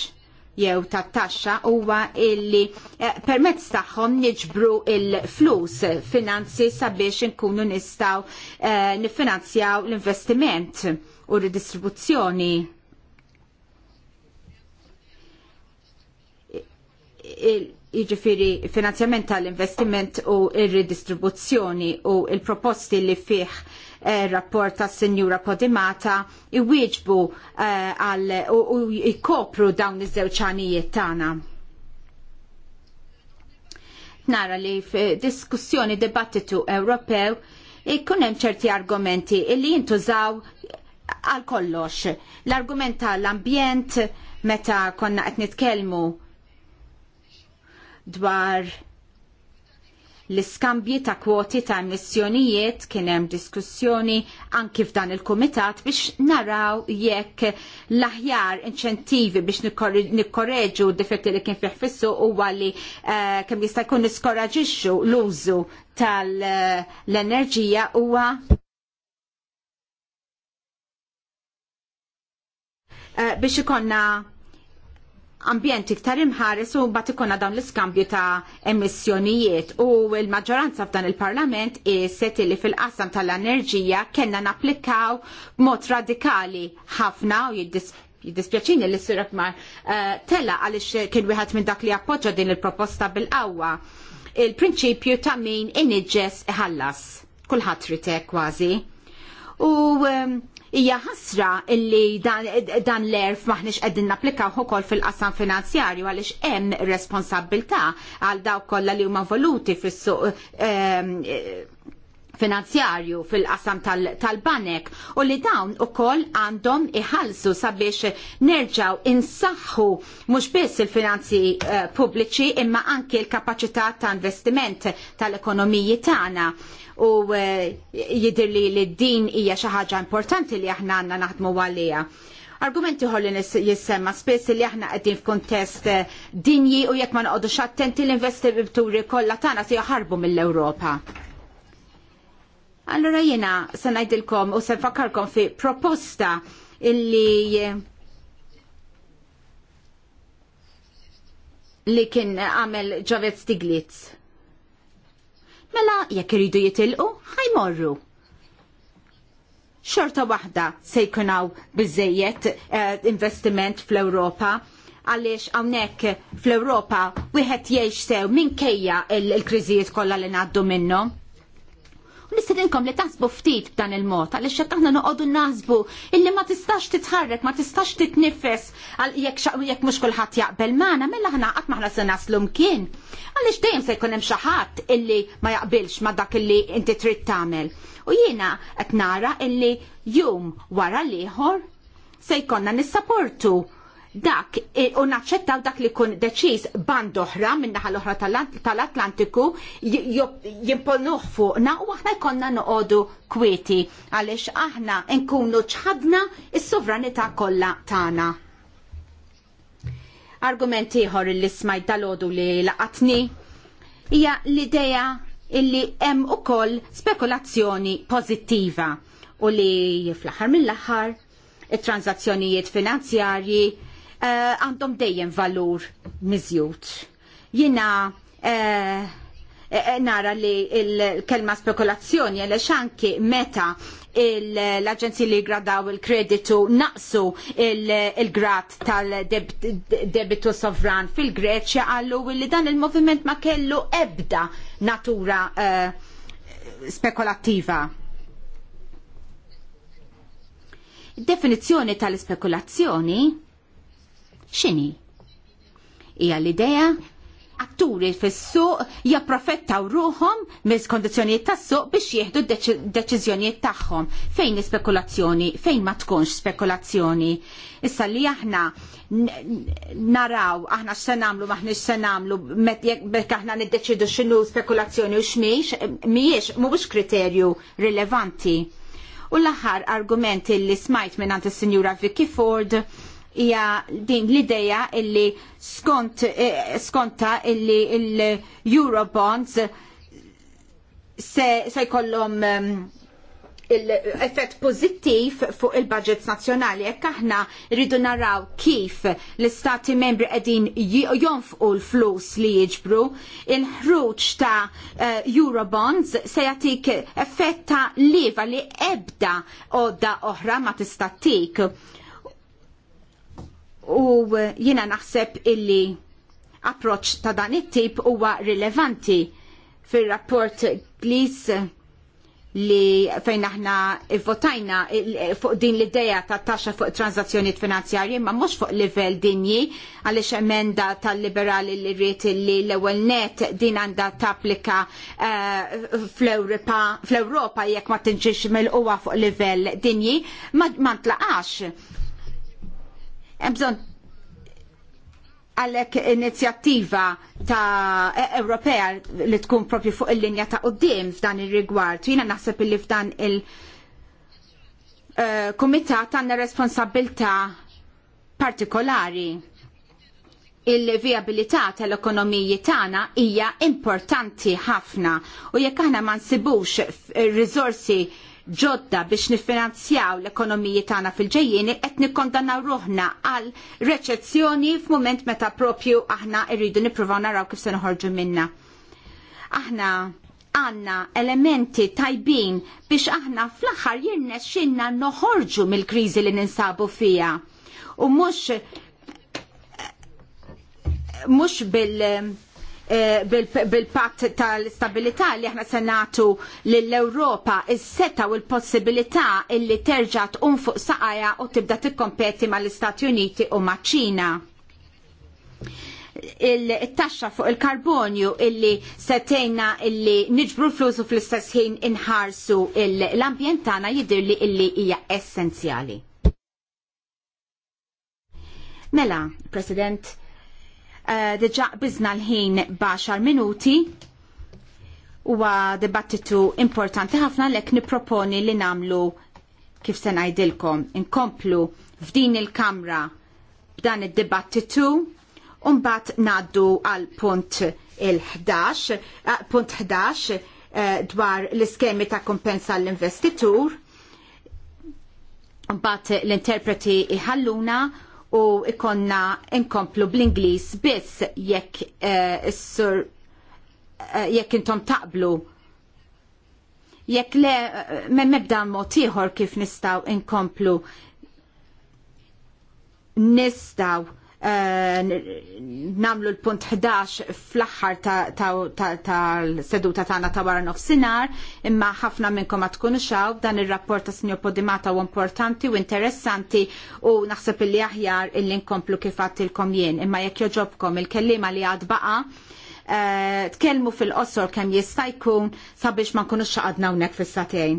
jew tat taxxa huwa illi eh, permezz tagħhom niġbru il-flus finanzi sabiex inkunu nistgħu eh, nifinanzjaw niffinanzjaw l-investiment u redistribuzzjoni. jiġifieri finanzjament tal-investiment u r redistribuzzjoni u l proposti li fih Eh, rapport ta' Sinjura Podimata iwieġbu eh, għal u jkopru dawn iż żewċanijiet tagħna. Nara li f'diskussjoni dibattitu Ewropew ikun hemm ċerti argumenti li jintużaw għal kollox. L-argument tal-ambjent meta konna qed nitkellmu dwar l-iskambji ta' kwoti ta' emissjonijiet kien hemm diskussjoni anki f'dan il-kumitat biex naraw jekk l-aħjar inċentivi biex nikkorreġu d-difetti li kien fih fissu huwa li kem eh, kemm jista' jkun niskoraġixxu l-użu tal-enerġija huwa eh, biex ikonna ambjent iktar imħares u bat ikonna dawn l-iskambju ta' emissjonijiet u l-maġġoranza f'dan il-parlament iset li fil-qasam tal-enerġija kellna napplikaw mod radikali ħafna u jiddispjaċini li s-sirak mar eh, tella għalix kien wieħed minn dak li appoġġa din il-proposta bil-qawwa. Il-prinċipju ta' min inġess iħallas. Kulħadd ritek kważi. U ehm, hija ħasra illi dan, dan l-erf maħniex qegħdin napplikaw ukoll fil-qasam finanzjarju għaliex hemm responsabilità għal dawk kollha li huma voluti fis-suq eh, finanzjarju fil-qasam tal-banek tal u li dawn u koll għandhom iħalsu sabiex nerġaw insaħħu mux biss il-finanzi uh, pubbliċi imma anki l-kapacità ta' investiment tal-ekonomiji tagħna u eh, jidir li li din hija xi ħaġa importanti li aħna għandna naħdmu għalija. Argumenti ħolli jissemma spess li aħna qegħdin f'kuntest eh, dinji u jekk ma noqogħdux attenti l-investituri kollha tagħna se jaħarbu mill-Ewropa. Allora jiena se ngħidilkom u se nfakkarkom fi proposta illi eh, li kien għamel Ġavet Stiglitz mela jekk iridu jitilqu ħajmorru. Xorta waħda se jkunaw biżejjed uh, investiment fl-Ewropa għaliex hawnhekk fl-Ewropa wieħed jgħix sew minkejja l-kriżijiet kollha li ngħaddu minnhom nistedinkom li tasbu ftit b'dan il-mod, għaliex jekk aħna noqogħdu nasbu illi ma tistax titħarrek, ma tistax titnifes għal jekk jekk mhux kulħadd jaqbel maħna, mela aħna qatt maħna se naslu mkien. Għaliex dejjem se jkunem hemm xi ħadd illi ma jaqbilx ma dak illi inti trid tagħmel. U jiena qed nara illi jum wara liħor se jkollna nissaportu dak e, u naċċettaw dak li kun deċiż band oħra min-naħa l-oħra tal-Atlantiku jimponuh fuqna u aħna jkollna noqogħdu kwieti għaliex aħna nkunu ċħadna is-sovranità kollha tagħna. Argument ieħor li smajt dalodu li laqatni hija l-idea illi hemm ukoll spekulazzjoni pożittiva u li fl-aħħar mill-aħħar it-transazzjonijiet finanzjarji Eh, għandhom dejjem valur miżjud. Jina eh, eh, nara li il-kelma spekulazzjoni għal xanki meta l-agenzi li gradaw il-kreditu naqsu il-grad tal-debitu sovran fil-Greċja għallu li dan il-moviment ma kellu ebda natura spekulattiva. Definizzjoni tal-spekulazzjoni x'inhi? Hija l-idea atturi fil suq japprofettaw ruhom mis kondizzjonijiet tas-suq biex jieħdu d-deċiżjonijiet tagħhom. Fejn spekulazzjoni, fejn ma tkunx spekulazzjoni. Issa li aħna naraw aħna x'se nagħmlu m'aħniex se nagħmlu bekk aħna niddeċidu x'inhu spekulazzjoni u x'miex mhijiex mhuwiex kriterju rilevanti. U l-aħħar argument li smajt minn għand is-Sinjura Vicky Ford hija din l-ideja illi skont, eh, skonta illi l-Eurobonds se, se jkollhom um, ehm, effett pozittiv fuq il-budgets nazzjonali jekk aħna rridu naraw kif l-istati membri qegħdin jonfqu l-flus li jiġbru, il-ħruġ ta' uh, Eurobonds se jagħtik effett ta' liva li ebda għodda oħra ma tista' tik u eh, jiena naħseb illi approċ ta' dan it-tip huwa rilevanti fir-rapport Glis li fejn aħna votajna eh, fuq din l-ideja ta' taxxa fuq transazzjonijiet finanzjarji ma mhux fuq livell dinji għaliex emenda tal-liberali li rrit li l-ewwel net din għandha tapplika eh, fl-Ewropa jekk ma tinġix mill fuq livell dinji ma ntlaqax bżonn għalek inizjattiva ta' e- Ewropea li tkun propju fuq il-linja ta' qoddim f'dan ir-rigward. Jina naħseb li f'dan il-komitat e, għandna responsabilta partikolari il-viabilità tal-ekonomiji tagħna hija importanti ħafna u jekk aħna ma nsibux riżorsi ġodda biex niffinanzjaw l-ekonomiji tagħna fil-ġejjieni qed nikkondannaw ruħna għal reċezzjoni f'mument meta propju aħna rridu nippruvaw naraw kif se noħorġu minna. Aħna għanna elementi tajbin biex aħna fl-aħħar jirnexxinna noħorġu mill-kriżi li ninsabu fija. U mhux eh, mhux bil- Eh, bil-patt tal-stabilità li aħna se nagħtu lill-Ewropa is-seta u l-possibilità illi terġa' tqum fuq saqajja u tibda tikkompeti mal-Istati Uniti u maċ-Ċina il-taxxa fuq il-karbonju illi setejna illi niġbru flusu fl-istess ħin inħarsu l-ambjent tagħna jidhir li illi hija essenzjali. Mela, President, Eh, diġa bizna l-ħin baxar minuti huwa dibattitu importanti ħafna lek niproponi li namlu kif se ngħidilkom inkomplu f'din il-kamra b'dan id-dibattitu u mbagħad ngħaddu għal punt il-11 eh, punt 11 eh, dwar l-iskemi ta' kompensa l-investitur un-bat l-interpreti iħalluna u ikonna inkomplu bl-Inglis biss jekk eh, s sur eh, jekk intom taqblu jekk le eh, me mebda mod ieħor kif nistgħu inkomplu nistgħu Eh, namlu l-punt 11 fl-axħar tal-seduta tagħna ta' wara nofsinhar, imma ħafna minnkom ma tkunu xaw dan ir-rapport ta' Sinjor Podimata u importanti u interessanti u naħseb illi aħjar illi nkomplu kif għattilkom jien, imma jekk joġobkom il-kellima li għad baqa' eh, tkellmu fil-qosor kemm jista' jkun sabiex ma nkunux xaqadna hawnhekk fis-satejn.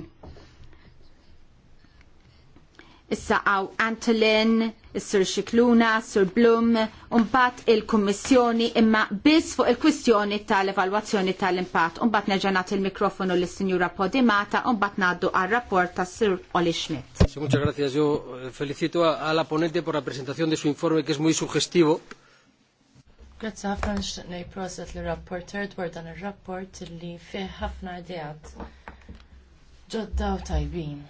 Issa għaw Antolin Is-Sur Xikluna, Sur Blum, unbat il kommissjoni imma bis fuq il-kwistjoni tal-evalwazzjoni tal impat Unbat neġanat il-mikrofonu l sinjura Podimata, unbat naddu għal-rapport ta' Sur Oli Schmidt. Sí, muchas gracias. Yo eh, felicito a la ponente por la presentación de su informe que es muy sugestivo. Grazzi ħafna nixtieq ngħid proset l-rapport, dwar dan ir-rapport li fi ħafna għadijat ġodda u tajbin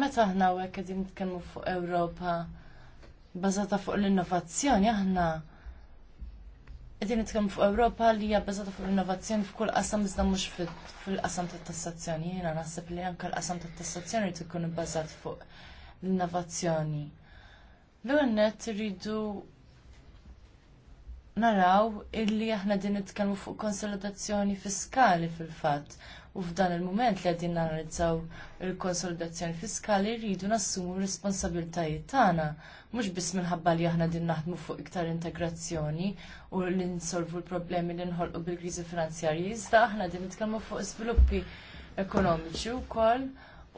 meta aħna u għek għedin nitkellmu fuq Ewropa bażata fuq l-innovazzjoni, aħna qegħdin nitkellmu fuq Ewropa li hija bażata fuq l-innovazzjoni f'kull qasam iżda mhux fil-qasam tat-tassazzjoni. Jiena naħseb li anke l-qasam tat-tassazzjoni rid ikun bbażat fuq l-innovazzjoni. L-ewwel nett irridu naraw illi aħna din nitkellmu fuq konsolidazzjoni fiskali fil-fatt u f'dan il-moment li għedin nanalizzaw il-konsolidazzjoni fiskali rridu nassumu responsabiltajiet tagħna mhux biss minħabba li aħna din naħdmu fuq iktar integrazzjoni u li nsolvu l-problemi li nħolqu bil-kriżi finanzjarji, iżda aħna din nitkellmu fuq sviluppi ekonomiċi wkoll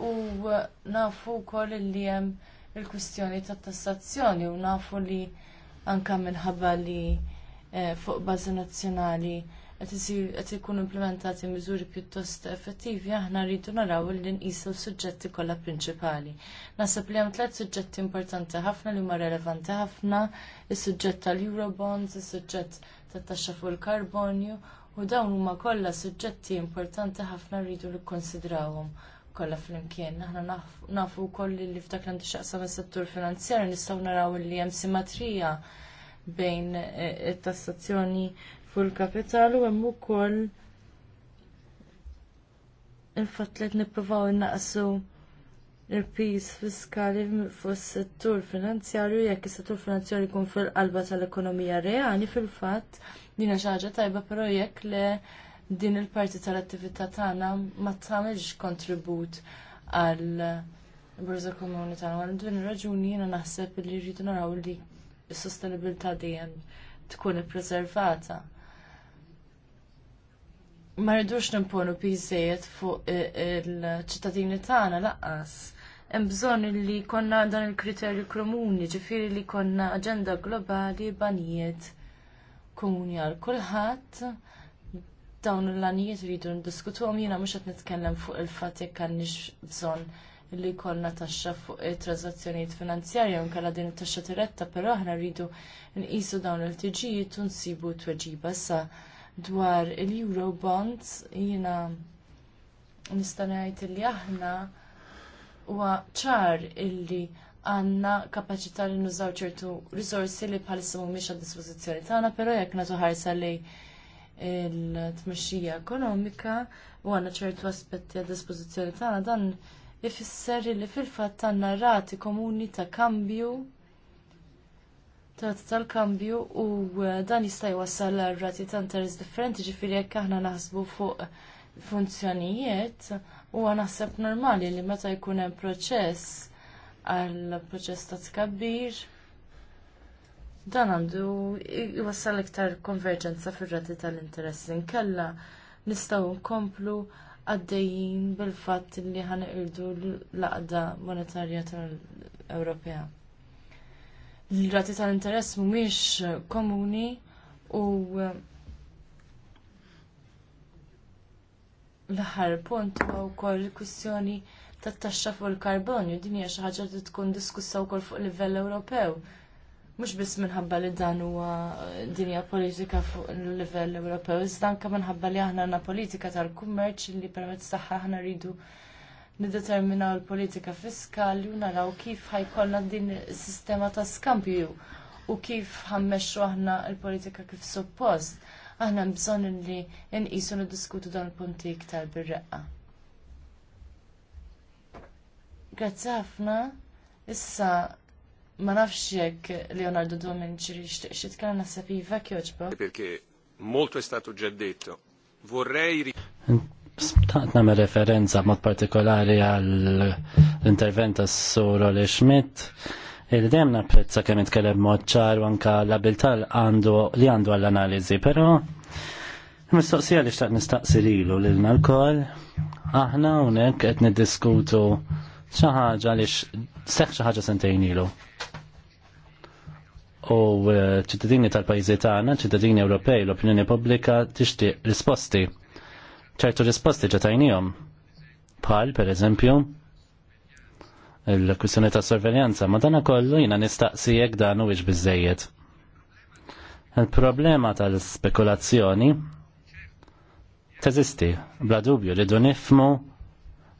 u nafu wkoll li hemm il-kwistjoni tat tassazzjoni u nafu li anke minħabba li eh, fuq bażi nazzjonali qed ikunu implementati miżuri pjuttost effettivi aħna rridu naraw li nqisu s-suġġetti kollha prinċipali. Nasab li hemm tliet suġġetti importanti ħafna li huma relevanti ħafna, is-suġġett tal-Eurobonds, is-suġġett tat-taxxa fuq il-karbonju u dawn huma kollha suġġetti importanti ħafna rridu nikkonsidrawhom kollha flimkien. Aħna nafu wkoll li f'dak l xaqsam is-settur finanzjarju nistgħu naraw li hemm simmetrija bejn eh, it-tassazzjoni fil kapitalu hemm ukoll il-fatt li nippruvaw innaqsu il-pis fiskali fuq settur finanzjarju jekk is-settur finanzjarju jkun fil-qalba tal-ekonomija reali fil-fatt din xi ħaġa tajba però jekk le din il-parti tal-attività tagħna ma tagħmilx kontribut għal Burza Komuni tagħna għal din ir-raġuni jiena naħseb li rridu naraw li s-sostenibilità dejjem tkun ippreservata ma rridux nimponu piżejjed fuq eh, il-ċittadini tagħna laqqas. Hemm bżonn li konna dan il-kriterju komuni, ġifieri li konna aġenda globali banijiet komuni għal kulħadd. Dawn l-lanijiet rridu ndiskutuhom jiena mhux qed nitkellem fuq il-fatt jekk għandniex bżonn li jkollna taxxa fuq it-transazzjonijiet finanzjarji u nkella din it-taxxa tiretta, però aħna rridu nqisu dawn il-tiġijiet u nsibu tweġiba sa' dwar il-Eurobonds jiena nista' ngħid li aħna huwa ċar illi għandna kapaċità li nużaw ċertu risorsi li bħalissa mhumiex għad dispożizzjoni tagħna, però jekk natu ħarsa lejn il-tmexxija ekonomika u għandna ċertu aspetti għad dispożizzjoni tagħna dan ifisser li fil-fatt għandna rati komuni ta' kambju tratt tal-kambju u eh, dan jista' jwassal rati ta' interess differenti ġifieri jekk aħna naħsbu fuq funzjonijiet huwa naħseb normali li meta jkun hemm proċess għal proċess ta' tkabbir dan għandu jwassal iktar konverġenza fir-rati tal-interess inkella nistgħu nkomplu għaddejjin bil-fatt li ħanqirdu l aqda monetarja tal-Ewropea l-rati tal-interess mhumiex komuni u eh, l-aħħar punt huwa wkoll kwistjoni tat-taxxa fuq il-karbonju din hija xi ħaġa li tkun diskussa wkoll fuq livell Ewropew. Mhux biss minħabba li dan huwa eh, dinja politika fuq il-livell Ewropew, iżda anke minħabba li aħna għandna politika tal-kummerċ li permezz tagħha aħna rridu nideterminaw il-politika fiskali u naraw kif ħajkollna din is-sistema ta' skambju u kif ħammexxu aħna l-politika kif suppost. Aħna bżonn li nqisu niddiskutu dan il-punti iktar bir-reqqa. Grazzi ħafna. Issa ma nafx jekk Leonardo Domenici rixtieq xi tkellem naħseb iva kjoġbok. Perché molto è stato già detto. Vorrei Tant nagħmel referenza mod partikolari għall intervent tas-sur Oli Schmidt il-dem napprezza kemm itkellem mod ċar anka l-abilta għandu li għandu għall-analiżi, però mistoqsija li xtaqt nistaqsi lilu lilna l aħna hawnhekk qed niddiskutu xi ħaġa li seħħ xi ħaġa sentejn ilu. U eh, ċittadini tal-pajjiżi tagħna, ċittadini Ewropej, l-opinjoni pubblika tixtieq risposti ċertu risposti ġetajnijom. Bħal, per eżempju, il-kwistjoni ta' sorveljanza, ma dana kollu jina nistaqsi jekk dan u biżejjed. Il-problema tal-spekulazzjoni teżisti, bla dubju li du nifmu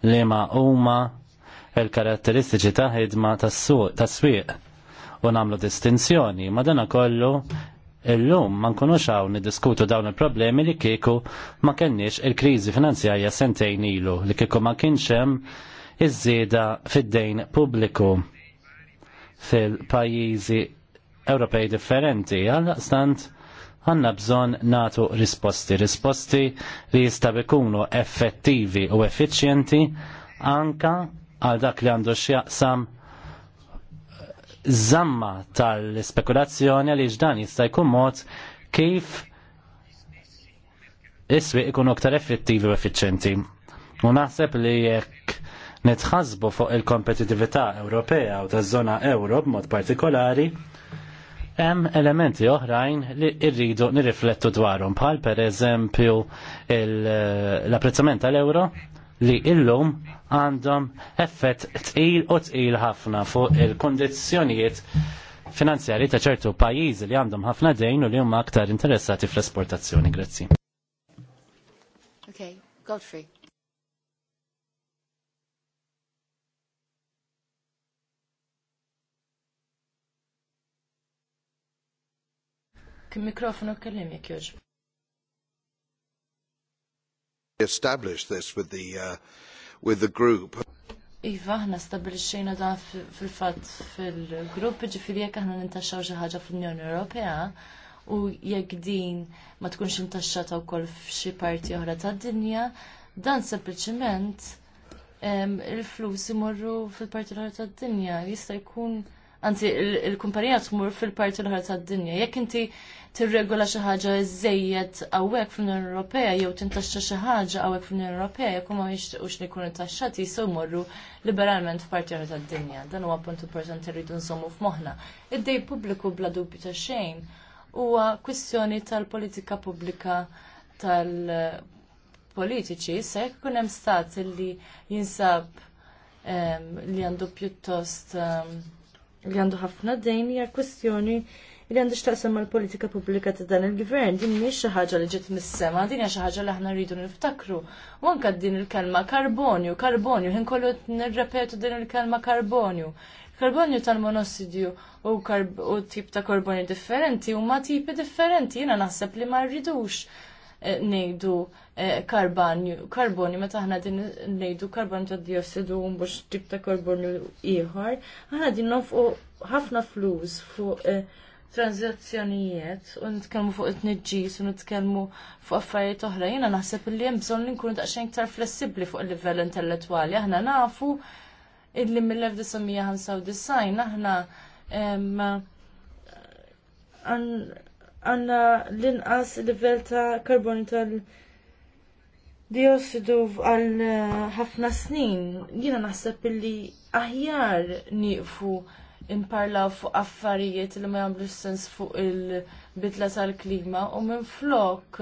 li ma huma il-karatteristiċi ta' ħidma tas-swieq u namlu distinzjoni, ma dana kollu Illum ma nkunux hawn niddiskutu dawn il-problemi li kieku ma kenniex il-kriżi finanzjarja sentejn ilu li kieku ma kienx hemm iż-żieda fid-dejn pubbliku fil-pajjiżi Ewropej differenti għal stant għanna bżon natu risposti, risposti li jistab ikunu effettivi u effiċjenti anka għal dak li għandu xjaqsam zamma tal-spekulazzjoni għaliex dan jista' jkun mod kif iswi ikunu aktar effettivi u effiċenti. U naħseb li jekk nitħasbu fuq il-kompetitività Ewropea u taż-żona euro b'mod partikolari, Hemm elementi oħrajn li rridu nirriflettu dwarhom bħal pereżempju l-apprezzament tal-euro li illum għandhom effett tqil u tqil ħafna fuq il kondizjonijiet finanzjari ta' ċertu pajjiżi li għandhom ħafna dejn u li huma aktar interessati fl-esportazzjoni. Grazzi. Okay, Godfrey. Kim mikrofonu kellim jek joġb establish this with the uh, with the group. Iva, aħna stabilixxejna dan fil-fatt fil-grupp, ġifiri jekk aħna nintaxxaw xi ħaġa fl-Unjoni Ewropea u jekk din ma tkunx intaxxata wkoll f'xi parti oħra tad-dinja, dan sempliċement il-flus imorru fil-parti oħra tad-dinja jista' jkun anzi il-kumpanija tmur fil-parti l-ħar tad-dinja. Jekk inti t xi ħaġa żejjed għawek fl-Unjoni Ewropea jew tintaxxa xi ħaġa għawek fl-Unjoni Ewropea jekk huma jixtiequx li jkunu taxxati jistgħu jmorru liberalment f'parti oħra tad-dinja. Dan huwa person importanti rridu nżommu f'moħħna. Id-dej pubbliku bla dubju ta' xejn huwa kwistjoni tal-politika pubblika tal-politiċi. Issa jekk ikun hemm stat li jinsab li għandu pjuttost li għandu ħafna dejn hija kwestjoni li għandu xtaqsam mal politika pubblika ta' dan il-gvern. Din mi xi ħaġa li ġiet mis-sema, din hija xi ħaġa li aħna rridu niftakru. U anke din il-kelma karbonju, karbonju, ħin kollu nirrepetu din il-kelma karbonju. Karbonju tal-monossidju u, karb u tip ta' karbonju differenti huma tipi differenti, jiena naħseb li ma rridux eh, ngħidu. Eh, karbonju, meta ħna din nejdu karbon ta' diossidu un bux tip ta' karbonju iħor, ħna din fuq ħafna flus fuq eh, tranzazzjonijiet u nitkelmu fuq it-nġis u nitkelmu fuq affarijiet oħra, jiena naħseb li hemm bżonn li nkunu daqsxejn iktar flessibbli fuq il-livell intellettwali. Aħna nafu illi mill-1995 aħna għanna l-inqas livell ta' karbonju tal- diossidu għal eh, ħafna snin, jiena naħseb li aħjar nieqfu imparlaw fuq affarijiet li ma jagħmlu sens fuq il-bidla tal-klima u minn flok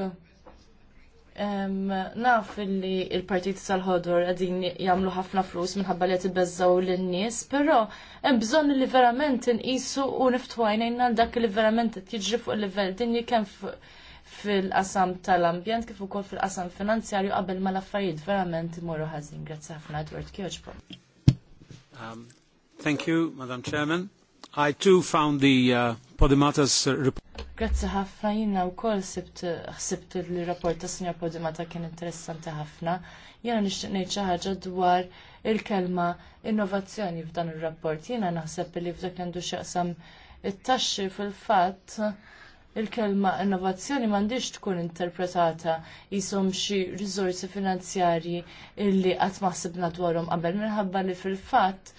naf li il-partiti tal-ħodor għadin jagħmlu ħafna flus minħabba li għati bezzaw lin-nies, però hemm bżonn li verament inqisu u niftwajnejn għal dak li verament qed jiġri fuq il-livell dinji kemm fuq fil-qasam tal-ambjent kif ukoll fil-qasam finanzjarju qabel ma l-affarijiet verament imorru ħażin. Grazzi ħafna Edward Kjoġbo. Um, thank you, Madam Chairman. I too found the uh, Podimatas uh, report. Grazzi ħafna jina wkoll sibt ħsibt li rapport ta' Sinjor Podimata kien interessanti ħafna. Jiena nixtieq ngħid xi ħaġa dwar il-kelma innovazzjoni f'dan ir-rapport. Jiena naħseb li f'dak li għandu x'jaqsam it-taxxi fil-fatt il-kelma innovazzjoni m'għandix tkun interpretata jisom xi riżorsi finanzjarji illi qatt maħsibna dwarhom qabel minħabba li fil-fatt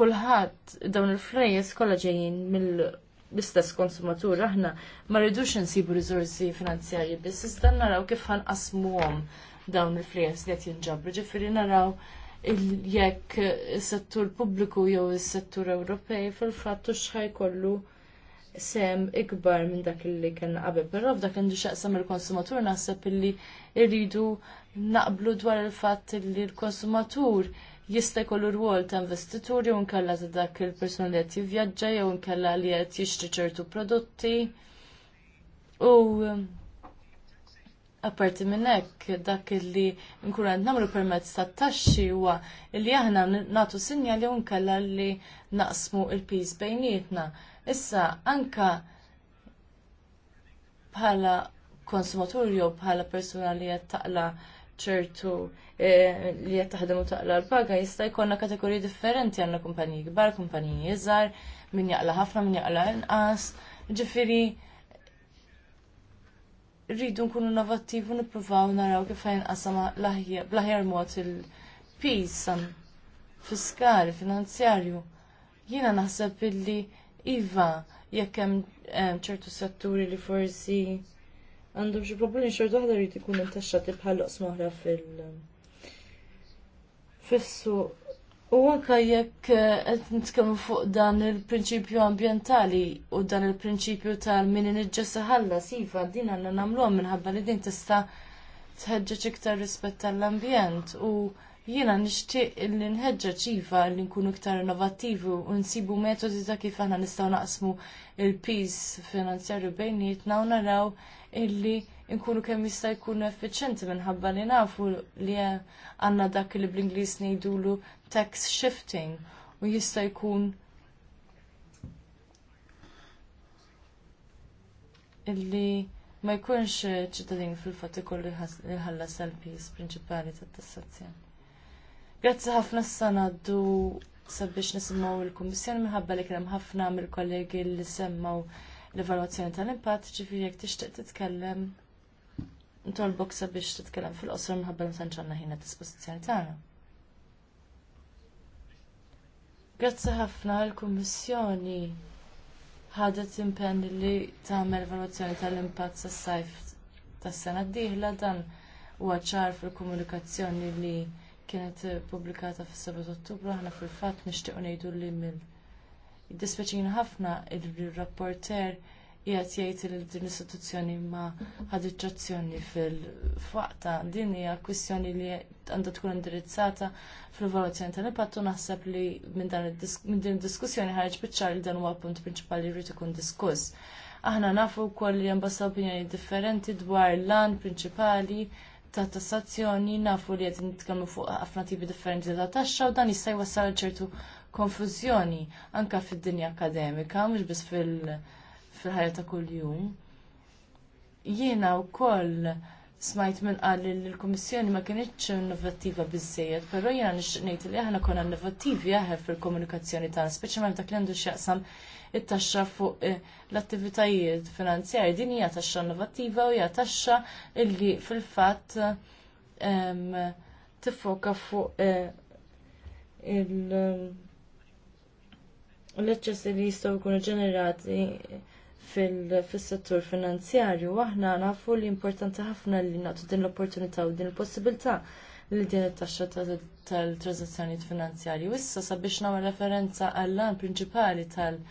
kulħadd dawn il-flejjes kollha ġejjin mill-istess konsumatur aħna ma rridux insibu riżorsi finanzjarji biss iżda naraw kif ħanqasmuhom dawn il-flejjes li qed jinġabru ġifieri naraw jekk is-settur pubbliku jew is-settur Ewropej fil-fatt u x'ħajkollu kollu sem ikbar minn dak li kellna qabel. Però f'dak għandu xaqsam il-konsumatur naħseb illi rridu naqblu dwar il-fatt li l-konsumatur jista' jkollu rwol ta' investitur u nkella ta' dak il-persuna li qed jivvjaġġa jew nkella li qed jixtri ċertu prodotti. U apparti minn hekk dak li nkun qed nagħmlu permezz tat-taxxi huwa li aħna nagħtu sinjali jew nkella li naqsmu l-piż bejnietna. Issa anka bħala konsumatur jew bħala persuna li qed taqla ċertu eh, li qed taħdem u taqla l-paga jista' jkollna kategoriji differenti għandna kumpaniji kbar, kumpaniji iżgħar, min jaqla ħafna, min jaqla inqas. Ġifieri rridu nkunu innovattivi u nippruvaw naraw kif ħajnqasam bl-aħjar mod il-peace fiskali, finanzjarju. Jiena naħseb illi Iva, jekk hemm eh, ċertu setturi li forsi għandhom xi problemi xorta waħda jrid ikun tibħal bħal oqsmoħra fil- fissu U anka jekk eh, qed nitkellmu fuq dan il-prinċipju ambjentali u dan il-prinċipju tal-min inġġessa ħallas iva din għandna nagħmluha minħabba li din tista' tħeġġeġ iktar rispett tal-ambjent u Jiena nixtieq illi nħeġġeġ iva li nkunu iktar innovattivi u nsibu metodi ta' kif aħna nistgħu naqsmu il piż finanzjarju bejnietna u naraw illi nkunu kemm jista' jkunu effiċjenti minħabba li nafu li għandna dak li bl-Ingliż ngħidulu tax shifting u jista' jkun illi ma jkunx ċittadin fil-fatt ikollu jħallas l piż prinċipali tat-tassazzjoni. Grazzi ħafna s-sanaddu sabiex nisimaw il-Kummissjoni minħabba li kienem ħafna mill-kollegi li semmaw l-evaluazzjoni tal-impatt, ġifiri jek tixtieq titkellem ntolbok sabiex titkellem fil-qosor minħabba li msanċanna ħina dispożizzjoni tagħna. Grazzi ħafna l-Kummissjoni ħadet impenn li tagħmel evaluazzjoni tal-impatt sas-sajf tas-sena d-dieħla dan huwa ċar fil-komunikazzjoni li kienet eh, pubblikata fis-7 Ottubru aħna fil-fatt nixtiequ ngħidu li mill dispeċin ħafna il-rapporter qiegħed jgħid li din l-istituzzjoni ma azzjoni fil-faqta. Din hija kwistjoni li għandha tkun indirizzata fil-valutazzjoni tal-impattu naħseb li minn din id-diskussjoni ħareġ biċċar li dan huwa punt prinċipali jrid ikun diskuss. Aħna nafu wkoll li hemm bassa opinjoni differenti dwar l-lan prinċipali ta' tassazzjoni nafu li qed nitkellmu fuq ħafna tipi differenti ta' taxxa u dan jista' jwassal ċertu konfużjoni anke fid-dinja akademika mhux biss fil-ħajja ta' kuljum. Jiena wkoll smajt minn qal li l-Kummissjoni ma kienitx innovattiva biżżejjed, però jiena nixtieq ngħid li aħna konna innovattivi aħna fil-komunikazzjoni tagħna, speċjalment dak li għandu x'jaqsam it-taxxa fuq eh, l-attivitajiet finanzjarji din hija taxxa innovattiva u hija taxxa illi fil-fatt tiffoka fuq eh, l-eċċessi li jistgħu jkunu ġenerati fil-settur finanzjarju, aħna nafu li importanti ħafna li nagħtu din l-opportunità u din il-possibilità li din it-taxxa tal-transazzjonijiet finanzjarji. Issa sabiex nagħmel referenza għall-lan prinċipali tal-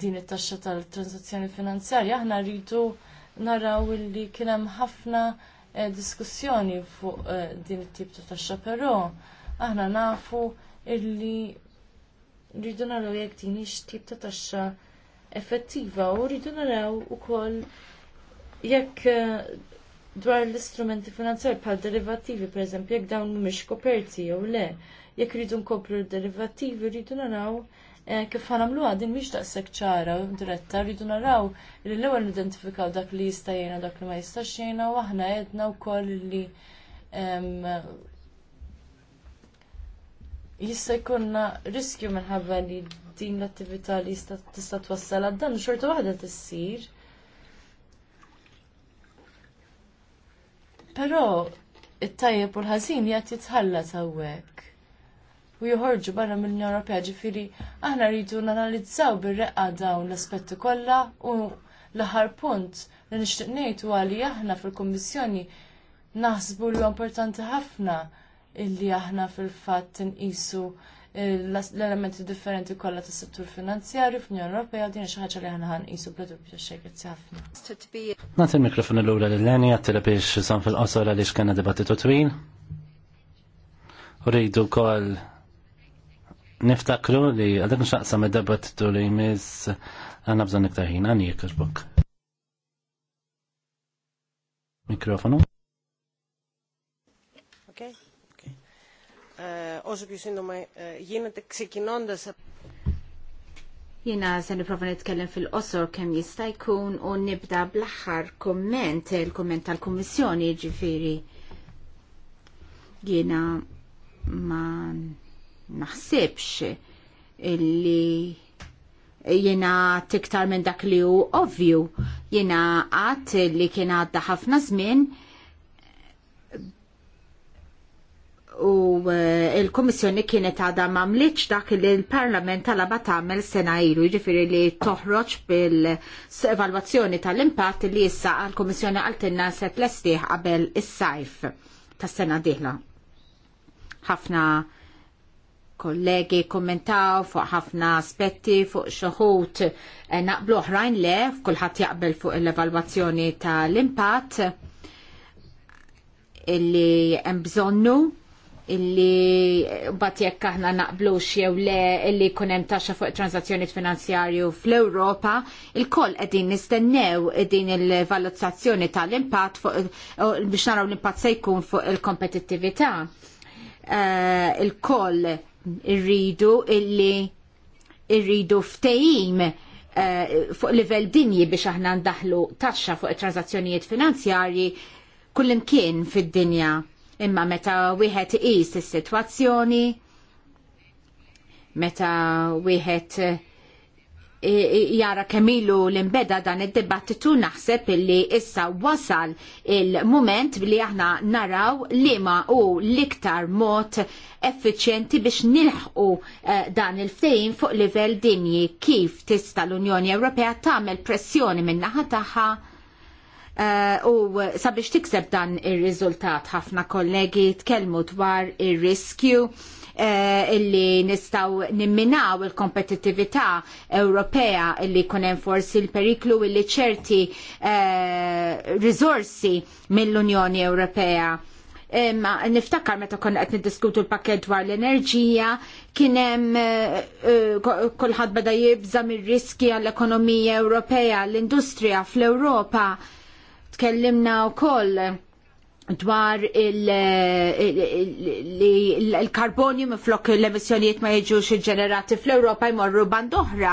din it-taxxa tal-transazzjoni finanzjarja, aħna rridu naraw li kien hemm ħafna eh, diskussjoni fuq eh, din it-tip ta' taxxa, però aħna nafu illi rridu naraw jekk din tip ta' taxxa effettiva u rridu naraw ukoll jekk eh, dwar l-istrumenti finanzjarji bħal derivativi, per eżempju, jekk dawn mhumiex koperti jew le, jekk rridu nkopru d-derivativi, rridu naraw Eh, kif ħanamlu għadin miex daqshekk ċara u diretta rridu naraw li l-ewwel identifikaw dak li jista' dak li ma jistax u u aħna u wkoll li jista' jkunna riskju minħabba li din l-attività li tista' twassal għad-dan xorta waħda tissir. Però it-tajjeb u l ħazin jgħat jitħallat hawnhekk u joħorġu barra mill-Unjoni Ewropea ġifieri aħna rridu nanalizzaw bir-reqqa dawn l-aspetti kollha u l-aħħar punt li nixtieq ngħid huwa li aħna fil-Kummissjoni naħsbu li importanti ħafna illi aħna fil-fatt nqisu l-elementi differenti kollha tas-settur finanzjarju fl-Unjoni Ewropea din xi ħaġa li aħna ħanqisu bladur biex xejkez ħafna. Nagħti l-mikrofon l-ewwel lil-Leni għattila biex san fil-qosor għaliex kellna dibattitu twil. Uridu rridu wkoll niftakru li għadak nxaqsa me debat tu li jmiss għanna bżan iktar ħin, għani jekkaxbok. Mikrofonu. Ok. okay. Uh, sindu ma σύντομα uh, γίνεται ξεκινώντας Jina sen niprofa nitkellem fil-qosor kem jista' jkun u nibda bl axar komment, il-komment tal-Kummissjoni ġifiri. Jina ma naħsibx illi jena tiktar minn dak li hu ovvju jena għat li kien għadda ħafna żmien u eh, il kummissjoni kienet għadha mamliċ dak li l-Parlament talaba tagħmel sena ilu, jiġifieri li toħroġ bil-evalwazzjoni tal-impatt li issa għall kummissjoni għaltinna se tlestih qabel is-sajf tas-sena dieħla. Ħafna kollegi kommentaw fuq ħafna aspetti fuq xoħut eh, naqblu oħrajn le f'kulħadd jaqbel fuq l-evalwazzjoni tal-impatt illi hemm bżonnu illi eh, bat jekk aħna naqblux jew le illi jkun hemm taxxa fuq transazzjoni finanzjarju fl-Ewropa, il-koll qegħdin nistennew din il-valutazzjoni tal-impatt eh, biex naraw l-impatt se jkun fuq il-kompetittività. Uh, il-koll irridu illi irridu ftejim uh, eh, fuq livell dinji biex aħna ndaħlu taxxa fuq it-transazzjonijiet finanzjarji kullimkien fid-dinja. Imma meta wieħed iqis is-sitwazzjoni, meta wieħed E, e, jara kemilu l-imbeda dan id-dibattitu naħseb li issa wasal il-moment li aħna naraw li ma u liktar mod effiċjenti biex nilħqu eh, dan il-ftejn fuq livell dinji kif tista l-Unjoni Ewropea tagħmel pressjoni min-naħa tagħha Eh, u sabiex tikseb dan ir-riżultat ħafna kollegi tkellmu dwar ir-riskju eh, illi nistaw nimminaw il-kompetitività Ewropea illi kunem forsi il-periklu illi ċerti eh, risorsi mill-Unjoni Ewropea. Ma niftakar meta konna qed niddiskutu l-pakket dwar l-enerġija, kien hemm kulħadd beda jibża mir-riski għall-ekonomija Ewropea, l-industrija fl-Ewropa. Tkellimna wkoll dwar il-karbonju minflok l-emissjonijiet ma jiġux ġenerati fl-Ewropa jmorru band oħra.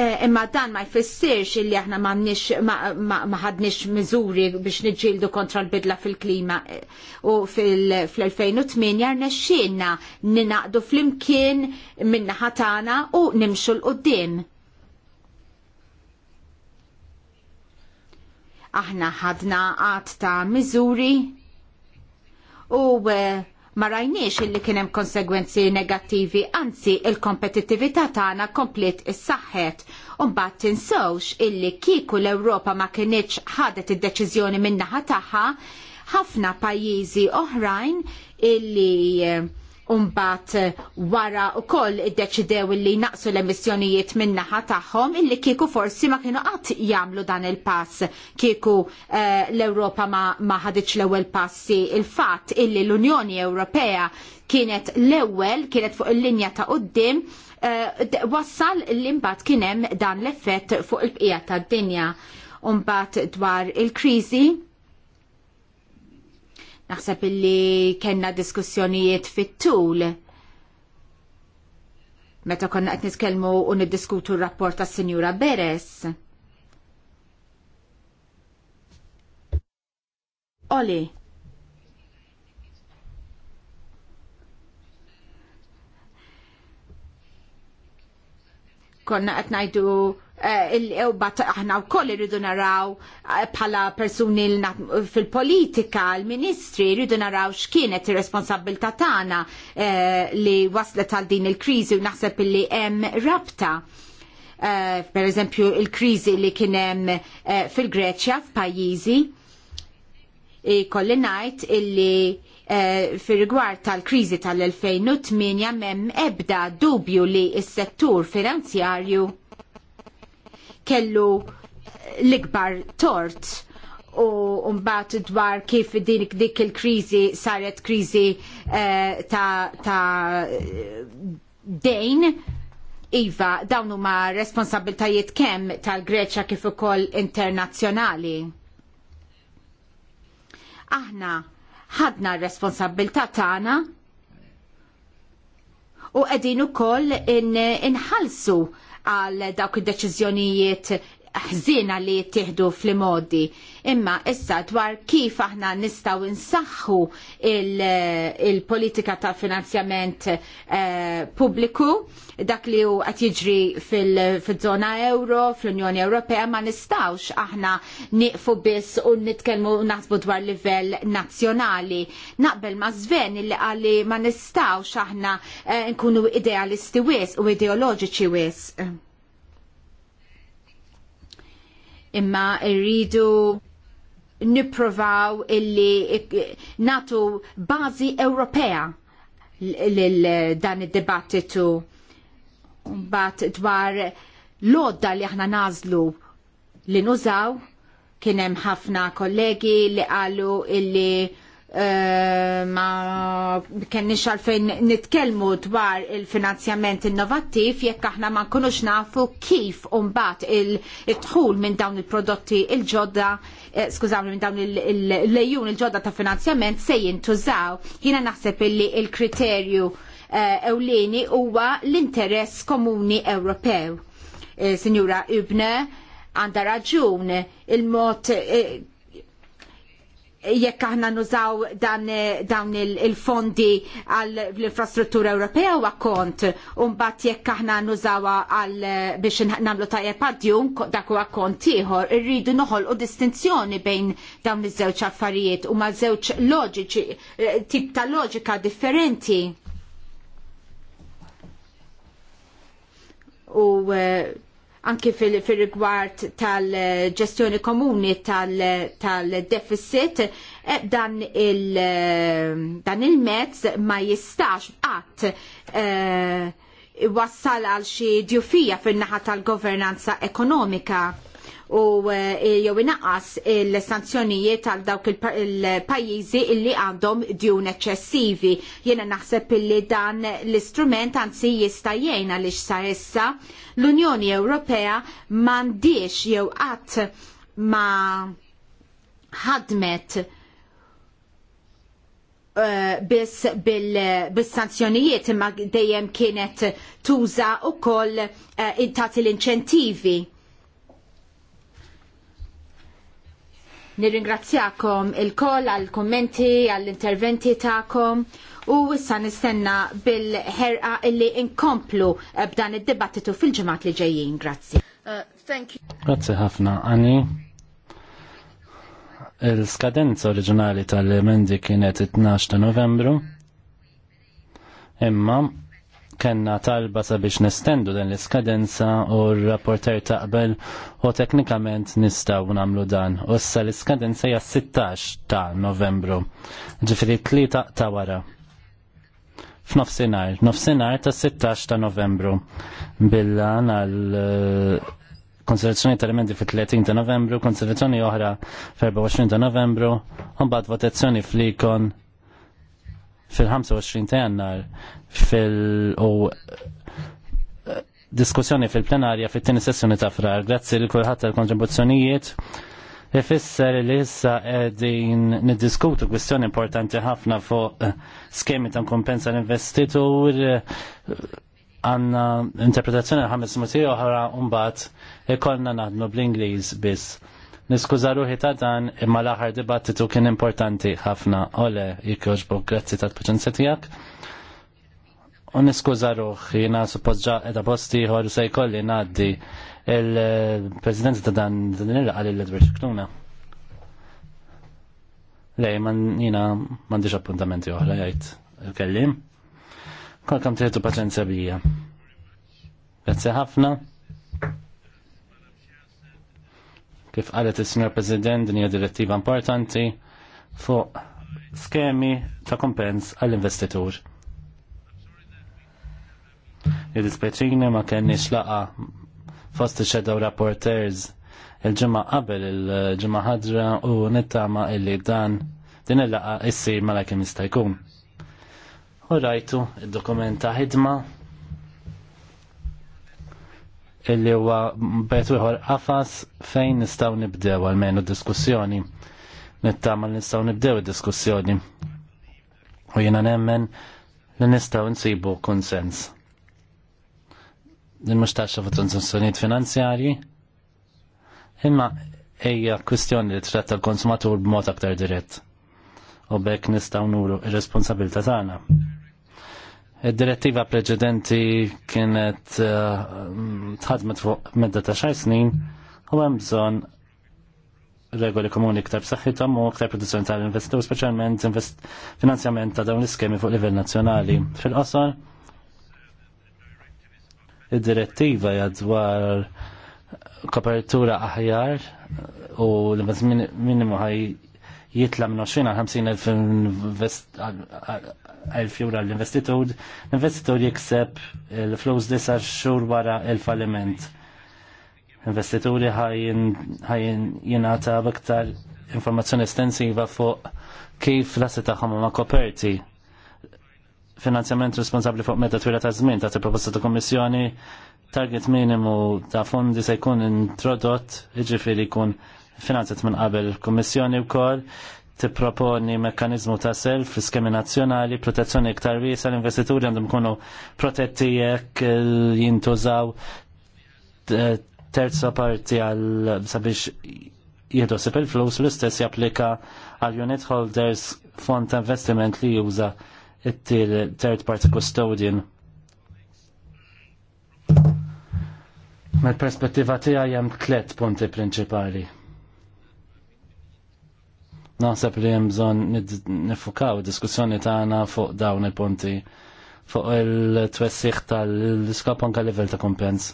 E, imma dan ma jfissirx illi aħna ma ħadniex miżuri biex niġġieldu kontra l-bidla fil-klima e, u fil-2008 rnexxielna ninaqdu flimkien minna ħatana u nimxu l-qoddim. Aħna ħadna għad ta' miżuri u eh, ma rajniex illi kien hemm konsegwenzi negattivi, anzi il-kompetittività tagħna komplet is-saħħet. Imbagħad tinsewx illi kieku l-Ewropa ma kinitx ħadet id-deċiżjoni min-naħa tagħha, ħafna pajjiżi oħrajn illi eh, Umbat eh, wara u koll id-deċidew li naqsu l-emissjonijiet minnaħa taħħom illi kieku forsi ma kienu qatt jamlu dan il-pass kieku eh, l-Europa ma, ħadiċ l-ewel passi il-fat illi l-Unjoni Ewropea kienet l-ewel, kienet fuq il-linja ta' qoddim eh, wassal wassal l-imbat kienem dan l-effett fuq il-bqija tad-dinja. Umbat dwar il-krizi Naħseb illi kena diskussjonijiet fit-tul. Meta konna qed niskellmu u niddiskutu r-rapport tas Sinjura Beres. Oli. Konna qed ngħidu Eh, il-ewbat eh, aħna u koll irridu naraw eh, bħala persuni fil-politika, l-ministri, irridu naraw xkienet ir-responsabilta tagħna li waslet għal din il-kriżi u naħseb li hemm rabta. Per eżempju, il-kriżi li kien hemm fil-Greċja, f'pajjiżi, kolli ngħid illi fir rigward tal-krizi tal-2008 mem ebda dubju li s settur finanzjarju kellu l-ikbar tort u mbagħad dwar kif din dik il-kriżi saret kriżi eh, ta', ta dejn iva dawn huma responsabiltajiet kemm tal-Greċja kif ukoll internazzjonali. Aħna ħadna r-responsabilità tagħna u qegħdin ukoll inħallsu in għal dawk id-deċiżjonijiet ħżina li jittieħdu fl-modi. Imma issa dwar kif aħna nistgħu insaħħu il-politika il ta' finanzjament uh, pubbliku dak li hu qed jiġri fil-żona fil euro, fl-Unjoni Ewropea ma nistgħux aħna nieqfu biss u nitkellmu naħsbu dwar livell nazzjonali. Naqbel ma' żven illi għalli ma nistgħux aħna eh, nkunu idealisti wis u ideoloġiċi wis. imma rridu niprovaw illi natu bazi Ewropea dan id-dibattitu bat dwar l-odda li aħna nażlu li nużaw kien hemm ħafna kollegi li qalu illi eh, ma kenniex għalfejn nitkellmu dwar il-finanzjament innovattiv jekk aħna ma nkunux nafu kif umbat il-tħul minn dawn il-prodotti il-ġodda il prodotti l il prodotti il ġodda Eh, skużawni minn dawn il-lejjun il-ġodda ta' finanzjament se jintużaw. Jiena naħseb illi il-kriterju eh, ewlieni huwa l-interess komuni Ewropew. Eh, Sinjura Ibne għandha raġun il-mod jekk aħna nużaw dawn il-fondi għall infrastruttura Ewropea huwa kont, u mbagħad jekk aħna nużaw għal biex namlu tajjeb għadjum dak huwa kont ieħor, irridu noħolqu distinzjoni bejn dawn iż-żewġ affarijiet u ma' żewġ loġiċi, tip ta' loġika differenti. U eh, anki fil-rigward fil tal-ġestjoni komuni tal-deficit, tal e dan il-mezz il ma jistax għat uh, e, wassal għal xi djufija fin-naħa tal-governanza ekonomika u eh, jew inaqqas il-sanzjonijiet għal dawk il-pajjiżi illi għandhom djun eċċessivi. Jiena naħseb illi dan l-istrument anzi jista' jgħin għaliex sa issa l-Unjoni Ewropea m'għandix jew qatt ma ħadmet bis eh, biss bil-sanzjonijiet imma dejjem kienet tuża wkoll uh, eh, tagħti l-inċentivi. Nirringrazzjakom il-koll għal-kommenti, għall-interventi ta'kom u issa nistenna bil-ħerqa illi inkomplu eh, b'dan id-dibattitu fil-ġemat li ġejjin. Grazzi. Uh, Grazzi ħafna, Ani. Il-skadenza oriġinali tal-emendi kienet 12 ta' novembru. Imma, kenna talba sabiex nestendu dan l-iskadenza u r-rapporter taqbel u teknikament nistaw namlu dan. U issa l-iskadenza hija 16 ta' novembru, ġifiri tlieta ta' wara. F'nofsinhar, nofsinar ta' 16 ta' novembru. Billa għal eh, konservazzjoni ta' elementi fit-30 ta' novembru, konservazzjoni oħra f'24 ta' novembru, u bad votazzjoni fl-ikon fil-25 ta' jannar fil- u eh, diskussjoni fil-plenarja fit-tieni sessjoni ta' frar. Grazzi li kulħadd tal-kontribuzzjonijiet. Ifisser li issa qegħdin niddiskutu kwistjoni importanti ħafna fuq eh, skemi ta' kompensa l-investitur eh, għanna interpretazzjoni ħames mutiju oħra mbagħad ikollna naħdmu bl-Ingliż biss. Niskuża ruħi ta' dan imma l-aħħar dibattitu kien importanti ħafna. Ole, jikjoġbok, grazzi ta' paċenzja tiegħek. U niskuża ruħi jiena suppost edha posti ħor se jkolli ngħaddi il-President ta' dan din il-qal l-Edward Knuna. Lej, man jina mandiġ appuntamenti oħra jgħid il-kellim. Kolkam tiħtu paċenzja bija. Grazzi ħafna. Kif qalet il-Sinjor President din hija direttiva importanti fuq skemi ta' kompens għall-investitur. Il-dispeċini ma kenniex xlaqa fost il-shadow rapporters il-ġimma qabel il-ġimma ħadra u nittama illi dan din il-laqa issir la kemm jista' jkun. U rajtu id-dokumenta ħidma illi huwa bejt wieħor qafas fejn nistgħu nibdew għalmenu diskussjoni. Nittama li nistgħu nibdew id-diskussjoni. U jiena nemmen li nistgħu nsibu konsens. Din mhux taxxa fuq transazzjonijiet finanzjarji, imma hija kwistjoni li tratta l-konsumatur b'mod aktar dirett. U bekk nistgħu nuru ir-responsabilità tagħna Id-direttiva preċedenti kienet eh, mm, tħadmet fuq medda ta' xar snin u hemm bżonn regoli komuni ktar b'saħħithom u ktar produzzjoni tal-investitur, speċjalment finanzjament ta' dawn l-iskemi fuq livell nazzjonali. Fil-qosor, id-direttiva jadwar dwar kopertura aħjar u l-minimu ħaj jitla minn 20-50 jura l-investitur, l-investitur jikseb l-flus disa xur wara il-falliment. Investituri ħajin jenata baktar informazzjoni estensiva fuq kif l-assi taħħom ma koperti. Finanzjament responsabli fuq meta twila ta' żmien ta' proposta ta' kommissjoni target minimu ta' fondi se jkun introdott, iġifiri jkun finanzat minn qabel kummissjoni wkoll tipproponi mekkanizmu ta' self iskemi nazzjonali, protezzjoni iktar wiesa l-investituri għandhom ikunu protetti jekk jintużaw eh, terza parti għal sabiex jidosib il-flus l-istess japplika għal unit holders fond ta' investiment li juża it-til third party custodian. Mal perspettiva tiegħi hemm tliet punti prinċipali. Naħseb li hemm bżonn nifukaw diskussjoni tagħna fuq dawn il-punti fuq il-twessiħ tal-iskop anke livell ta' kompens.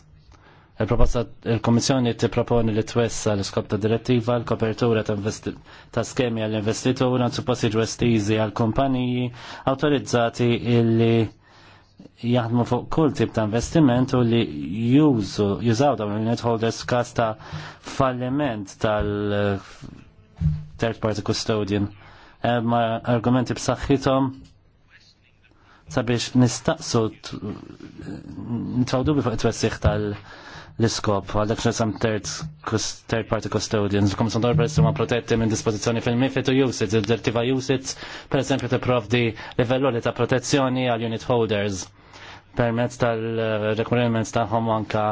Il-proposta il-Komissjoni tipproponi li twessa l-iskop ta' direttiva l-kopertura ta' skemi għall-investitur għal supposti ġwestizi għal kumpaniji autorizzati illi jaħdmu fuq kull tip ta' investiment u li jużu, jużaw dawn il-net holders kas ta' falliment tal third party custodian. Ma argumenti b'saħħithom sabiex nistaqsu nitfawdu bi fuq it-twessiħ tal-iskop għal-dak xnesam third party custodians. Kom sondor per ma protetti minn dispozizjoni fil-mifit u usage, il-dirtiva usage, per esempio, te provdi livello li ta' protezzjoni għal unit holders permezz tal-requirements tagħhom anka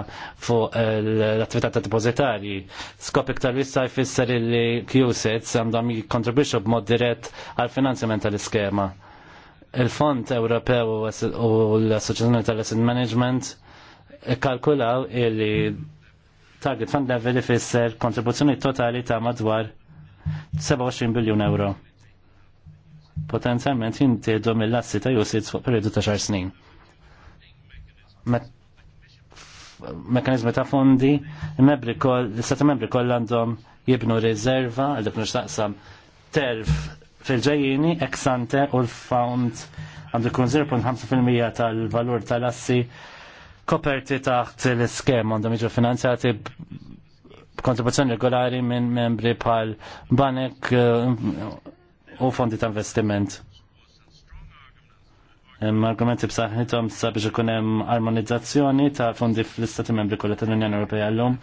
fuq l-attività ta' depozitarji. Skop iktar wissa jfisser li QSITs għandhom jikontribwixxu b'mod dirett għal finanzjament tal-iskema. Il-Fond Ewropew u l-Assoċjazzjoni tal-Asset Management kalkulaw li target fund level ifisser kontribuzzjoni totali ta' madwar 27 biljun euro. Potenzjalment jintiedu mill-assi ta' jusits fuq periodu ta' xar snin mekanizmi ta' fondi, membri l-istati membri koll għandhom jibnu rezerva, għal dik nixtaqsam terf fil ġajjini eksante u l-found għandu jkun 0.5% tal-valur tal-assi koperti taħt l-iskem għandhom jiġu finanzjati b'kontribuzzjoni regolari minn membri pal banek eh, u fondi ta' investiment argumenti b'saħħithom sabiex ikun hemm armonizzazzjoni ta' fondi fl-Istati Membri kollha tal-Unjoni Ewropea llum.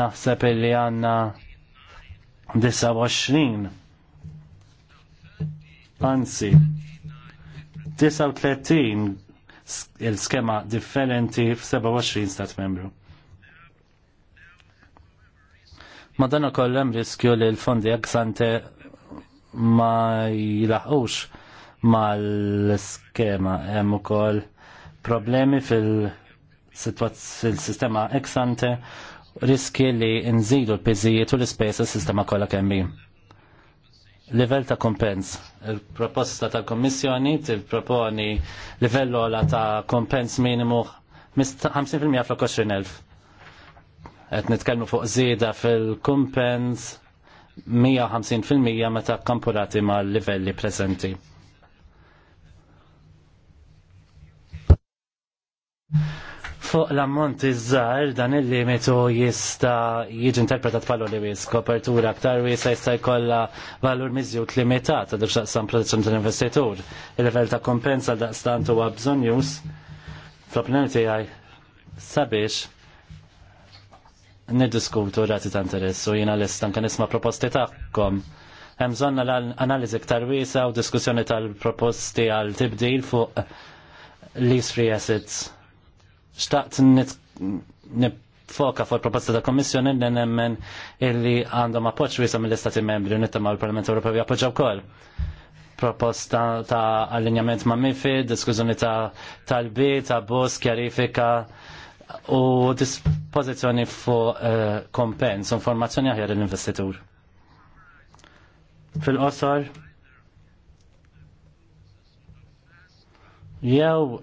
Naħseb li għandna 29 anzi 39 il-skema differenti f-27 stat membru. Ma dan ukoll hemm riskju li l-fondi eksante ma jilaħqux mal-skema. Hemm ukoll problemi fil-sistema fil sistema ex ante riski li nżidu l-piżijiet u l-ispejsa s-sistema kollha kemm Livell ta' kompens. Il-proposta tal-Kommissjoni tipproponi livell ola ta' kompens minimu 50% fl 20.000. Qed nitkellmu fuq żieda fil-kumpens 150% meta kampurati mal livelli preżenti. Fuq l-ammont iż-żar dan il-limitu jista' jiġi interpretat bħal li wis kopertura aktar wiesa jista' jkollha valur miżjud limitat għadu x'aqsam protezzjoni tal-investitur. Il-livell ta' kompensa daqstant huwa bżonn jus fl-opinjoni tiegħi sabiex niddiskutu rati ta' interess u jina l-istan kan isma proposti tagħkom. Hemm bżonn l-analiżi aktar wiesa u diskussjoni tal-proposti għal tibdil fuq lease free assets. Xtaqt nifoka fuq il proposta ta' kommissjoni li nemmen illi għandhom appoġġ wiesa mill-Istati membri u nittama l-Parlament Ewropew jappoġġaw ukoll. Proposta ta' allinjament ma' MIFID, diskużjoni ta' talbi, ta' bus, kjarifika u dispozizjoni fuq eh, kompens, informazzjoni aħjar l-investitur. Fil-qosor, jew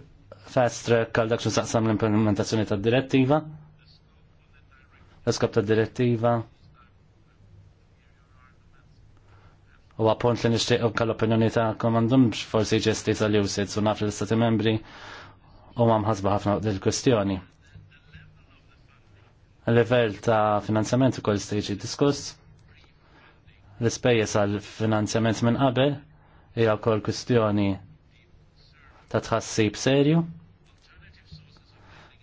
fast track għal dak x'saqsam l-implementazzjoni tad-direttiva. L-iskab tad-direttiva. U għapont li nishtiqu kal-opinjoni ta' komandum forsi ġesti li usid su naf l-istati membri u mamħasba ħafna il kwestjoni Level ta' finanzjament ukoll stiġi diskuss. L-ispejjeż għal finanzjament minn qabel hija wkoll kwistjoni ta' tħassib serju.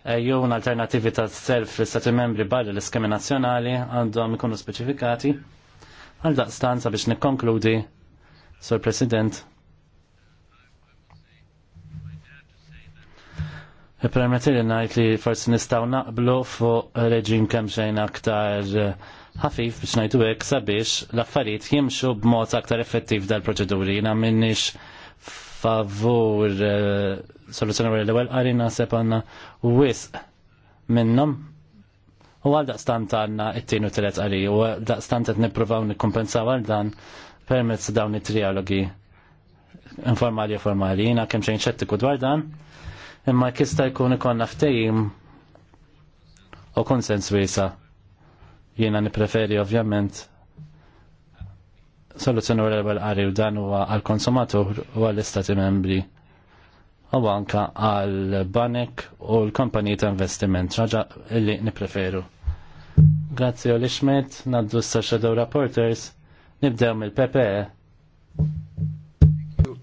Eh, jew alternativi ta' self l istati membri barra l-iskemi nazzjonali għandhom ikunu speċifikati għal stanza biex nikkonkludi, Sur President. E permetti li najt li forsi nistaw naqblu fuq reġim kemm xejn aktar eh, ħafif biex najtu hekk sabiex l-affarijiet jimxu b'mod aktar effettiv dal-proċeduri. Jina minnix favur eh, soluzzjoni għal l-ewel għari naħseb għanna wisq minnom u għal daqstant għanna it-tinu t telet għari u għal daqstant għed niprofaw nikkompensaw għal dan permezz dawn it-trialogi informali u formali jina kemm xejn ċettiku dwar dan imma kista jkun ikonna ftejim u konsens wiesa jiena nipreferi ovvjament soluzzjoni l-ewwel u dan huwa għall-konsumatur u għall-istati membri u anka għall-banek u l-kompaniji ta' investiment raġa li nipreferu. Grazzi u Schmidt. naddu s Shadow Reporters, nibdew mill-PPE.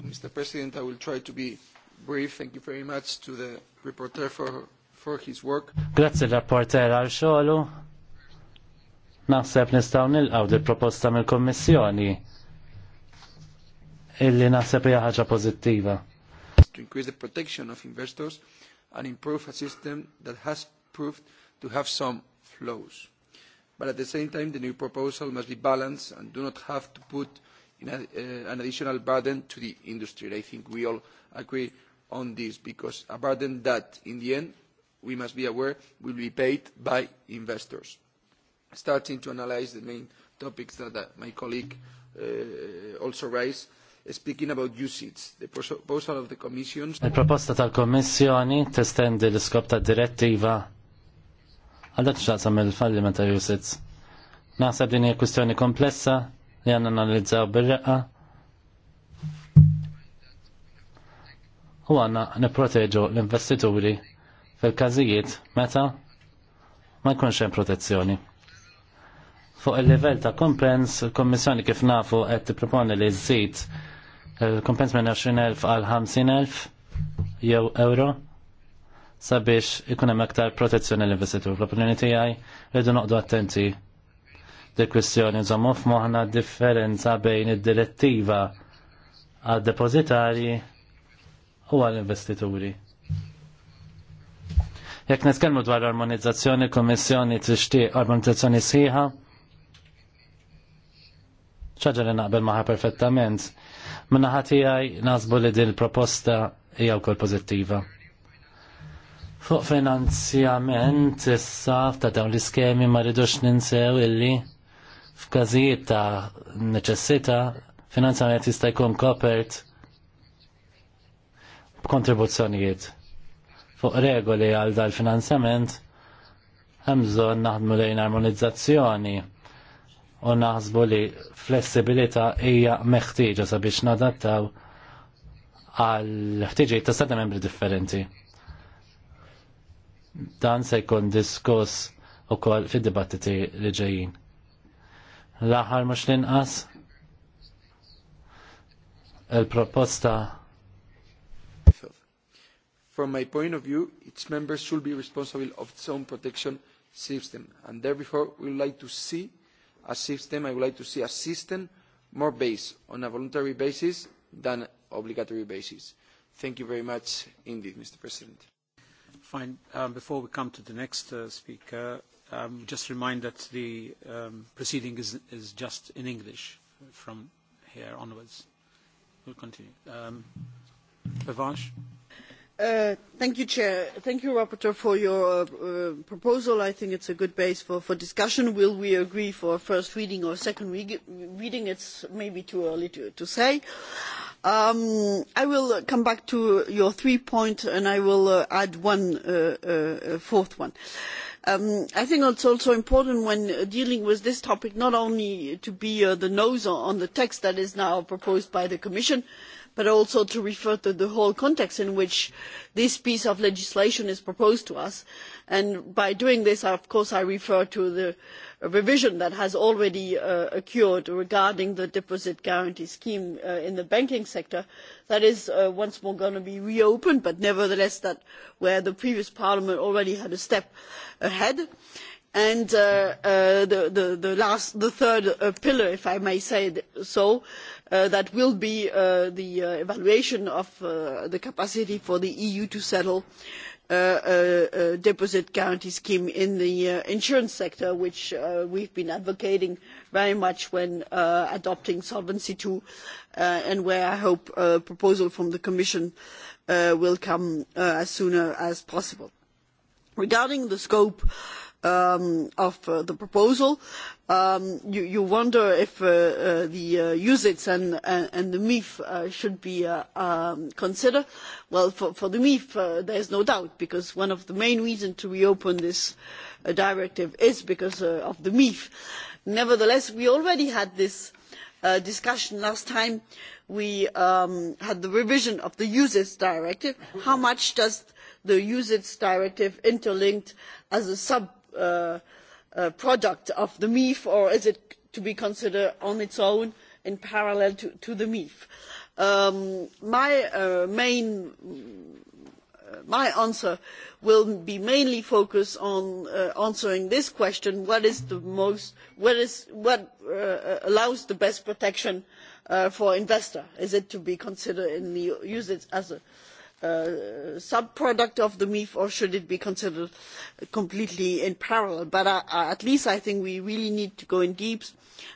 Mr. President, I will try to be brief. Thank you very much to the reporter for, for his work. Grazzi l-rapporter għal xogħlu Naħseb nistaw nilqaw di proposta mill-Kommissjoni illi naħseb hija ħaġa pożittiva. To increase the protection of investors and improve a system that has proved to have some flaws. But at the same time, the new proposal must be balanced and do not have to put in a, uh, an additional burden to the industry. I think we all agree on this because a burden that, in the end, we must be aware will be paid by investors starting to analyze the main topics that uh, my colleague uh, also raised, speaking about usage, the proposal of the Commission. The proposal of Il-proposta tal-Kommissjoni testendi l-iskop directive. direttiva għal-dak xaqsam il-falliment ta' usage. Naħseb din hija kwistjoni komplessa li għanna analizzaw bir-reqqa. U għanna niproteġu l-investituri fil-każijiet meta ma jkunx hemm protezzjoni. Fuq il-level ta' kompens, il-Kommissjoni kif nafu qed tipproponi li żżid il-kompens minn 20.000 għal 50.000 jew euro sabiex ikun hemm aktar protezzjoni l-investitur. L-opinjoni tiegħi rridu noqdu attenti dik kwistjoni nżommu f'moħħna differenza bejn id-direttiva għad depozitarji u għall investituri Jekk nitkellmu dwar armonizzazzjoni, kommissjoni tixtieq armonizzazzjoni sħiħa, ċaġa li naqbel maħa perfettament. Minna ħatijaj għaj nasbu li din proposta hija wkoll pozittiva. Fuq finanzjament issa saf ta' dawn l-iskemi ma rridux ninsew illi f'każijiet ta' neċessita finanzjament jista' jkun kopert b'kontribuzzjonijiet. Fuq regoli għal dal-finanzjament hemm bżonn naħdmu lejn armonizzazzjoni u naħsbu li flessibilita hija meħtieġa sabiex nadattaw għal ħtiġijiet ta' stati membri differenti. Dan se jkun diskuss ukoll fi dibattiti li ġejjin. L-aħħar mhux l-inqas il-proposta From my point of view, its members should be responsible of its own protection system, and therefore we would like to see a system, I would like to see a system more based on a voluntary basis than obligatory basis. Thank you very much indeed, Mr. President. Fine. Um, before we come to the next uh, speaker, um, just remind that the um, proceeding is, is just in English from here onwards. We'll continue. Um, Pavage? Uh, thank you, Chair. Thank you, Rapporteur, for your uh, proposal. I think it's a good base for, for discussion. Will we agree for a first reading or second re reading? It's maybe too early to, to say. Um, I will come back to your three points and I will uh, add one uh, uh, uh, fourth one. Um, I think it's also important when dealing with this topic not only to be uh, the nose on the text that is now proposed by the Commission, but also to refer to the whole context in which this piece of legislation is proposed to us. And by doing this, of course, I refer to the revision that has already uh, occurred regarding the deposit guarantee scheme uh, in the banking sector that is uh, once more going to be reopened, but nevertheless that where the previous parliament already had a step ahead. And uh, uh, the, the, the, last, the third uh, pillar, if I may say so, uh, that will be uh, the uh, evaluation of uh, the capacity for the EU to settle uh, uh, uh, deposit guarantee scheme in the uh, insurance sector, which uh, we've been advocating very much when uh, adopting Solvency II, uh, and where I hope a uh, proposal from the Commission uh, will come uh, as soon as possible. Regarding the scope um, of uh, the proposal, uh, um, you, you wonder if uh, uh, the uh, usage and, and, and the MIF uh, should be uh, um, considered. Well, for, for the MIF, uh, there is no doubt, because one of the main reasons to reopen this uh, directive is because uh, of the MIF. Nevertheless, we already had this uh, discussion last time. We um, had the revision of the usage directive. How much does the usage directive interlinked as a sub uh, Uh, product of the MIF or is it to be considered on its own in parallel to, to the MIF? Um, my uh, main uh, my answer will be mainly focused on uh, answering this question what is the most what is what uh, allows the best protection uh, for investor is it to be considered in the use it as a uh, subproduct of the MIF or should it be considered completely in parallel? But uh, uh, at least I think we really need to go in deep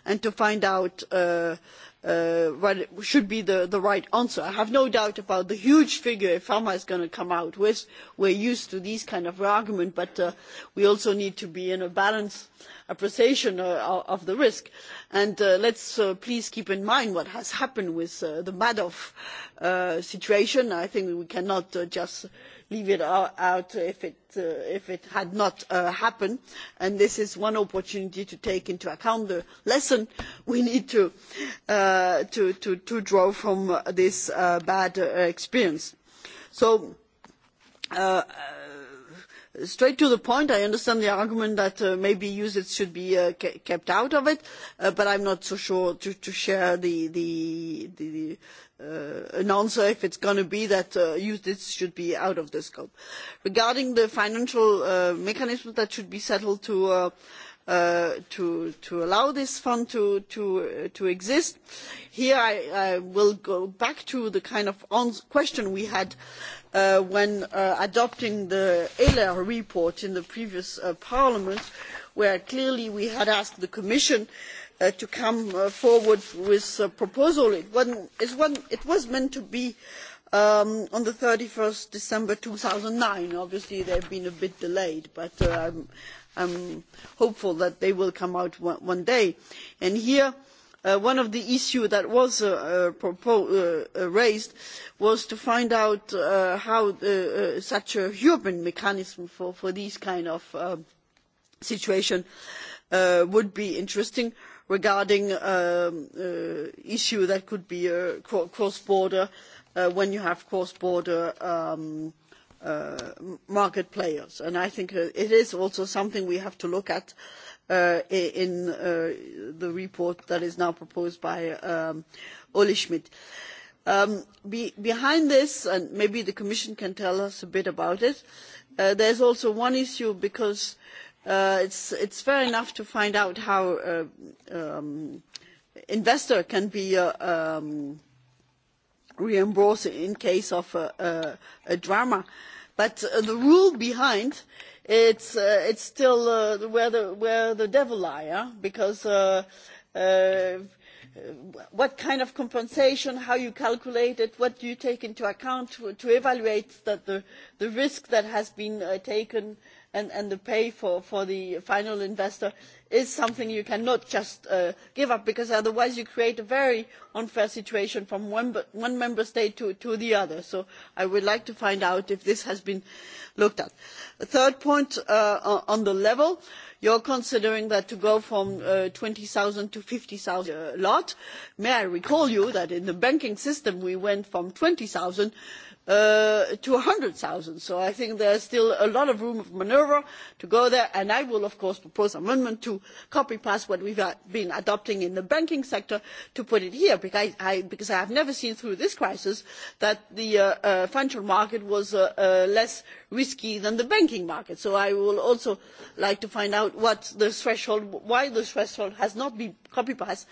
and to find out uh, uh, what should be the, the right answer. I have no doubt about the huge figure Pharma is going to come out with. We're used to these kind of argument, but uh, we also need to be in a balanced appreciation uh, of the risk. And uh, let's uh, please keep in mind what has happened with uh, the Madoff uh, situation. I think we cannot uh, just leave it out if it, uh, if it had not uh, happened. And this is one opportunity to take into account the lesson we need to, uh, to, to, to draw from this uh, bad uh, experience. So, uh, uh straight to the point, I understand the argument that uh, maybe users should be uh, kept out of it, uh, but I'm not so sure to, to share the, the, the, uh, an answer if it's going to be that uh, this should be out of the scope. Regarding the financial uh, mechanisms that should be settled to, uh, uh, to, to allow this fund to, to, uh, to exist, here I, I will go back to the kind of question we had uh, when uh, adopting the ELER report in the previous uh, parliament, where clearly we had asked the Commission uh, uh, to come uh, forward with a proposal. It, one, it was meant to be um, on the 31st December 2009. Obviously, they've been a bit delayed, but uh, I'm, I'm hopeful that they will come out one, one day. And here, uh, one of the issues that was uh uh, uh, uh, raised was to find out uh, how uh, such a human mechanism for, for these kind of uh, situation uh, would be interesting. Uh, regarding an um, uh, issue that could be uh, cross-border uh, when you have cross-border um, uh, market players. And I think uh, it is also something we have to look at uh, in uh, the report that is now proposed by um, Schmidt. Um, be, behind this, and maybe the Commission can tell us a bit about it, uh, there's also one issue because uh, uh, it's, it's fair enough to find out how uh, um, investor can be uh, um, reimbursed in case of a, a drama. But uh, the rule behind it's, uh, it's still uh, where, the, where the devil lies, because uh, uh, what kind of compensation, how you calculate it, what do you take into account to, evaluate that the, the risk that has been uh, taken and, and the pay for, for the final investor is something you cannot just uh, give up because otherwise you create a very unfair situation from one, one member state to, to the other. So I would like to find out if this has been looked at. The third point uh, on the level, you're considering that to go from uh, 20,000 to 50,000 a uh, lot. May I recall you that in the banking system we went from 20,000 uh, to 100,000. So I think there is still a lot of room of manoeuvre to go there. And I will, of course, propose an amendment to copy paste what we've been adopting in the banking sector to put it here, because I, because I have never seen through this crisis that the uh, uh, financial market was uh, uh, less risky than the banking market. So I will also like to find out what the threshold, why the threshold has not been copy-pasted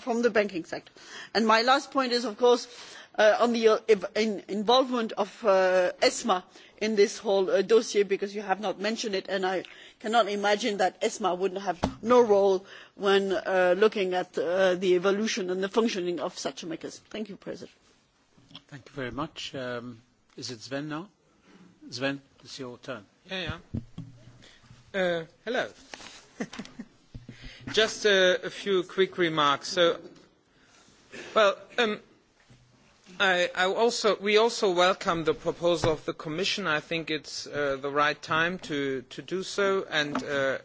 from the banking sector. And my last point is, of course, Uh, on the involvement of uh, ESMA in this whole uh, dossier because you have not mentioned it and I cannot imagine that ESMA would have no role when looking at the evolution and the functioning of such a mechanism. Thank you, President. Thank you very much. Um, is it Sven now? Sven, it's your turn. Yeah, yeah. Uh, hello. Just uh, a few quick remarks. So, well, um, I, I also, we also welcome the proposal of the Commission. I think it's uh, the right time to, to do so. And uh,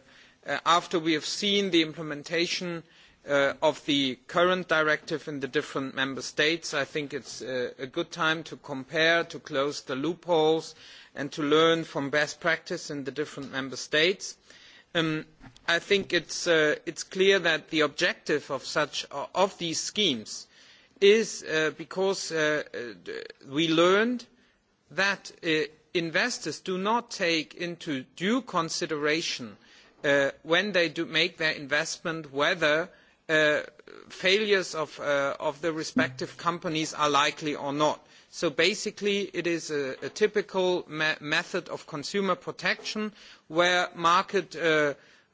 uh, after we have seen the implementation uh, of the current directive in the different member states, I think it's uh, a good time to compare, to close the loopholes, and to learn from best practice in the different member states. Um, I think it's, uh, it's clear that the objective of, such, of these schemes is uh, because uh, uh we learned that uh, investors do not take into due consideration uh, when they make their investment whether failures of, of, the respective companies are likely or not. So basically it is a, a typical me method of consumer protection where market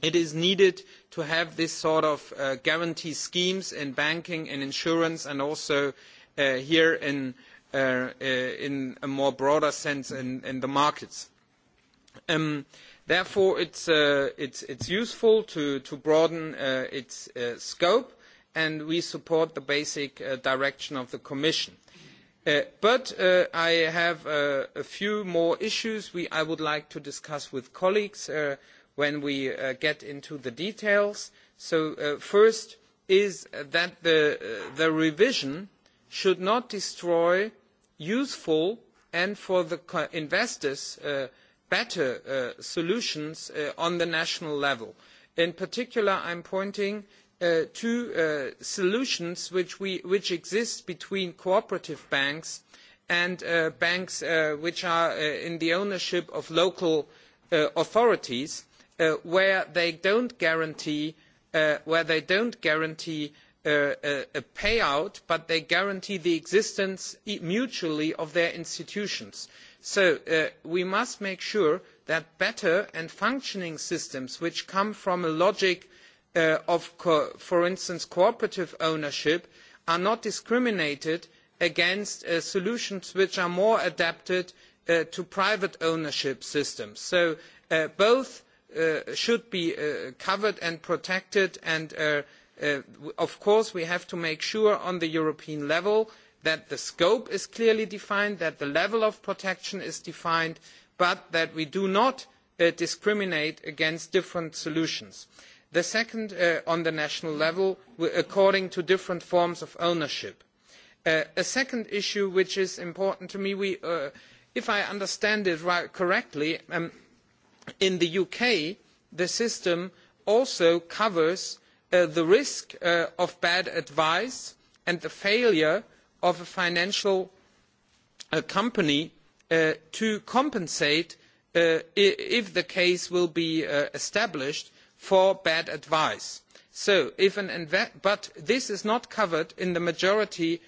it is needed to have this sort of uh, guarantee schemes in banking and insurance and also uh, here in, uh, uh in, a more broader sense in, in the markets. Um, therefore, it uh, is useful to, to broaden uh, its scope and we support the basic direction of the Commission. but I have a few more issues we, I would like to discuss with colleagues when we uh, get into the details. So uh, first is that the, uh, the revision should not destroy useful and for the investors uh, better uh, solutions uh, on the national level. In particular, I am pointing uh, to uh, solutions which, we, which, exist between cooperative banks and uh, banks uh, which are in the ownership of local authorities Uh, where they don't guarantee uh, where they don't guarantee uh, a, a payout, but they guarantee the existence e, mutually of their institutions. So uh, we must make sure that better and functioning systems which come from a logic uh, of, for instance, cooperative ownership are not discriminated against uh, solutions which are more adapted uh, to private ownership systems. So uh, both Uh, should be uh, covered and protected and uh, of course we have to make sure on the European level that the scope is clearly defined, that the level of protection is defined, but that we do not discriminate against different solutions. The second, uh, on the national level, according to different forms of ownership. Uh, a second issue which is important to me, we, uh, if I understand it right, correctly, um, in the uk the system also covers uh, the risk uh, of bad advice and the failure of a financial uh, company uh, to compensate uh, if the case will be uh, established for bad advice. So but this is not covered in the majority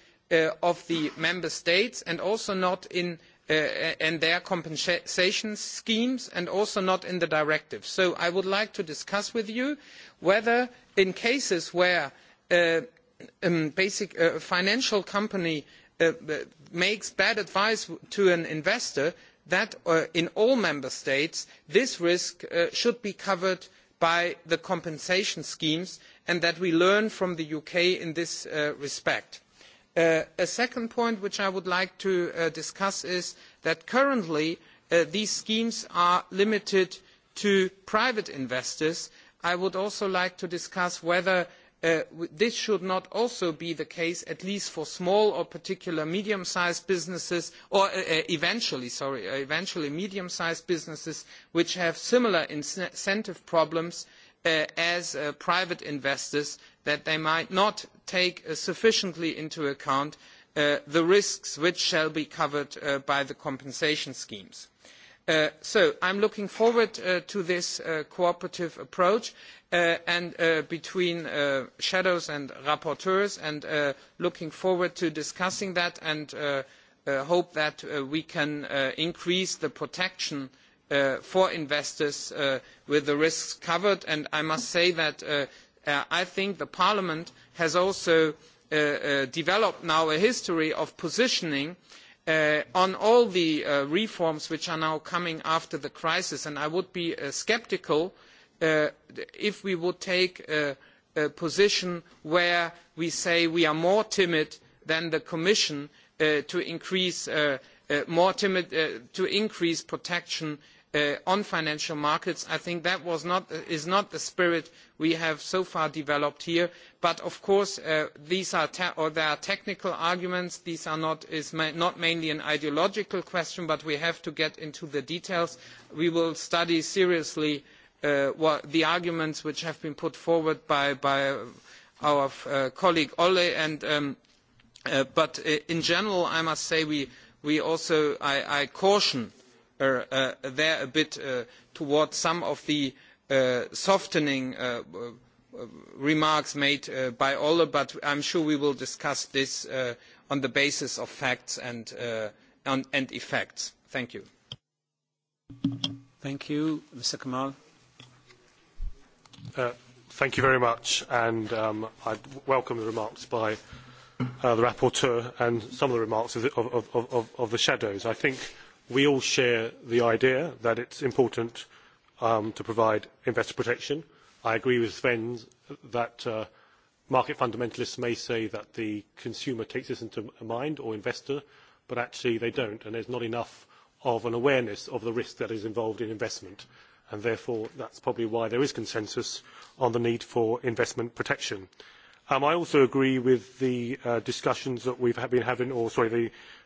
of the member states and also not in uh, and their compensation schemes and also not in the directive. So I would like to discuss with you whether in cases where uh, um, basic uh, financial company uh, makes bad advice to an investor that uh, in all member states this risk uh, should be covered by the compensation schemes and that we learn from the UK in this uh, respect Uh, a second point which I would like to uh, discuss is that currently uh, these schemes are limited to private investors. I would also like to discuss whether uh, this should not also be the case at least for small or particular medium sized businesses or uh, uh, eventually sorry eventually medium sized businesses which have similar incentive problems as private investors that they might not take uh, sufficiently into account uh, the risks which shall be covered uh, by the compensation schemes. Uh, so I am looking forward uh, to this uh, cooperative approach and between shadows and rapporteurs and looking forward to discussing that and hope that we can increase the protection for investors with the risks covered and I must say that Uh, I think Parliament has also uh, uh, developed now a history of positioning uh, on all the uh, reforms which are now coming after the crisis, and I would be uh, sceptical if we would take a, a, position where we say we are more timid than the Commission to increase, more timid, to increase protection Uh, on financial markets i think that not, uh, is not the spirit we have so far developed here but of course uh, these are there are technical arguments these are not, mainly an ideological question but we have to get into the details we will study seriously the arguments which have been put forward by, our colleague Olle and, um, but in general I must say we, we also I, I caution Uh, uh, there a bit uh, towards some of the softening remarks made by Olle, but I am sure we will discuss this on the basis of facts and, on, and effects. Thank you. Thank you. Mr. Kamal. Uh, thank you very much, and um, I welcome the remarks by uh, the rapporteur and some of the remarks of the, of, of, of, of the shadows. I think we all share the idea that it is important um, to provide investor protection. I agree with Sven that uh, market fundamentalists may say that the consumer takes this into mind or investor, but actually they do not and there is not enough of an awareness of the risk that is involved in investment. And therefore, that is probably why there is consensus on the need for investment protection. Um, I also agree with the uh, discussions that we have been having, or sorry, the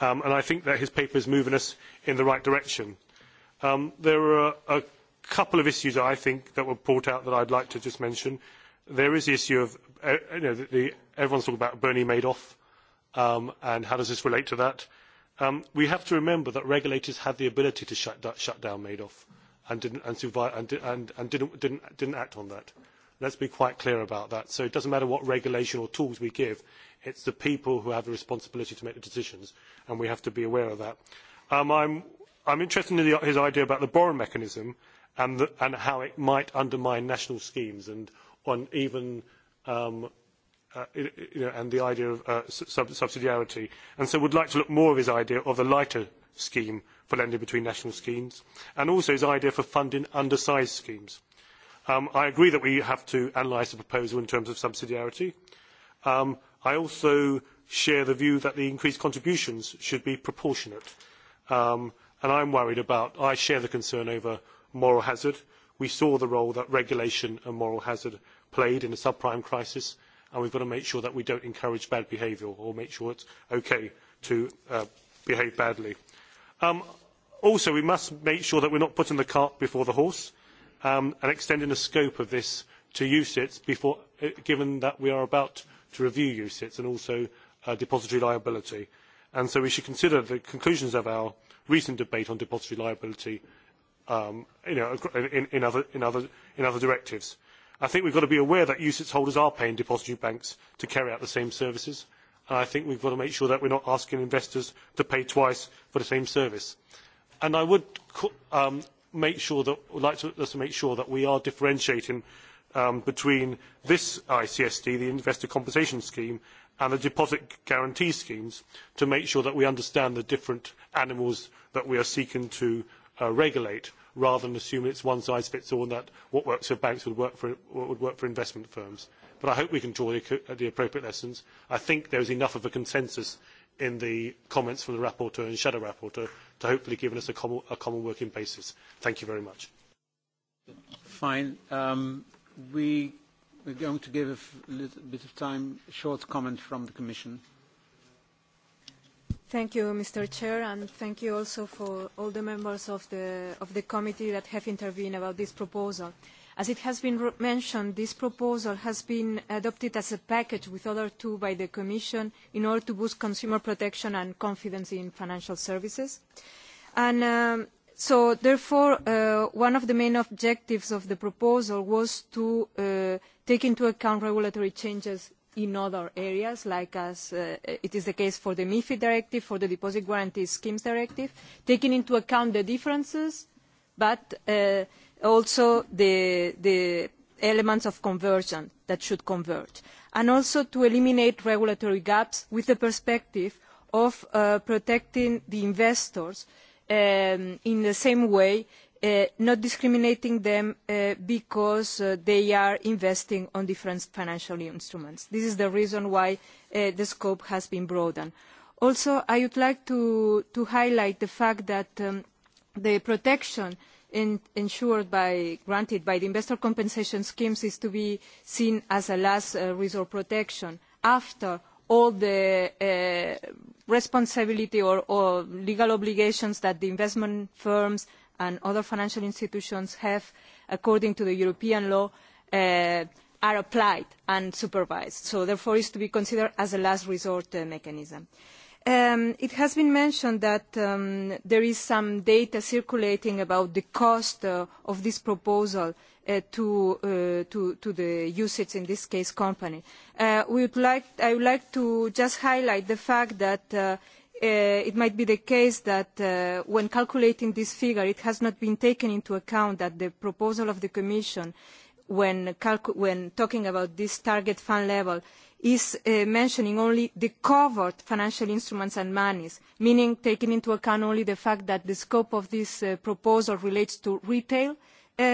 Um, and I think that his paper is moving us in the right direction. Um, there are a, couple of issues I think that were brought out that I'd like to just mention. There is the issue of, uh, you know, the, the, everyone's talking about Bernie Madoff um, and how does this relate to that. Um, we have to remember that regulators had the ability to shut, shut down Madoff and didn't, and, and, and, and didn't, didn't, didn't act on that. Let's be quite clear about that. So it doesn't matter what regulation or tools we give, it's the people who have the responsibility to make the decisions, and we have to be aware of that. Um, I'm, I'm interested in the, his idea about the borrowing mechanism and, the, and how it might undermine national schemes and on even um, uh, you know, and the idea of uh, sub subsidiarity. And so would like to look more of his idea of the lighter scheme for lending between national schemes and also his idea for funding undersized schemes Um, I agree that we have to analyse the proposal in terms of subsidiarity. Um, I also share the view that the increased contributions should be proportionate. Um, and I am worried about, I share the concern over moral hazard. We saw the role that regulation and moral hazard played in the subprime crisis, and we have got to make sure that we do not encourage bad behaviour or make sure it is okay to uh, behave badly. Um, also, we must make sure that we are not putting the cart before the horse um, and extending the scope of this to UCITS before, uh, given that we are about to review UCITS and also uh, depository liability. And so we should consider the conclusions of our recent debate on depository liability um, you know, in, in, other, in, other, in other directives. I think we've got to be aware that UCITS holders are paying depository banks to carry out the same services. And I think we've got to make sure that we're not asking investors to pay twice for the same service. And I would um, make sure that would like to, us to make sure that we are differentiating um, between this ICSD, the Investor Compensation Scheme, and the deposit guarantee schemes to make sure that we understand the different animals that we are seeking to uh, regulate rather than assume it's one size fits all and that what works for banks would work for, would work for investment firms. But I hope we can draw the, the appropriate lessons. I think there is enough of a consensus in the comments from the rapporteur and shadow rapporteur to hopefully give us a common, a common working basis. Thank you very much. Fine. Um, we, we're going to give a little bit of time, a short comment from the Commission. Thank you, Mr. Chair, and thank you also for all the members of the, of the committee that have intervened about this proposal. Uh, As it has been mentioned, this proposal has been adopted as a package with other two by the Commission in order to boost consumer protection and confidence in financial services. And um, so, therefore, uh, one of the main objectives of the proposal was to uh, take into account regulatory changes in other areas, like as uh, it is the case for the MIFID directive, for the Deposit Guarantee Schemes directive, taking into account the differences, but uh, also the, the elements of conversion that should converge, and also to eliminate regulatory gaps with the perspective of uh, protecting the investors um, in the same way, uh, not discriminating them uh, because uh, they are investing on different financial instruments. This is the reason why uh, the scope has been broadened. Also, I would like to, to highlight the fact that um, the protection uh, in, ensured by, granted by the investor compensation schemes is to be seen as a last uh, resort protection after all the uh, responsibility or, or legal obligations that the investment firms and other financial institutions have according to the European law uh, are applied and supervised. So therefore it is to be considered as a last resort uh, mechanism. Uh, Um, it has been mentioned that um, there is some data circulating about the cost uh, of this proposal uh, to, uh, to, to, the usage, in this case, company. Uh, would like, I would like to just highlight the fact that uh, uh, it might be the case that when calculating this figure, it has not been taken into account that the proposal of the Commission when, when talking about this target fund level is uh, mentioning only the covered financial instruments and monies, meaning taking into account only the fact that the scope of this uh, proposal relates to retail uh,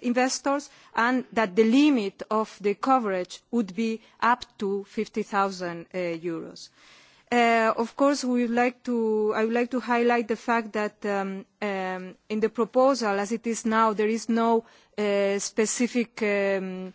investors and that the limit of the coverage would be up to 50,000 uh, euros. Uh, of course, we would like to, I would like to highlight the fact that um, um, in the proposal, as it is now, there is no uh, specific um,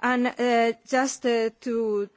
And uh, just uh, two,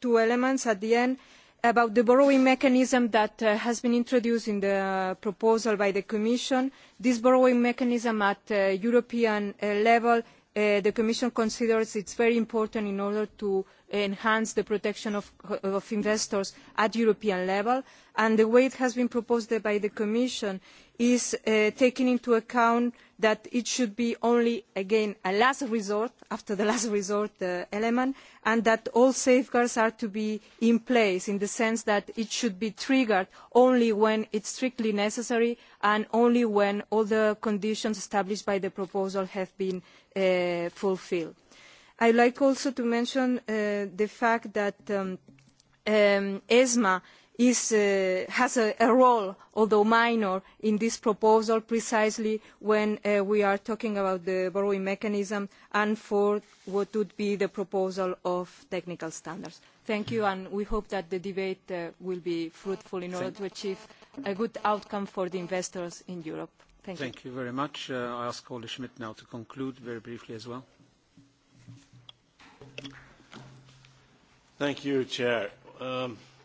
two elements at the end about the borrowing mechanism that uh, has been introduced in the proposal by the Commission. This borrowing mechanism at uh, European uh, level, uh, the Commission considers it's very important in order to enhance the protection of, of investors at European level. And the way it has been proposed by the Commission is uh, taking into account uh, that it should be only again a last resort after the last resort uh, element and that all safeguards are to be in place in the sense that it should be triggered only when it is strictly necessary and only when all the conditions established by the proposal have been uh, fulfilled. I would like also to mention uh, the fact that um, um, ESMA is, uh, has a, a role, although minor, in this proposal precisely when uh, we are talking about the borrowing mechanism and for what would be the proposal of technical standards. Thank you, and we hope that the debate uh, will be fruitful in order to achieve a good outcome for the investors in Europe. Thank, Thank you. you very much. Uh, I ask Ole Schmidt now to conclude very briefly as well. Thank you, Chair. Um,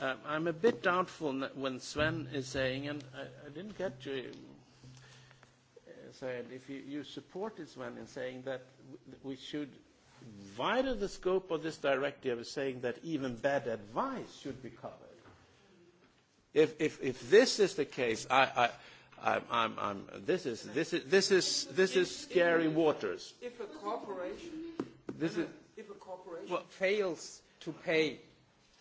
Um, I'm a bit doubtful when Sven is saying, and I, I didn't get you, uh, Sven, if you, you supported Sven in saying that we should wider the scope of this directive is saying that even bad advice should be covered. If, if, if this is the case, I, I, I'm, I'm, I'm, this is, this is, this is, this is scary if, waters. If a corporation, this is, if a corporation well, fails to pay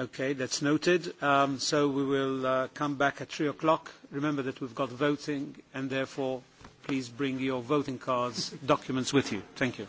Okay, that's noted. Um, so we will uh, come back at three o'clock. Remember that we've got voting, and therefore, please bring your voting cards, documents with you. Thank you.